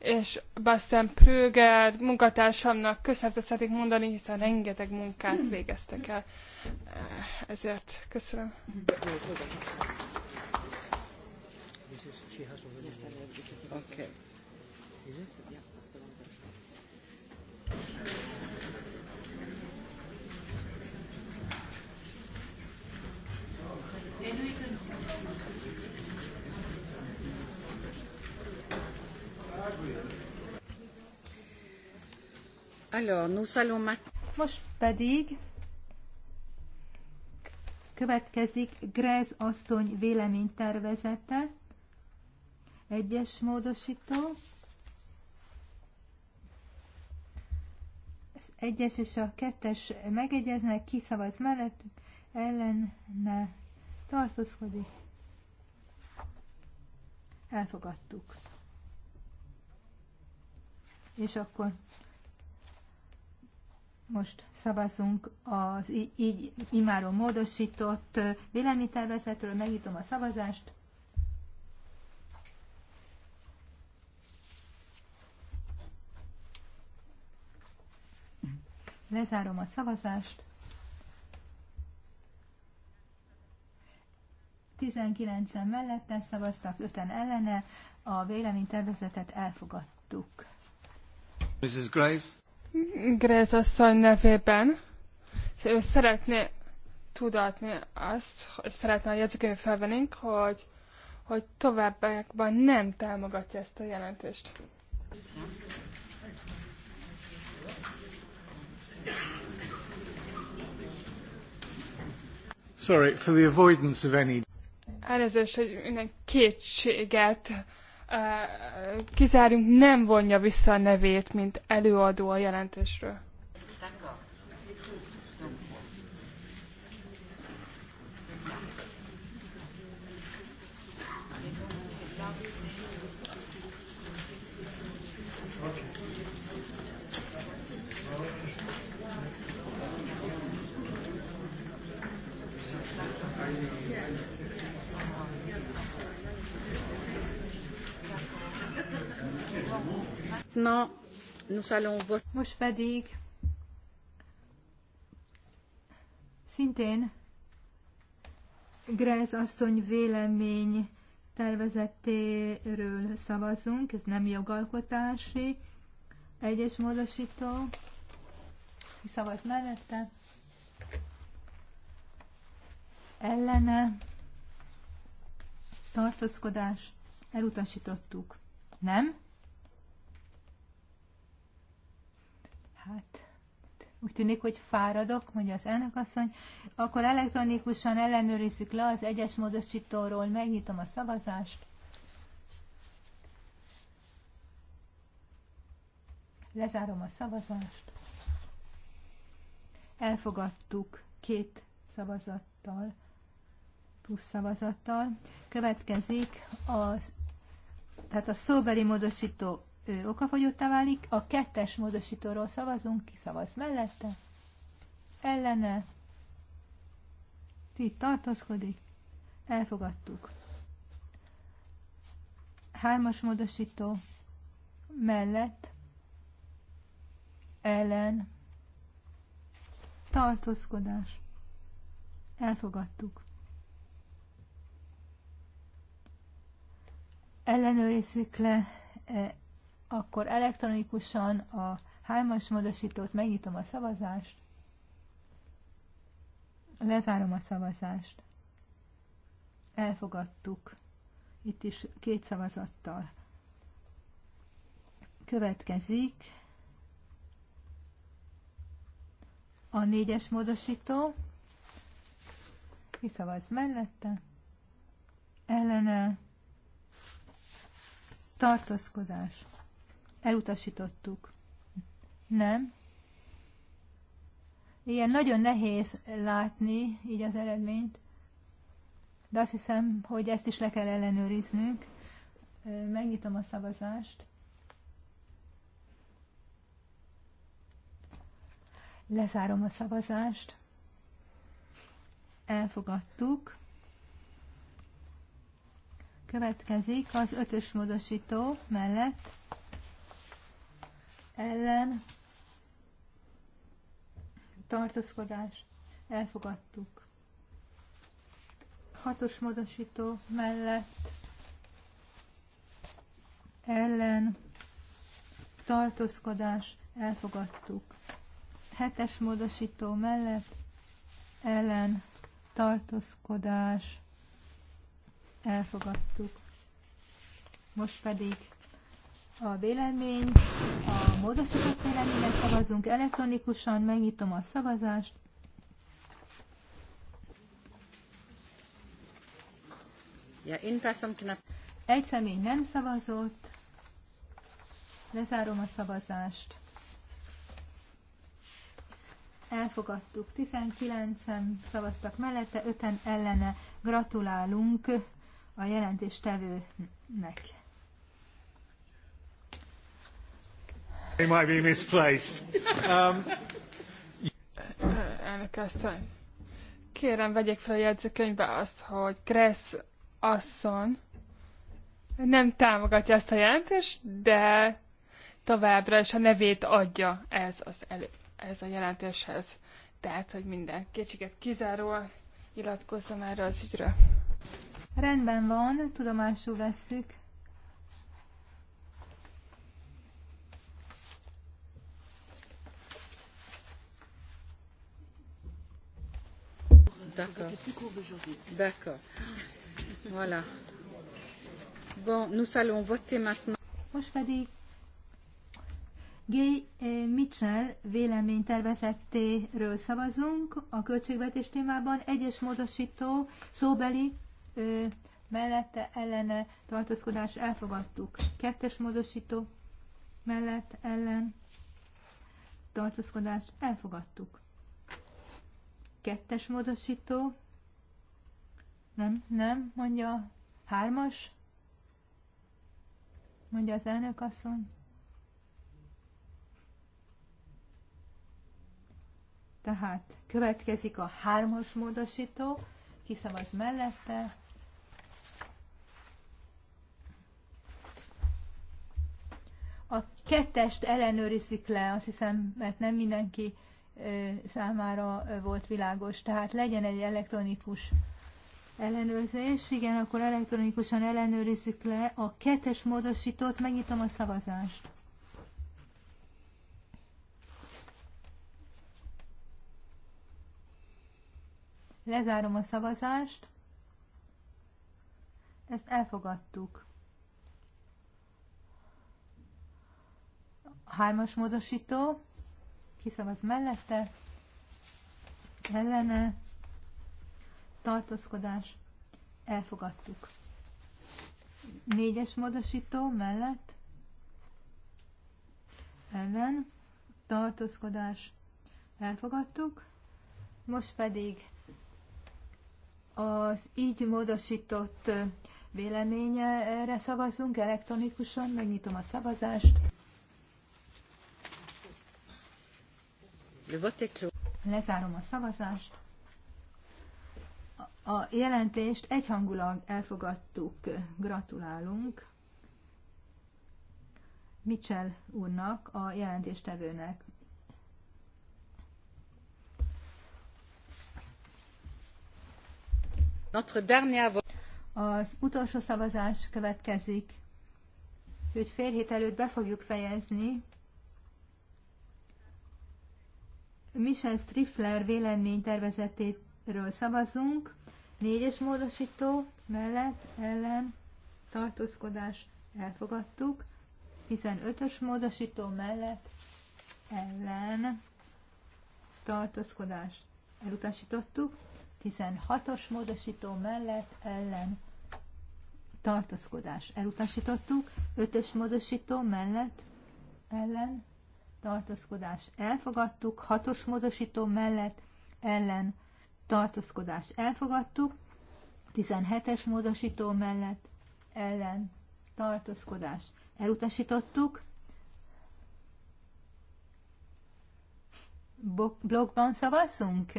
és Bastian Pröger munkatársamnak köszönetet szeretnék mondani, hiszen rengeteg munkát végeztek el. Ezért köszönöm. Okay. Most pedig következik Grez asszony véleménytervezete, egyes módosító, az egyes és a kettes megegyeznek, kiszavaz mellett, ne tartózkodik. Elfogadtuk. És akkor most szavazunk az így imáron módosított véleménytervezetről, megnyitom a szavazást. Lezárom a szavazást. 19-en mellette szavaztak, 5-en ellene. A véleménytervezetet elfogadtuk. Mrs. Grace? Grace asszony nevében. Ő szeretné tudatni azt, hogy szeretne a jegyzőkönyv felvennénk, hogy, hogy továbbiakban nem támogatja ezt a jelentést. Sorry, for the avoidance of any... Elnézést, hogy minden kétséget kizárjunk, nem vonja vissza a nevét, mint előadó a jelentésről. Maintenant, nous allons voter. Most pedig szintén Grez asszony vélemény tervezetéről szavazunk, ez nem jogalkotási, egyes módosító, ki szavaz mellette, ellene, tartózkodás, elutasítottuk, nem? Hát, úgy tűnik, hogy fáradok, mondja az elnökasszony. Akkor elektronikusan ellenőrizzük le az egyes módosítóról, megnyitom a szavazást. Lezárom a szavazást. Elfogadtuk két szavazattal, plusz szavazattal. Következik az, tehát a szóbeli módosító ő okafogyottá válik. A kettes módosítóról szavazunk, ki szavaz mellette, ellene, itt tartózkodik, elfogadtuk. Hármas módosító mellett, ellen, tartózkodás, elfogadtuk. ellenőrizzük le e, akkor elektronikusan a hármas módosítót megnyitom a szavazást. Lezárom a szavazást. Elfogadtuk. Itt is két szavazattal. Következik a négyes módosító. Kiszavaz mellette. Ellene tartózkodás. Elutasítottuk. Nem. Igen, nagyon nehéz látni így az eredményt, de azt hiszem, hogy ezt is le kell ellenőriznünk. Megnyitom a szavazást. Lezárom a szavazást. Elfogadtuk. Következik az ötös módosító mellett ellen tartózkodás elfogadtuk. Hatos módosító mellett ellen tartózkodás elfogadtuk. Hetes módosító mellett ellen tartózkodás elfogadtuk. Most pedig a vélemény, a módosított véleményre szavazunk elektronikusan, megnyitom a szavazást. Ja, én Egy személy nem szavazott. Lezárom a szavazást. Elfogadtuk. 19 szavaztak mellette, 5 ellene. Gratulálunk a jelentéstevőnek. They might be misplaced. Um... Elnök asszony, kérem vegyék fel a jegyzőkönyvbe azt, hogy Kressz asszony nem támogatja ezt a jelentést, de továbbra is a nevét adja ez, az elő, ez a jelentéshez. Tehát, hogy minden kétséget kizáróan iratkozzon erre az ügyről. Rendben van, tudomásul vesszük D'accord. D'accord. Voilà. Bon, nous allons voter maintenant. Most pedig Gay Mitchell véleménytervezettéről szavazunk a költségvetés témában. Egyes módosító szóbeli ö, mellette ellene tartózkodás elfogadtuk. Kettes módosító mellett ellen tartózkodás elfogadtuk. Kettes módosító. Nem, nem, mondja. Hármas? Mondja az elnök asszony. Tehát következik a hármas módosító, kiszavaz mellette. A kettest ellenőrizik le, azt hiszem, mert nem mindenki számára volt világos. Tehát legyen egy elektronikus ellenőrzés. Igen, akkor elektronikusan ellenőrizzük le a kettes módosítót, megnyitom a szavazást. Lezárom a szavazást. Ezt elfogadtuk. Hármas módosító kiszavaz mellette, ellene, tartózkodás, elfogadtuk. Négyes módosító mellett, ellen, tartózkodás, elfogadtuk. Most pedig az így módosított véleményre szavazunk elektronikusan, megnyitom a szavazást. Lezárom a szavazást. A jelentést egyhangulag elfogadtuk. Gratulálunk Mitchell úrnak, a jelentéstevőnek. Notre dernière az utolsó szavazás következik, hogy fél hét előtt be fogjuk fejezni Michel Strifler tervezetéről szavazunk. Négyes módosító mellett ellen tartózkodás elfogadtuk. 15-ös módosító mellett ellen tartózkodás elutasítottuk. 16-os módosító mellett ellen tartózkodás elutasítottuk. 5-ös módosító mellett ellen tartózkodás elfogadtuk, hatos módosító mellett ellen tartózkodás elfogadtuk, 17-es módosító mellett ellen tartózkodás elutasítottuk, blogban szavazzunk?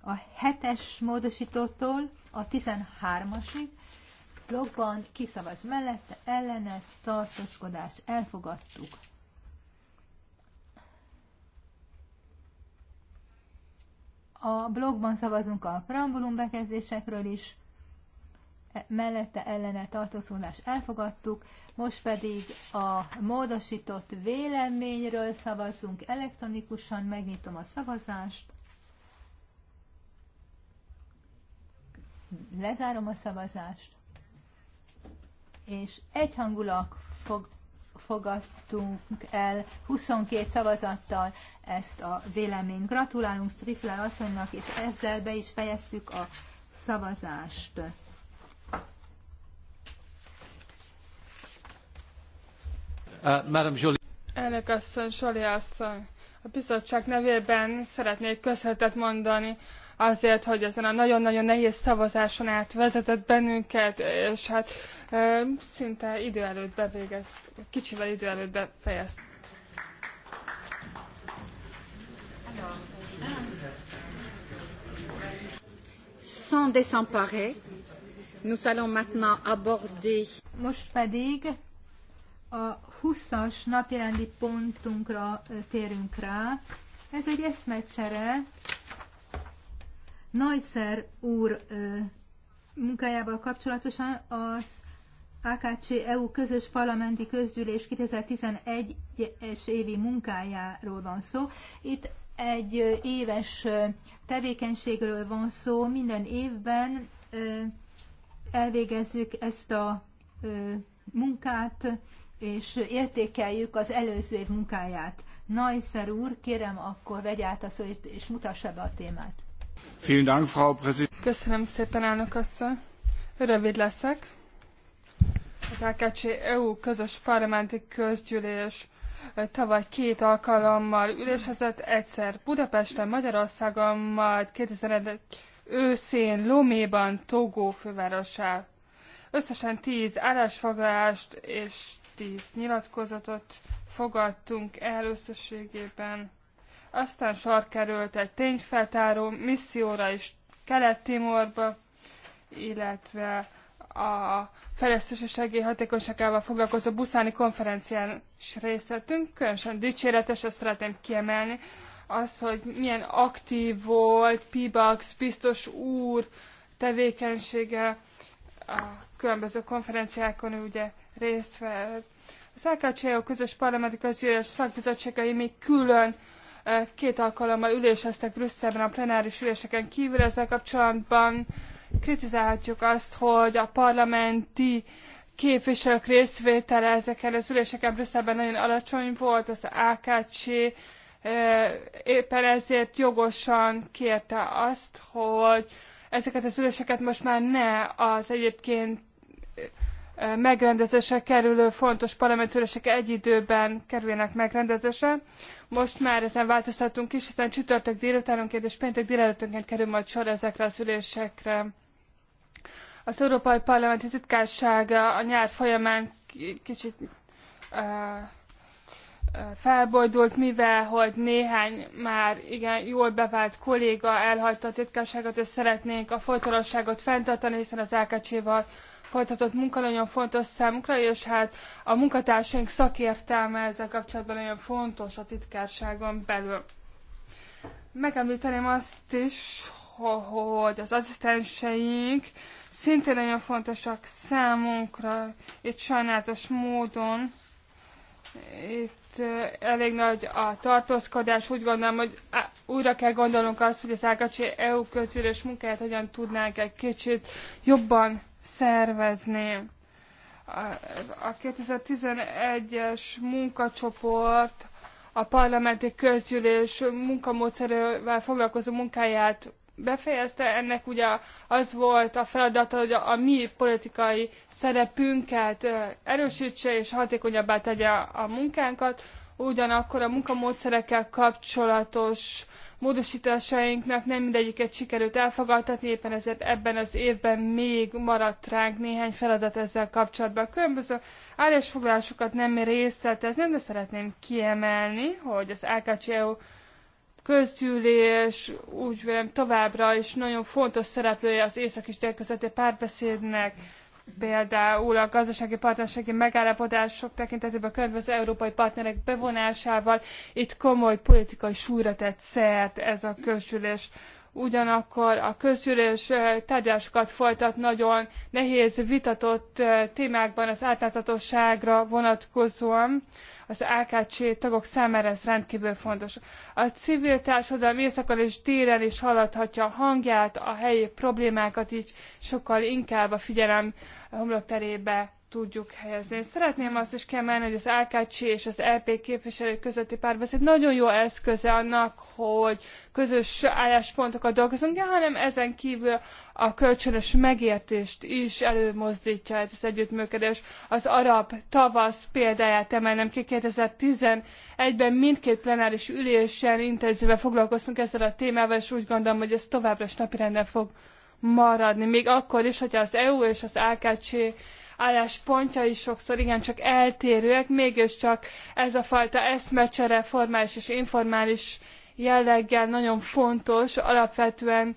A 7-es módosítótól a 13-asig blogban kiszavaz mellette, ellene tartózkodást elfogadtuk. A blogban szavazunk a preambulum bekezdésekről is, e, mellette ellene tartózkodás elfogadtuk, most pedig a módosított véleményről szavazzunk elektronikusan, megnyitom a szavazást. lezárom a szavazást, és egyhangulak fog, fogadtunk el 22 szavazattal ezt a véleményt. Gratulálunk Strifler asszonynak, és ezzel be is fejeztük a szavazást. Uh, Elnök asszony, Jolie asszony, a bizottság nevében szeretnék köszönetet mondani azért, hogy ezen a nagyon-nagyon nehéz szavazáson át vezetett bennünket, és hát szinte idő előtt bevégez, kicsivel idő előtt befejez. Sans désemparer, nous allons maintenant aborder. Most pedig a 20-as napirendi pontunkra térünk rá. Ez egy eszmecsere Nagyszer úr munkájával kapcsolatosan az AKC-EU közös parlamenti közgyűlés 2011-es évi munkájáról van szó. Itt egy éves tevékenységről van szó, minden évben elvégezzük ezt a munkát, és értékeljük az előző év munkáját. Nagyszer úr, kérem akkor vegy át a szót, és mutassa be a témát. Köszönöm szépen, elnök asszony. Rövid leszek. Az AKC EU közös parlamenti közgyűlés tavaly két alkalommal ülésezett, egyszer Budapesten, Magyarországon, majd 2001 őszén Loméban, Togó fővárosá. Összesen tíz állásfoglalást és tíz nyilatkozatot fogadtunk el összességében aztán sor került egy tényfeltáró misszióra is Kelet-Timorba, illetve a fejlesztési segélyhatékonyságával foglalkozó buszáni konferencián is részt vettünk. Különösen dicséretes, azt szeretném kiemelni, az, hogy milyen aktív volt Pibax, biztos úr tevékenysége a különböző konferenciákon ugye részt vett. Az LKCO közös parlamenti közgyűlés szakbizottságai még külön két alkalommal üléseztek Brüsszelben a plenáris üléseken kívül. Ezzel kapcsolatban kritizálhatjuk azt, hogy a parlamenti képviselők részvétele ezeken az üléseken Brüsszelben nagyon alacsony volt, az AKC éppen ezért jogosan kérte azt, hogy ezeket az üléseket most már ne az egyébként megrendezésre kerülő fontos parlamentülések egy időben kerüljenek megrendezésre. Most már ezen változtatunk is, hiszen csütörtök délutánonként és péntek délelőttönként kerül majd sor ezekre az ülésekre. Az Európai Parlamenti Titkársága a nyár folyamán kicsit uh, felbojdult, mivel hogy néhány már igen jól bevált kolléga elhagyta a titkárságot, és szeretnénk a folytonosságot fenntartani, hiszen az lkc val folytatott munka nagyon fontos számukra, és hát a munkatársaink szakértelme ezzel kapcsolatban nagyon fontos a titkárságon belül. Megemlíteném azt is, hogy az asszisztenseink szintén nagyon fontosak számunkra, itt sajnálatos módon itt elég nagy a tartózkodás. Úgy gondolom, hogy újra kell gondolnunk azt, hogy az Ágacsi EU közülés munkáját hogyan tudnánk egy kicsit jobban szervezni. A 2011-es munkacsoport a parlamenti közgyűlés munkamódszerével foglalkozó munkáját befejezte, ennek ugye az volt a feladata, hogy a, a mi politikai szerepünket erősítse és hatékonyabbá tegye a, a munkánkat, ugyanakkor a munkamódszerekkel kapcsolatos módosításainknak nem mindegyiket sikerült elfogadtatni, éppen ezért ebben az évben még maradt ránk néhány feladat ezzel kapcsolatban. Különböző állásfoglalásokat nem részletezni, de szeretném kiemelni, hogy az AKCEU közgyűlés úgy vélem továbbra is nagyon fontos szereplője az észak és közötti párbeszédnek, például a gazdasági partnerségi megállapodások tekintetében a környező európai partnerek bevonásával itt komoly politikai súlyra tett szert ez a közgyűlés. Ugyanakkor a közgyűlés tárgyalásokat folytat nagyon nehéz, vitatott témákban az átláthatóságra vonatkozóan az AKC tagok számára ez rendkívül fontos. A civil társadalom éjszakon és délen is hallathatja a hangját, a helyi problémákat így sokkal inkább a figyelem homlokterébe tudjuk helyezni. Én szeretném azt is kiemelni, hogy az AKC és az LP e képviselők közötti párbeszéd nagyon jó eszköze annak, hogy közös álláspontokat dolgozunk, de hanem ezen kívül a kölcsönös megértést is előmozdítja ez az együttműködés. Az arab tavasz példáját emelnem ki 2011-ben mindkét plenáris ülésen intenzíve foglalkoztunk ezzel a témával, és úgy gondolom, hogy ez továbbra is napirenden fog maradni, még akkor is, hogyha az EU és az AKC álláspontjai sokszor igencsak eltérőek, mégiscsak ez a fajta eszmecsere formális és informális jelleggel nagyon fontos, alapvetően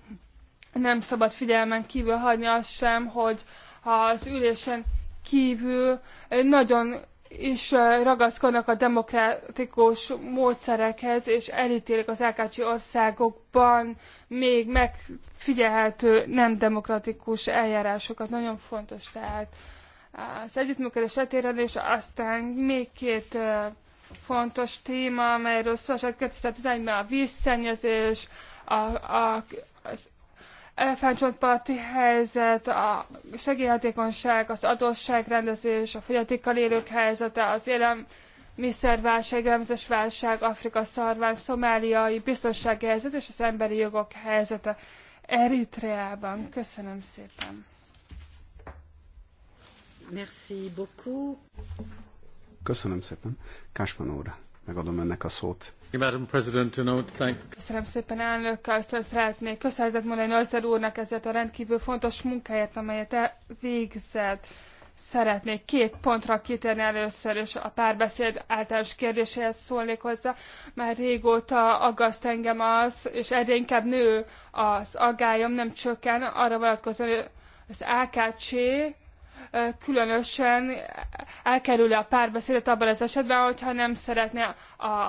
nem szabad figyelmen kívül hagyni azt sem, hogy ha az ülésen kívül nagyon is ragaszkodnak a demokratikus módszerekhez, és elítélik az elkácsi országokban még megfigyelhető nem demokratikus eljárásokat. Nagyon fontos tehát az együttműködés etéren, és aztán még két fontos téma, amelyről szó esett 2011-ben a vízszennyezés, a, a, az elefántcsontparti helyzet, a segélyhatékonyság, az adósságrendezés, a fogyatékkal élők helyzete, az élelmiszerválság, élelmiszeres válság, Afrika szarván, szomáliai biztonsági helyzet és az emberi jogok helyzete Eritreában. Köszönöm szépen! Merci beaucoup. Köszönöm szépen. Kásman úr, megadom önnek a szót. Köszönöm szépen, elnök, aztán szeretnék köszönetet mondani Nagyzer úrnak ezért a rendkívül fontos munkáját, amelyet végzett. Szeretnék két pontra kitérni először, és a párbeszéd általános kérdéséhez szólnék hozzá. Már régóta aggaszt engem az, és egyre inkább nő az agályom, nem csökken, arra vonatkozóan, az AKC különösen elkerüli a párbeszédet abban az esetben, hogyha nem szeretne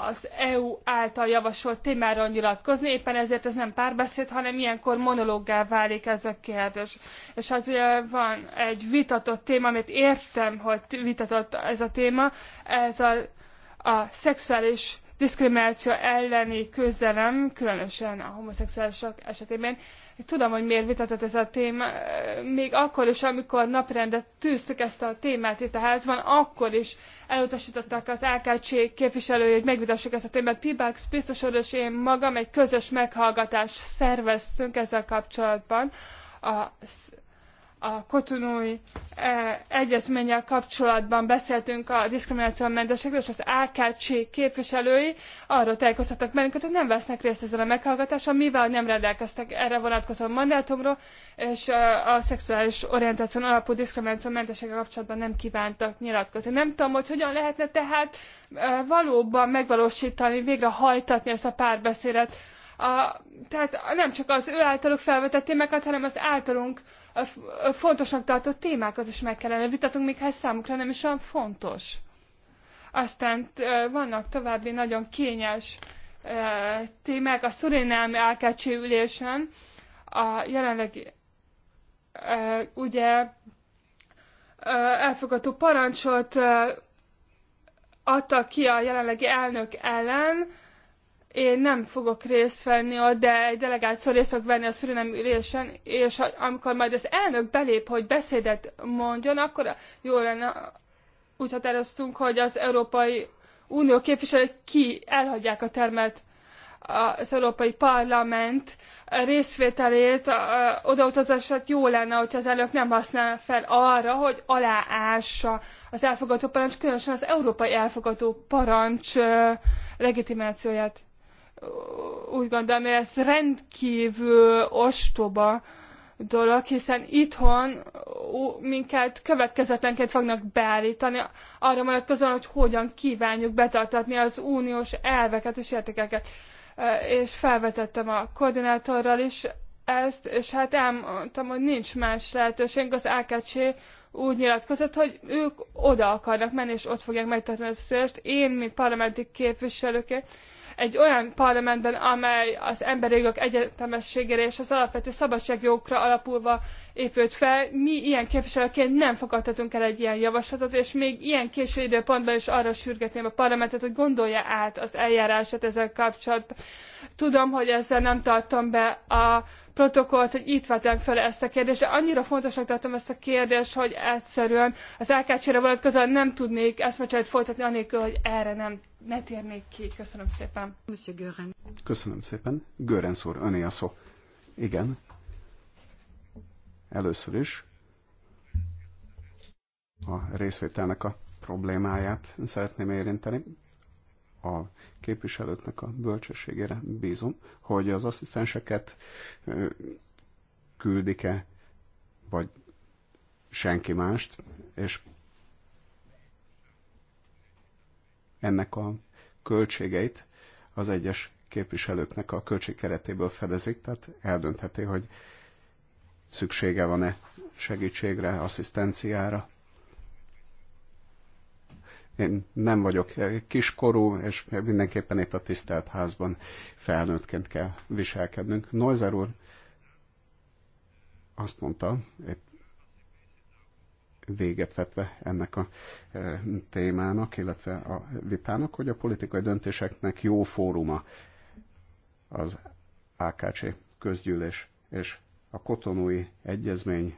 az EU által javasolt témáról nyilatkozni, éppen ezért ez nem párbeszéd, hanem ilyenkor monológgá válik ez a kérdés. És hát ugye van egy vitatott téma, amit értem, hogy vitatott ez a téma, ez a, a szexuális diszkrimináció elleni küzdelem, különösen a homoszexuálisok esetében. Tudom, hogy miért vitatott ez a téma, még akkor is, amikor naprendet tűztük ezt a témát itt a házban, akkor is elutasították az AKC képviselői, hogy megvitassuk ezt a témát. Pibax biztos úr és én magam egy közös meghallgatást szerveztünk ezzel kapcsolatban a a kotonói e, egyezménnyel kapcsolatban beszéltünk a diszkriminációmentességről, és az AKC képviselői arról tájékoztattak bennünket, hogy nem vesznek részt ezen a meghallgatáson, mivel nem rendelkeztek erre vonatkozó mandátumról, és e, a szexuális orientáción alapú diszkriminációmentességgel kapcsolatban nem kívántak nyilatkozni. Nem tudom, hogy hogyan lehetne tehát e, valóban megvalósítani, végre ezt a párbeszédet a, tehát nem csak az ő általuk felvetett témákat, hanem az általunk fontosnak tartott témákat is meg kellene vitatunk, még ha ez számukra nem is olyan fontos. Aztán vannak további nagyon kényes témák a szurénelmi álkácsi ülésen, a jelenleg ugye elfogadó parancsot adta ki a jelenlegi elnök ellen, én nem fogok részt venni ott, de egy delegáció részt fog venni a szülőnem ülésen, és amikor majd az elnök belép, hogy beszédet mondjon, akkor jó lenne, úgy határoztunk, hogy az Európai Unió képviselők ki elhagyják a termet az Európai Parlament részvételét, odautazását jó lenne, hogyha az elnök nem használ fel arra, hogy aláássa az elfogadó parancs, különösen az európai elfogadó parancs legitimációját úgy gondolom, hogy ez rendkívül ostoba dolog, hiszen itthon minket következetlenként fognak beállítani arra vonatkozóan, hogy hogyan kívánjuk betartatni az uniós elveket és értékeket. És felvetettem a koordinátorral is ezt, és hát elmondtam, hogy nincs más lehetőség. Az AKC úgy nyilatkozott, hogy ők oda akarnak menni, és ott fogják megtartani a szülést. Én, mint parlamenti képviselőként, egy olyan parlamentben, amely az emberi jogok egyetemességére és az alapvető szabadságjogokra alapulva épült fel. Mi ilyen képviselőként nem fogadhatunk el egy ilyen javaslatot, és még ilyen késő időpontban is arra sürgetném a parlamentet, hogy gondolja át az eljárását ezzel kapcsolatban. Tudom, hogy ezzel nem tartom be a protokollt, hogy itt vetem fel ezt a kérdést, de annyira fontosnak tartom ezt a kérdést, hogy egyszerűen az AKC-re vonatkozóan nem tudnék eszmecserét folytatni, anélkül, hogy erre nem ne térnék ki. Köszönöm szépen. Köszönöm szépen. Görenc úr, öné a szó. Igen. Először is a részvételnek a problémáját szeretném érinteni a képviselőknek a bölcsességére bízom, hogy az asszisztenseket küldik-e, vagy senki mást, és ennek a költségeit az egyes képviselőknek a költség keretéből fedezik, tehát eldöntheti, hogy szüksége van-e segítségre, asszisztenciára, én nem vagyok kiskorú, és mindenképpen itt a tisztelt házban felnőttként kell viselkednünk. Noizer úr azt mondta, itt véget vetve ennek a e, témának, illetve a vitának, hogy a politikai döntéseknek jó fóruma az AKC közgyűlés és a kotonói egyezmény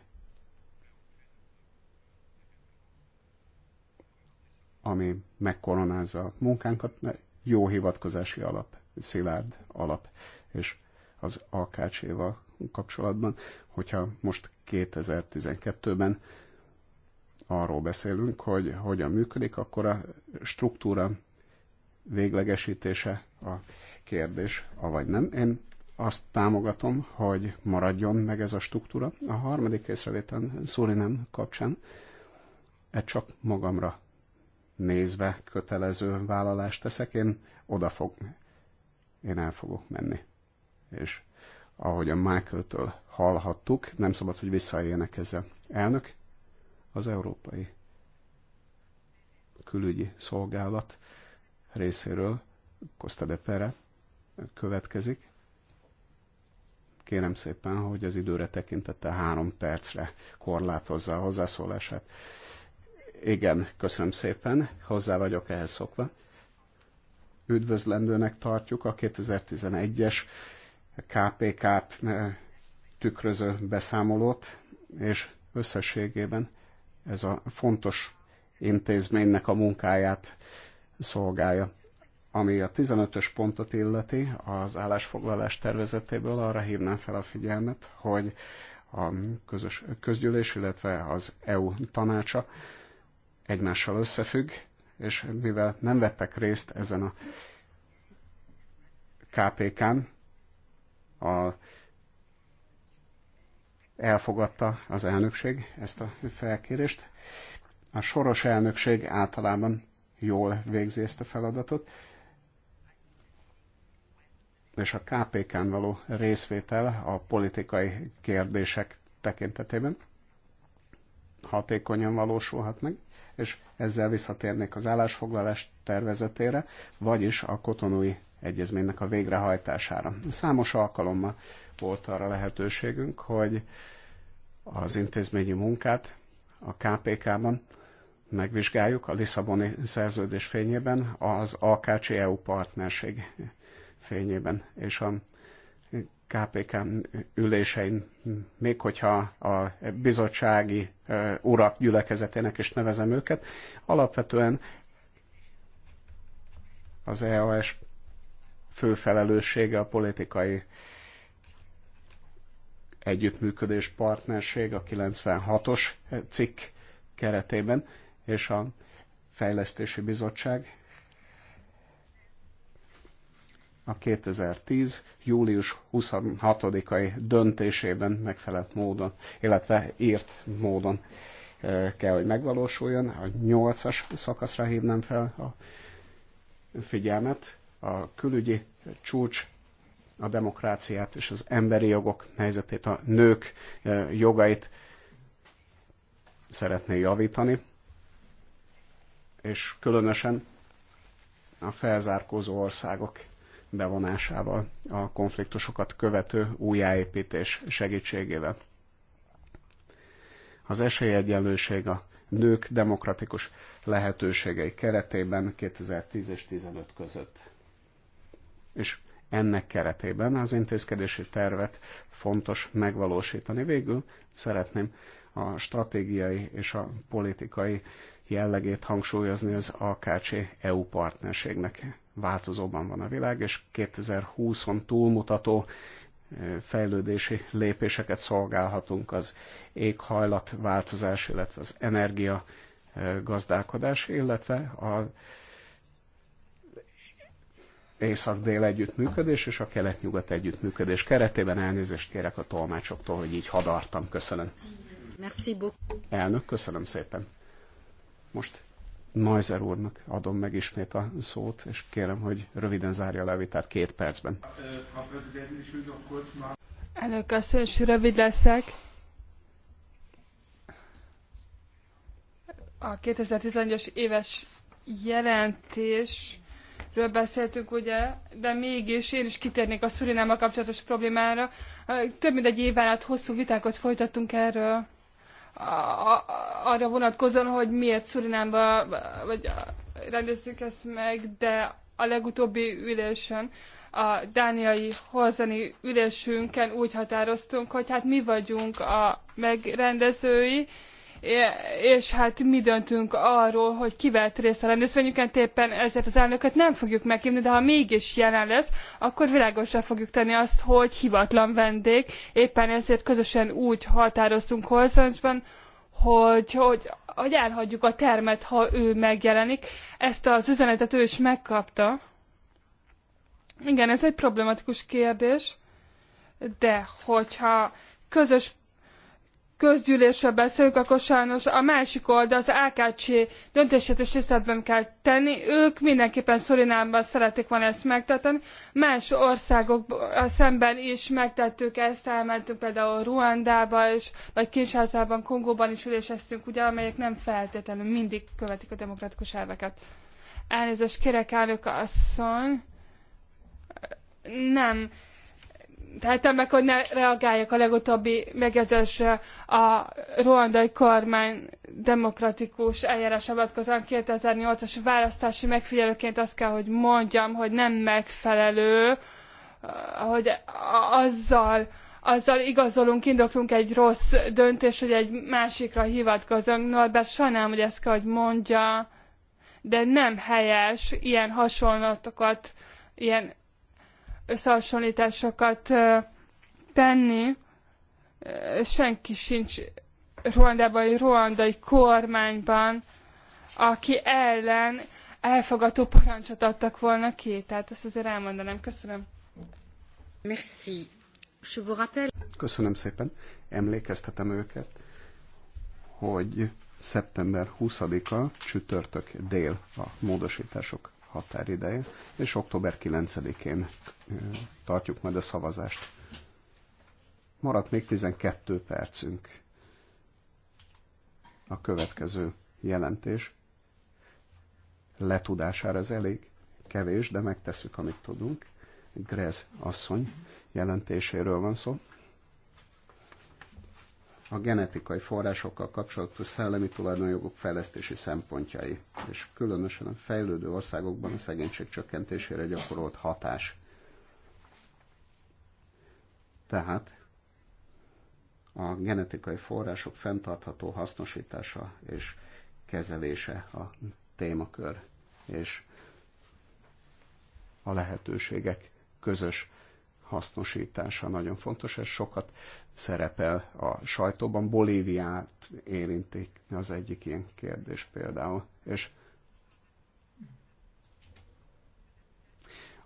ami megkoronázza a munkánkat, mert jó hivatkozási alap, szilárd alap, és az Alkácséval kapcsolatban, hogyha most 2012-ben arról beszélünk, hogy hogyan működik, akkor a struktúra véglegesítése a kérdés, avagy nem. Én azt támogatom, hogy maradjon meg ez a struktúra. A harmadik észrevétel Szurinem kapcsán, ez csak magamra nézve kötelező vállalást teszek, én oda fog, én el fogok menni. És ahogy a Michael-től hallhattuk, nem szabad, hogy visszaéljenek ezzel. Elnök, az Európai Külügyi Szolgálat részéről Costa de Pere következik. Kérem szépen, hogy az időre tekintette három percre korlátozza a hozzászólását. Igen, köszönöm szépen, hozzá vagyok ehhez szokva. Üdvözlendőnek tartjuk a 2011-es KPK-t eh, tükröző beszámolót, és összességében ez a fontos intézménynek a munkáját szolgálja. Ami a 15-ös pontot illeti, az állásfoglalás tervezetéből arra hívnám fel a figyelmet, hogy a közös közgyűlés, illetve az EU tanácsa egymással összefügg, és mivel nem vettek részt ezen a KPK-n, a, elfogadta az elnökség ezt a felkérést. A soros elnökség általában jól végzi ezt a feladatot, és a KPK-n való részvétel a politikai kérdések tekintetében hatékonyan valósulhat meg, és ezzel visszatérnék az állásfoglalás tervezetére, vagyis a kotonói egyezménynek a végrehajtására. Számos alkalommal volt arra lehetőségünk, hogy az intézményi munkát a KPK-ban megvizsgáljuk a Lisszaboni szerződés fényében, az AKC-EU partnerség fényében, és a KPK ülésein, még hogyha a bizottsági urak gyülekezetének is nevezem őket, alapvetően az EAS fő felelőssége a politikai együttműködés partnerség a 96-os cikk keretében, és a Fejlesztési Bizottság a 2010. július 26-ai döntésében megfelelt módon, illetve írt módon eh, kell, hogy megvalósuljon. A 8-as szakaszra hívnám fel a figyelmet. A külügyi csúcs a demokráciát és az emberi jogok helyzetét, a nők eh, jogait szeretné javítani, és különösen a felzárkózó országok bevonásával, a konfliktusokat követő újjáépítés segítségével. Az esélyegyenlőség a nők demokratikus lehetőségei keretében 2010 és 2015 között. És ennek keretében az intézkedési tervet fontos megvalósítani. Végül szeretném a stratégiai és a politikai jellegét hangsúlyozni az AKC EU partnerségnek változóban van a világ, és 2020-on túlmutató fejlődési lépéseket szolgálhatunk az éghajlatváltozás, illetve az energia gazdálkodás, illetve a észak-dél együttműködés és a kelet-nyugat együttműködés keretében elnézést kérek a tolmácsoktól, hogy így hadartam. Köszönöm. Merci beaucoup. Elnök, köszönöm szépen. Most Neuser úrnak adom meg ismét a szót, és kérem, hogy röviden zárja le a vitát két percben. Elnök asszony, és rövid leszek. A 2011-es éves jelentésről beszéltünk, ugye, de mégis én is kitérnék a Szurinámmal kapcsolatos problémára. Több mint egy év alatt hosszú vitákat folytattunk erről arra vonatkozóan, hogy miért Szurinámba vagy rendeztük ezt meg, de a legutóbbi ülésen, a dániai hozani ülésünken úgy határoztunk, hogy hát mi vagyunk a megrendezői, és hát mi döntünk arról, hogy ki vett részt a rendezvényüken, éppen ezért az elnököt nem fogjuk meghívni, de ha mégis jelen lesz, akkor világosra fogjuk tenni azt, hogy hivatlan vendég. Éppen ezért közösen úgy határoztunk Holzonszban, hogy, hogy, hogy elhagyjuk a termet, ha ő megjelenik. Ezt az üzenetet ő is megkapta. Igen, ez egy problematikus kérdés, de hogyha közös közgyűlésről beszélünk, akkor sajnos a másik oldal, az AKC döntését is tiszteletben kell tenni. Ők mindenképpen Szurinámban szeretik volna ezt megtartani. Más országok szemben is megtettük ezt, elmentünk például Ruandába, és, vagy Kinshasa-ban, Kongóban is üléseztünk, ugye, amelyek nem feltétlenül mindig követik a demokratikus elveket. Elnézést kérek, elnök asszony. Nem tehetem meg, hogy ne reagáljak a legutóbbi megjegyzésre a ruandai kormány demokratikus eljárása vonatkozóan 2008-as választási megfigyelőként azt kell, hogy mondjam, hogy nem megfelelő, hogy azzal azzal igazolunk, indoklunk egy rossz döntés, hogy egy másikra hivatkozunk. Norbert, sajnálom, hogy ezt kell, hogy mondja, de nem helyes ilyen hasonlatokat, ilyen összehasonlításokat tenni. Senki sincs Ruandában, vagy ruandai kormányban, aki ellen elfogadó parancsot adtak volna ki. Tehát ezt azért elmondanám. Köszönöm. Merci. Je vous rappelle... Köszönöm szépen. Emlékeztetem őket, hogy szeptember 20-a csütörtök dél a módosítások határideje, és október 9-én tartjuk majd a szavazást. Maradt még 12 percünk. A következő jelentés letudására ez elég kevés, de megtesszük, amit tudunk. Grez asszony jelentéséről van szó a genetikai forrásokkal kapcsolatos szellemi tulajdonjogok fejlesztési szempontjai, és különösen a fejlődő országokban a szegénység csökkentésére gyakorolt hatás. Tehát a genetikai források fenntartható hasznosítása és kezelése a témakör, és a lehetőségek közös hasznosítása nagyon fontos, ez sokat szerepel a sajtóban. Bolíviát érintik az egyik ilyen kérdés például. És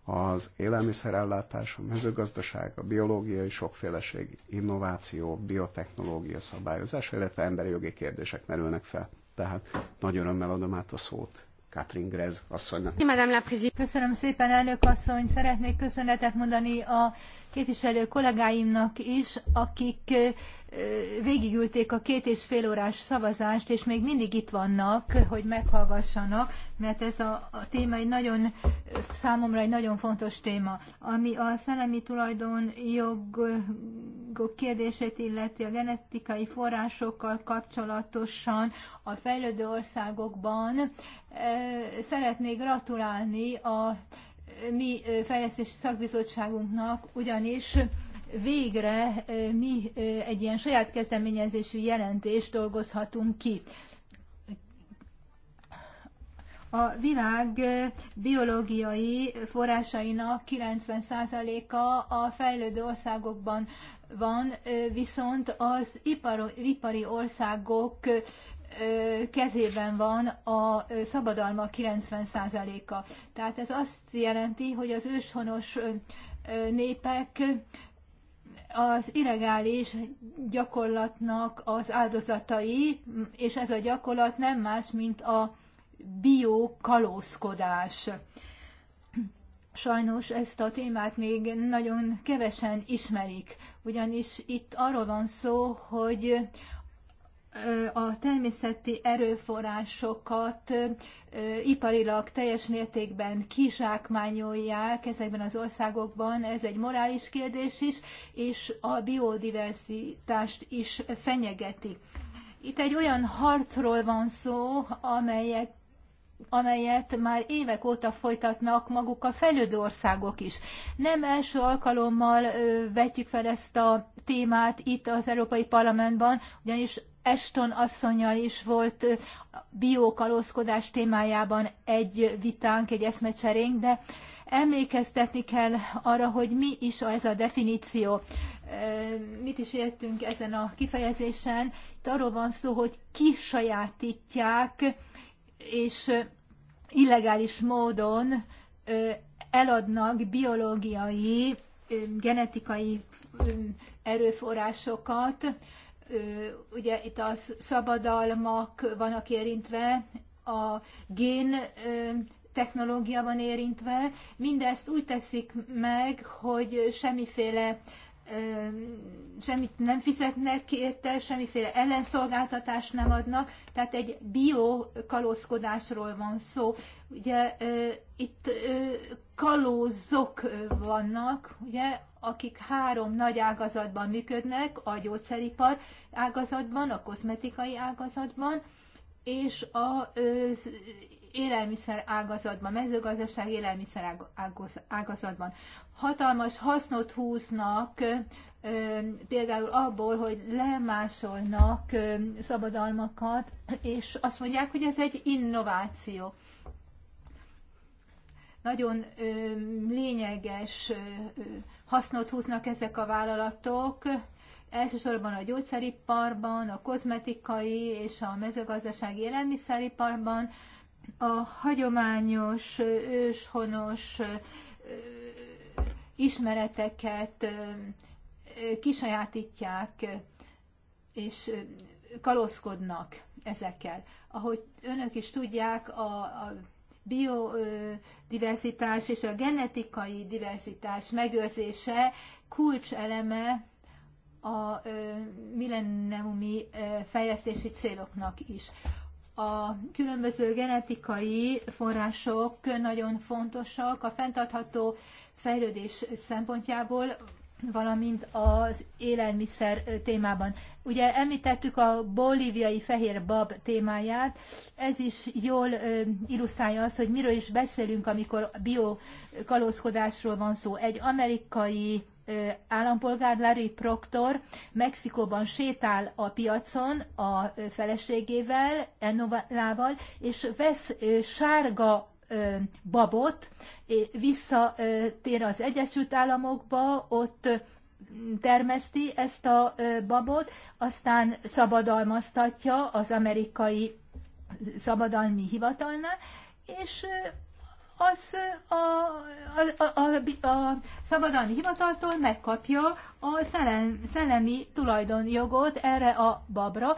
az élelmiszerellátás, a mezőgazdaság, a biológiai sokféleség, innováció, biotechnológia szabályozása, illetve emberi jogi kérdések merülnek fel. Tehát nagy örömmel adom át a szót Katrin Grez asszonynak. Köszönöm szépen, elnök asszony. Szeretnék köszönetet mondani a képviselő kollégáimnak is, akik végigülték a két és fél órás szavazást, és még mindig itt vannak, hogy meghallgassanak, mert ez a, a téma egy nagyon, számomra egy nagyon fontos téma, ami a szellemi tulajdon jogok kérdését illeti a genetikai forrásokkal kapcsolatosan a fejlődő országokban. Szeretnék gratulálni a mi fejlesztési szakbizottságunknak, ugyanis végre mi egy ilyen saját kezdeményezésű jelentést dolgozhatunk ki. A világ biológiai forrásainak 90%-a a fejlődő országokban van, viszont az ipari országok kezében van a szabadalma 90%-a. Tehát ez azt jelenti, hogy az őshonos népek az illegális gyakorlatnak az áldozatai, és ez a gyakorlat nem más, mint a biokalózkodás. Sajnos ezt a témát még nagyon kevesen ismerik, ugyanis itt arról van szó, hogy a természeti erőforrásokat iparilag teljes mértékben kizsákmányolják ezekben az országokban. Ez egy morális kérdés is, és a biodiverzitást is fenyegeti. Itt egy olyan harcról van szó, amelyek, amelyet már évek óta folytatnak maguk a fejlődő országok is. Nem első alkalommal vetjük fel ezt a témát itt az Európai Parlamentben, ugyanis Eston asszonya is volt biókalózkodás témájában egy vitánk, egy eszmecserénk, de emlékeztetni kell arra, hogy mi is ez a definíció, mit is értünk ezen a kifejezésen. Itt arról van szó, hogy kisajátítják, és illegális módon eladnak biológiai, genetikai erőforrásokat, ugye itt a szabadalmak vannak érintve, a gén technológia van érintve, mindezt úgy teszik meg, hogy semmiféle semmit nem fizetnek érte, semmiféle ellenszolgáltatást nem adnak, tehát egy biokalózkodásról van szó. Ugye itt kalózok vannak, ugye akik három nagy ágazatban működnek, a gyógyszeripar ágazatban, a kozmetikai ágazatban, és a élelmiszer ágazatban, mezőgazdaság élelmiszer ágazatban. Hatalmas hasznot húznak például abból, hogy lemásolnak szabadalmakat, és azt mondják, hogy ez egy innováció. Nagyon lényeges hasznot húznak ezek a vállalatok, elsősorban a gyógyszeriparban, a kozmetikai és a mezőgazdasági élelmiszeriparban, a hagyományos, őshonos ismereteket kisajátítják és kalózkodnak ezekkel. Ahogy önök is tudják, a, a biodiverzitás és a genetikai diverzitás megőrzése kulcseleme a millenniumi fejlesztési céloknak is. A különböző genetikai források nagyon fontosak a fenntartható fejlődés szempontjából, valamint az élelmiszer témában. Ugye említettük a bolíviai fehér bab témáját, ez is jól illusztrálja azt, hogy miről is beszélünk, amikor biokalózkodásról van szó. Egy amerikai állampolgár Larry Proctor Mexikóban sétál a piacon a feleségével, Ennovával, és vesz sárga babot, visszatér az Egyesült Államokba, ott termeszti ezt a babot, aztán szabadalmaztatja az amerikai szabadalmi hivatalnál, és az a, a, a, a szabadalmi hivataltól megkapja a szellem, szellemi tulajdonjogot erre a babra.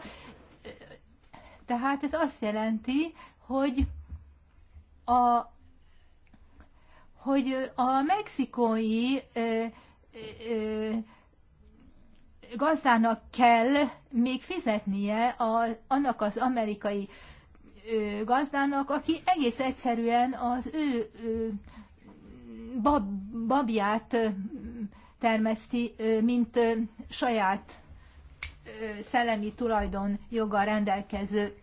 Tehát ez azt jelenti, hogy a, hogy a mexikói ö, ö, gazdának kell még fizetnie a, annak az amerikai ö, gazdának, aki egész egyszerűen az ő ö, bab, babját ö, termeszti, ö, mint ö, saját ö, szellemi tulajdon joga rendelkező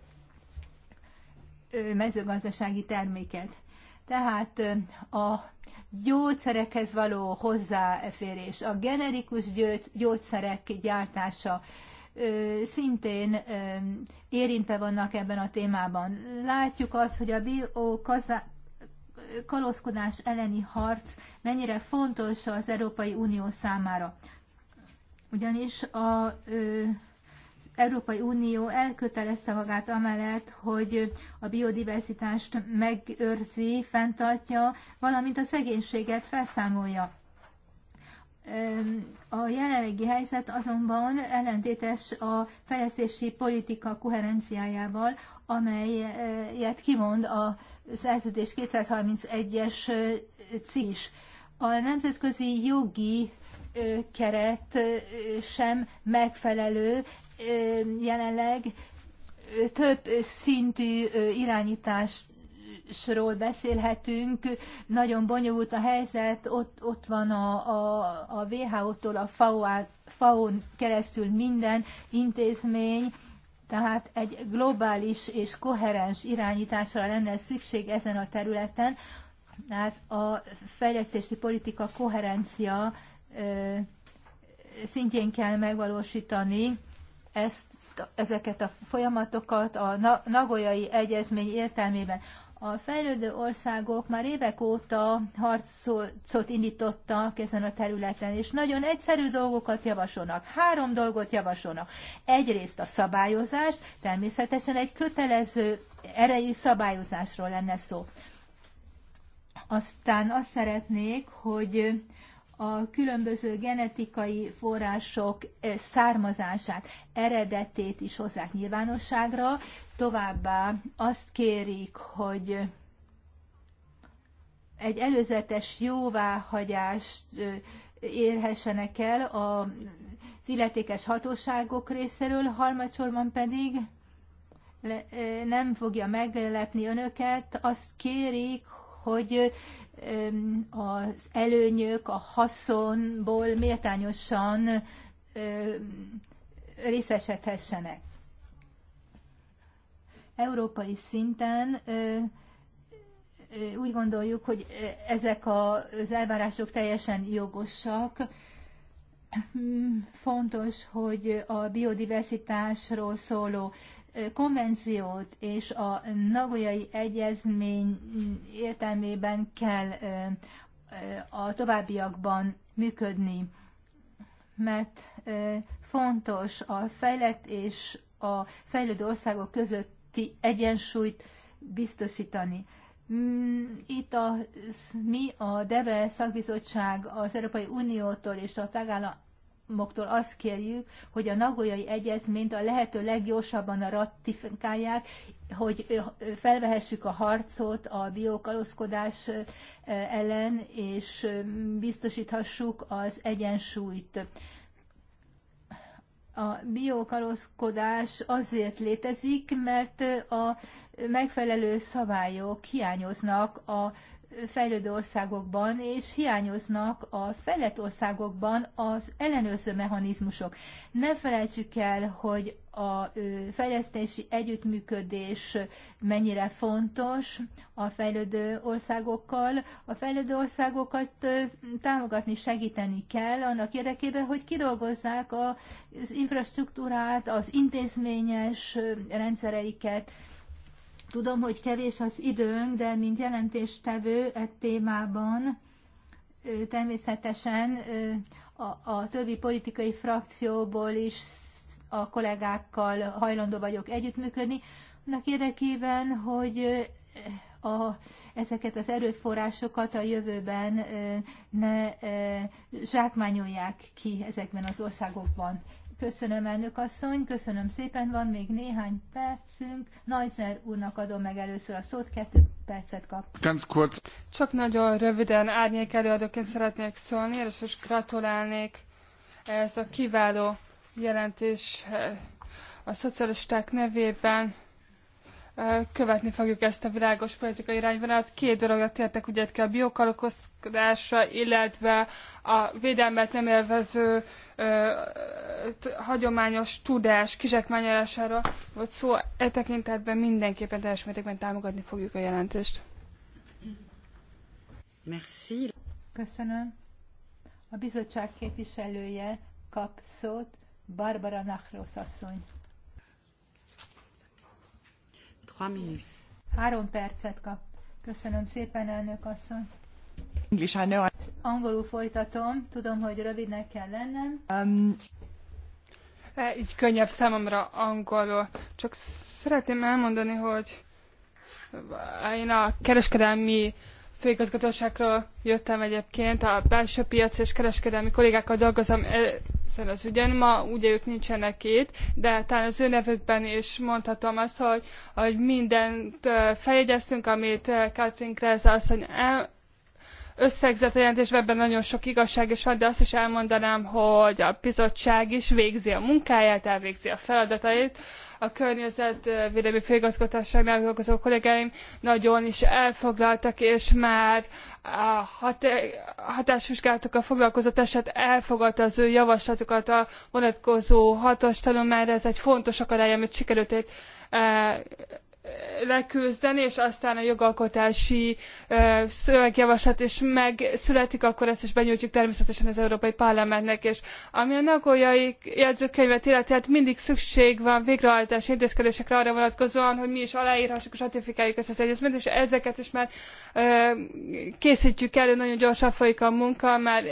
mezőgazdasági terméket. Tehát a gyógyszerekhez való hozzáférés, a generikus gyógyszerek gyártása szintén érintve vannak ebben a témában. Látjuk azt, hogy a bio kalózkodás elleni harc mennyire fontos az Európai Unió számára. Ugyanis a Európai Unió elkötelezte magát amellett, hogy a biodiversitást megőrzi, fenntartja, valamint a szegénységet felszámolja. A jelenlegi helyzet azonban ellentétes a fejlesztési politika koherenciájával, amelyet kimond a szerződés 231-es cis. A nemzetközi jogi keret sem megfelelő, jelenleg több szintű irányításról beszélhetünk. Nagyon bonyolult a helyzet, ott, ott van a, a, a WHO-tól a FAO-n keresztül minden intézmény, tehát egy globális és koherens irányításra lenne szükség ezen a területen. Tehát a fejlesztési politika koherencia szintjén kell megvalósítani ezt, ezeket a folyamatokat a Nagoyai Egyezmény értelmében. A fejlődő országok már évek óta harcot indítottak ezen a területen, és nagyon egyszerű dolgokat javasolnak. Három dolgot javasolnak. Egyrészt a szabályozás, természetesen egy kötelező erejű szabályozásról lenne szó. Aztán azt szeretnék, hogy a különböző genetikai források eh, származását, eredetét is hozzák nyilvánosságra, továbbá azt kérik, hogy egy előzetes jóváhagyást eh, érhessenek el az illetékes hatóságok részéről, harmadsorban pedig eh, nem fogja meglepni önöket, azt kérik, hogy az előnyök, a haszonból méltányosan részesedhessenek. Európai szinten úgy gondoljuk, hogy ezek az elvárások teljesen jogosak. Fontos, hogy a biodiversitásról szóló konvenciót és a Nagoyai Egyezmény értelmében kell a továbbiakban működni, mert fontos a fejlett és a fejlődő országok közötti egyensúlyt biztosítani. Mm, itt a, mi a DEVE szakbizottság az Európai Uniótól és a tagállam, államoktól azt kérjük, hogy a Nagoyai Egyezményt a lehető leggyorsabban a ratifikálják, hogy felvehessük a harcot a biokaloszkodás ellen, és biztosíthassuk az egyensúlyt. A biokaloszkodás azért létezik, mert a megfelelő szabályok hiányoznak a fejlődő országokban, és hiányoznak a fejlett országokban az ellenőrző mechanizmusok. Ne felejtsük el, hogy a fejlesztési együttműködés mennyire fontos a fejlődő országokkal. A fejlődő országokat támogatni, segíteni kell annak érdekében, hogy kidolgozzák az infrastruktúrát, az intézményes rendszereiket, Tudom, hogy kevés az időnk, de mint jelentéstevő e témában természetesen a, a többi politikai frakcióból is a kollégákkal hajlandó vagyok együttműködni, annak érdekében, hogy a, ezeket az erőforrásokat a jövőben ne zsákmányolják ki ezekben az országokban. Köszönöm, elnök asszony, köszönöm szépen, van még néhány percünk. Neuser úrnak adom meg először a szót, kettő percet kap. Csak nagyon röviden árnyék előadóként szeretnék szólni, és is gratulálnék ez a kiváló jelentés a szocialisták nevében követni fogjuk ezt a világos politikai irányvonalat. Két dologra tértek ugye a biokalokozásra illetve a védelmet nem élvező hagyományos tudás kizsákmányolására volt szó. E tekintetben mindenképpen teljes mértékben támogatni fogjuk a jelentést. Merci. Köszönöm. A bizottság képviselője kap szót, Barbara Nachrosz asszony. Három percet kap. Köszönöm szépen, elnök asszony. English, I know I... Angolul folytatom, tudom, hogy rövidnek kell lennem. Um... E, így könnyebb számomra angolul. Csak szeretném elmondani, hogy én a kereskedelmi főigazgatóságról jöttem egyébként, a belső piac és kereskedelmi kollégákkal dolgozom e, hiszen az ügyen. ma ugye ők nincsenek itt, de talán az ő nevükben is mondhatom azt, hogy, hogy mindent feljegyeztünk, amit Katrin Krez asszony el, összegzett a jelentésben ebben nagyon sok igazság is van, de azt is elmondanám, hogy a bizottság is végzi a munkáját, elvégzi a feladatait. A környezetvédelmi főigazgatásságnál dolgozó kollégáim nagyon is elfoglaltak, és már hat, hatásvizsgálatokkal foglalkozó eset elfogadta az ő javaslatukat a vonatkozó hatos tanulmányra, ez egy fontos akadály, amit sikerült itt eh, leküzdeni, és aztán a jogalkotási szövegjavaslat is megszületik, akkor ezt is benyújtjuk természetesen az Európai Parlamentnek, és ami a Nagoyai jegyzőkönyvet illeti, hát mindig szükség van végrehajtási intézkedésekre arra vonatkozóan, hogy mi is aláírhassuk és ratifikáljuk ezt az egyezményt, és ezeket is már ö, készítjük elő, nagyon gyorsan folyik a munka, mert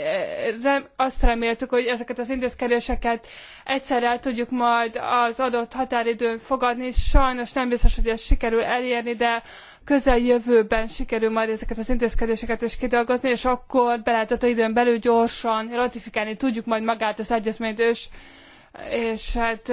azt reméltük, hogy ezeket az intézkedéseket egyszerre el tudjuk majd az adott határidőn fogadni, sajnos nem biztos, hogy ez sikerül elérni, de közeljövőben sikerül majd ezeket az intézkedéseket is kidolgozni, és akkor belátható időn belül gyorsan ratifikálni tudjuk majd magát az egyezményt, és, és hát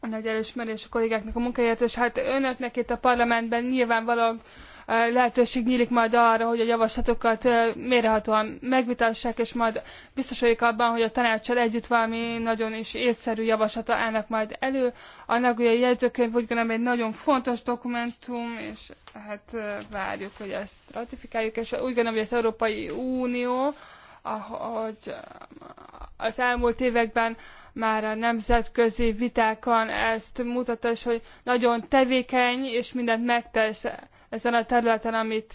nagy elismerés a kollégáknak a munkáját, és hát önöknek itt a parlamentben nyilvánvalóan lehetőség nyílik majd arra, hogy a javaslatokat mérehatóan megvitassák, és majd biztos vagyok abban, hogy a tanácssal együtt valami nagyon is észszerű javaslata állnak majd elő. A Nagoyai jegyzőkönyv úgy gondolom egy nagyon fontos dokumentum, és hát várjuk, hogy ezt ratifikáljuk, és úgy gondolom, hogy az Európai Unió, ahogy az elmúlt években már a nemzetközi vitákon ezt mutatta, és hogy nagyon tevékeny, és mindent megtesz ezen a területen, amit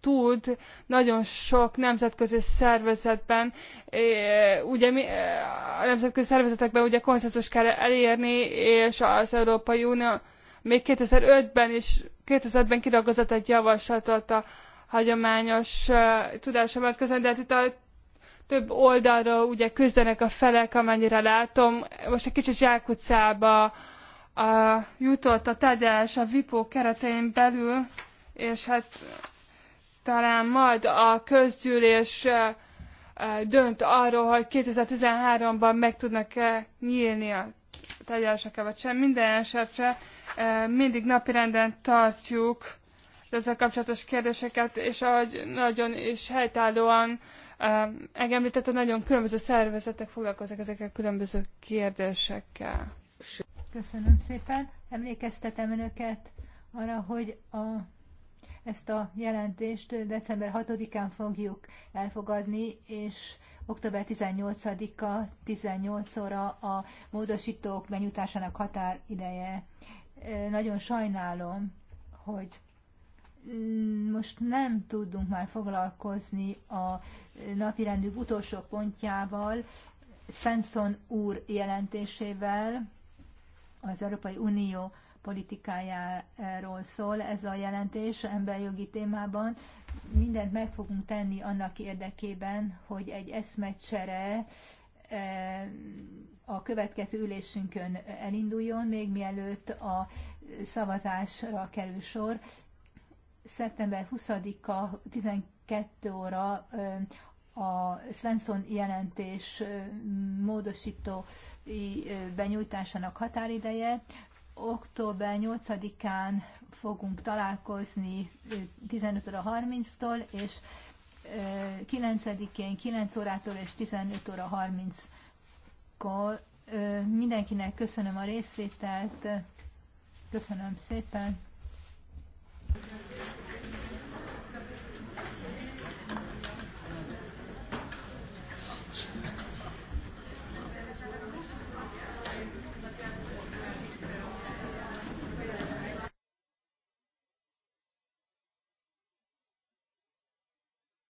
tud nagyon sok nemzetközi szervezetben, ugye a nemzetközi szervezetekben ugye konszenzus kell elérni, és az Európai Unió még 2005-ben is, 2005-ben kiragozott egy javaslatot a hagyományos tudásomat közben, de hát itt a több oldalról ugye küzdenek a felek, amennyire látom. Most egy kicsit zsákutcába a, jutott a tárgyalás a VIPO keretein belül, és hát talán majd a közgyűlés dönt arról, hogy 2013-ban meg tudnak-e nyílni a tárgyalások, vagy sem. Minden esetre mindig napirenden tartjuk ezzel kapcsolatos kérdéseket, és ahogy nagyon is helytállóan megemlítette, nagyon különböző szervezetek foglalkoznak ezekkel a különböző kérdésekkel. Köszönöm szépen. Emlékeztetem önöket arra, hogy a, ezt a jelentést december 6-án fogjuk elfogadni, és október 18-a 18 óra a módosítók benyújtásának határideje. Nagyon sajnálom, hogy most nem tudunk már foglalkozni a napirendünk utolsó pontjával, Svensson úr jelentésével, az Európai Unió politikájáról szól ez a jelentés emberjogi témában. Mindent meg fogunk tenni annak érdekében, hogy egy eszmecsere eh, a következő ülésünkön elinduljon, még mielőtt a szavazásra kerül sor. Szeptember 20-a 12 óra eh, a Svensson jelentés eh, módosító benyújtásának határideje. Október 8-án fogunk találkozni 15 óra 30-tól, és 9-én 9 órától és 15 óra 30-kor mindenkinek köszönöm a részvételt, köszönöm szépen.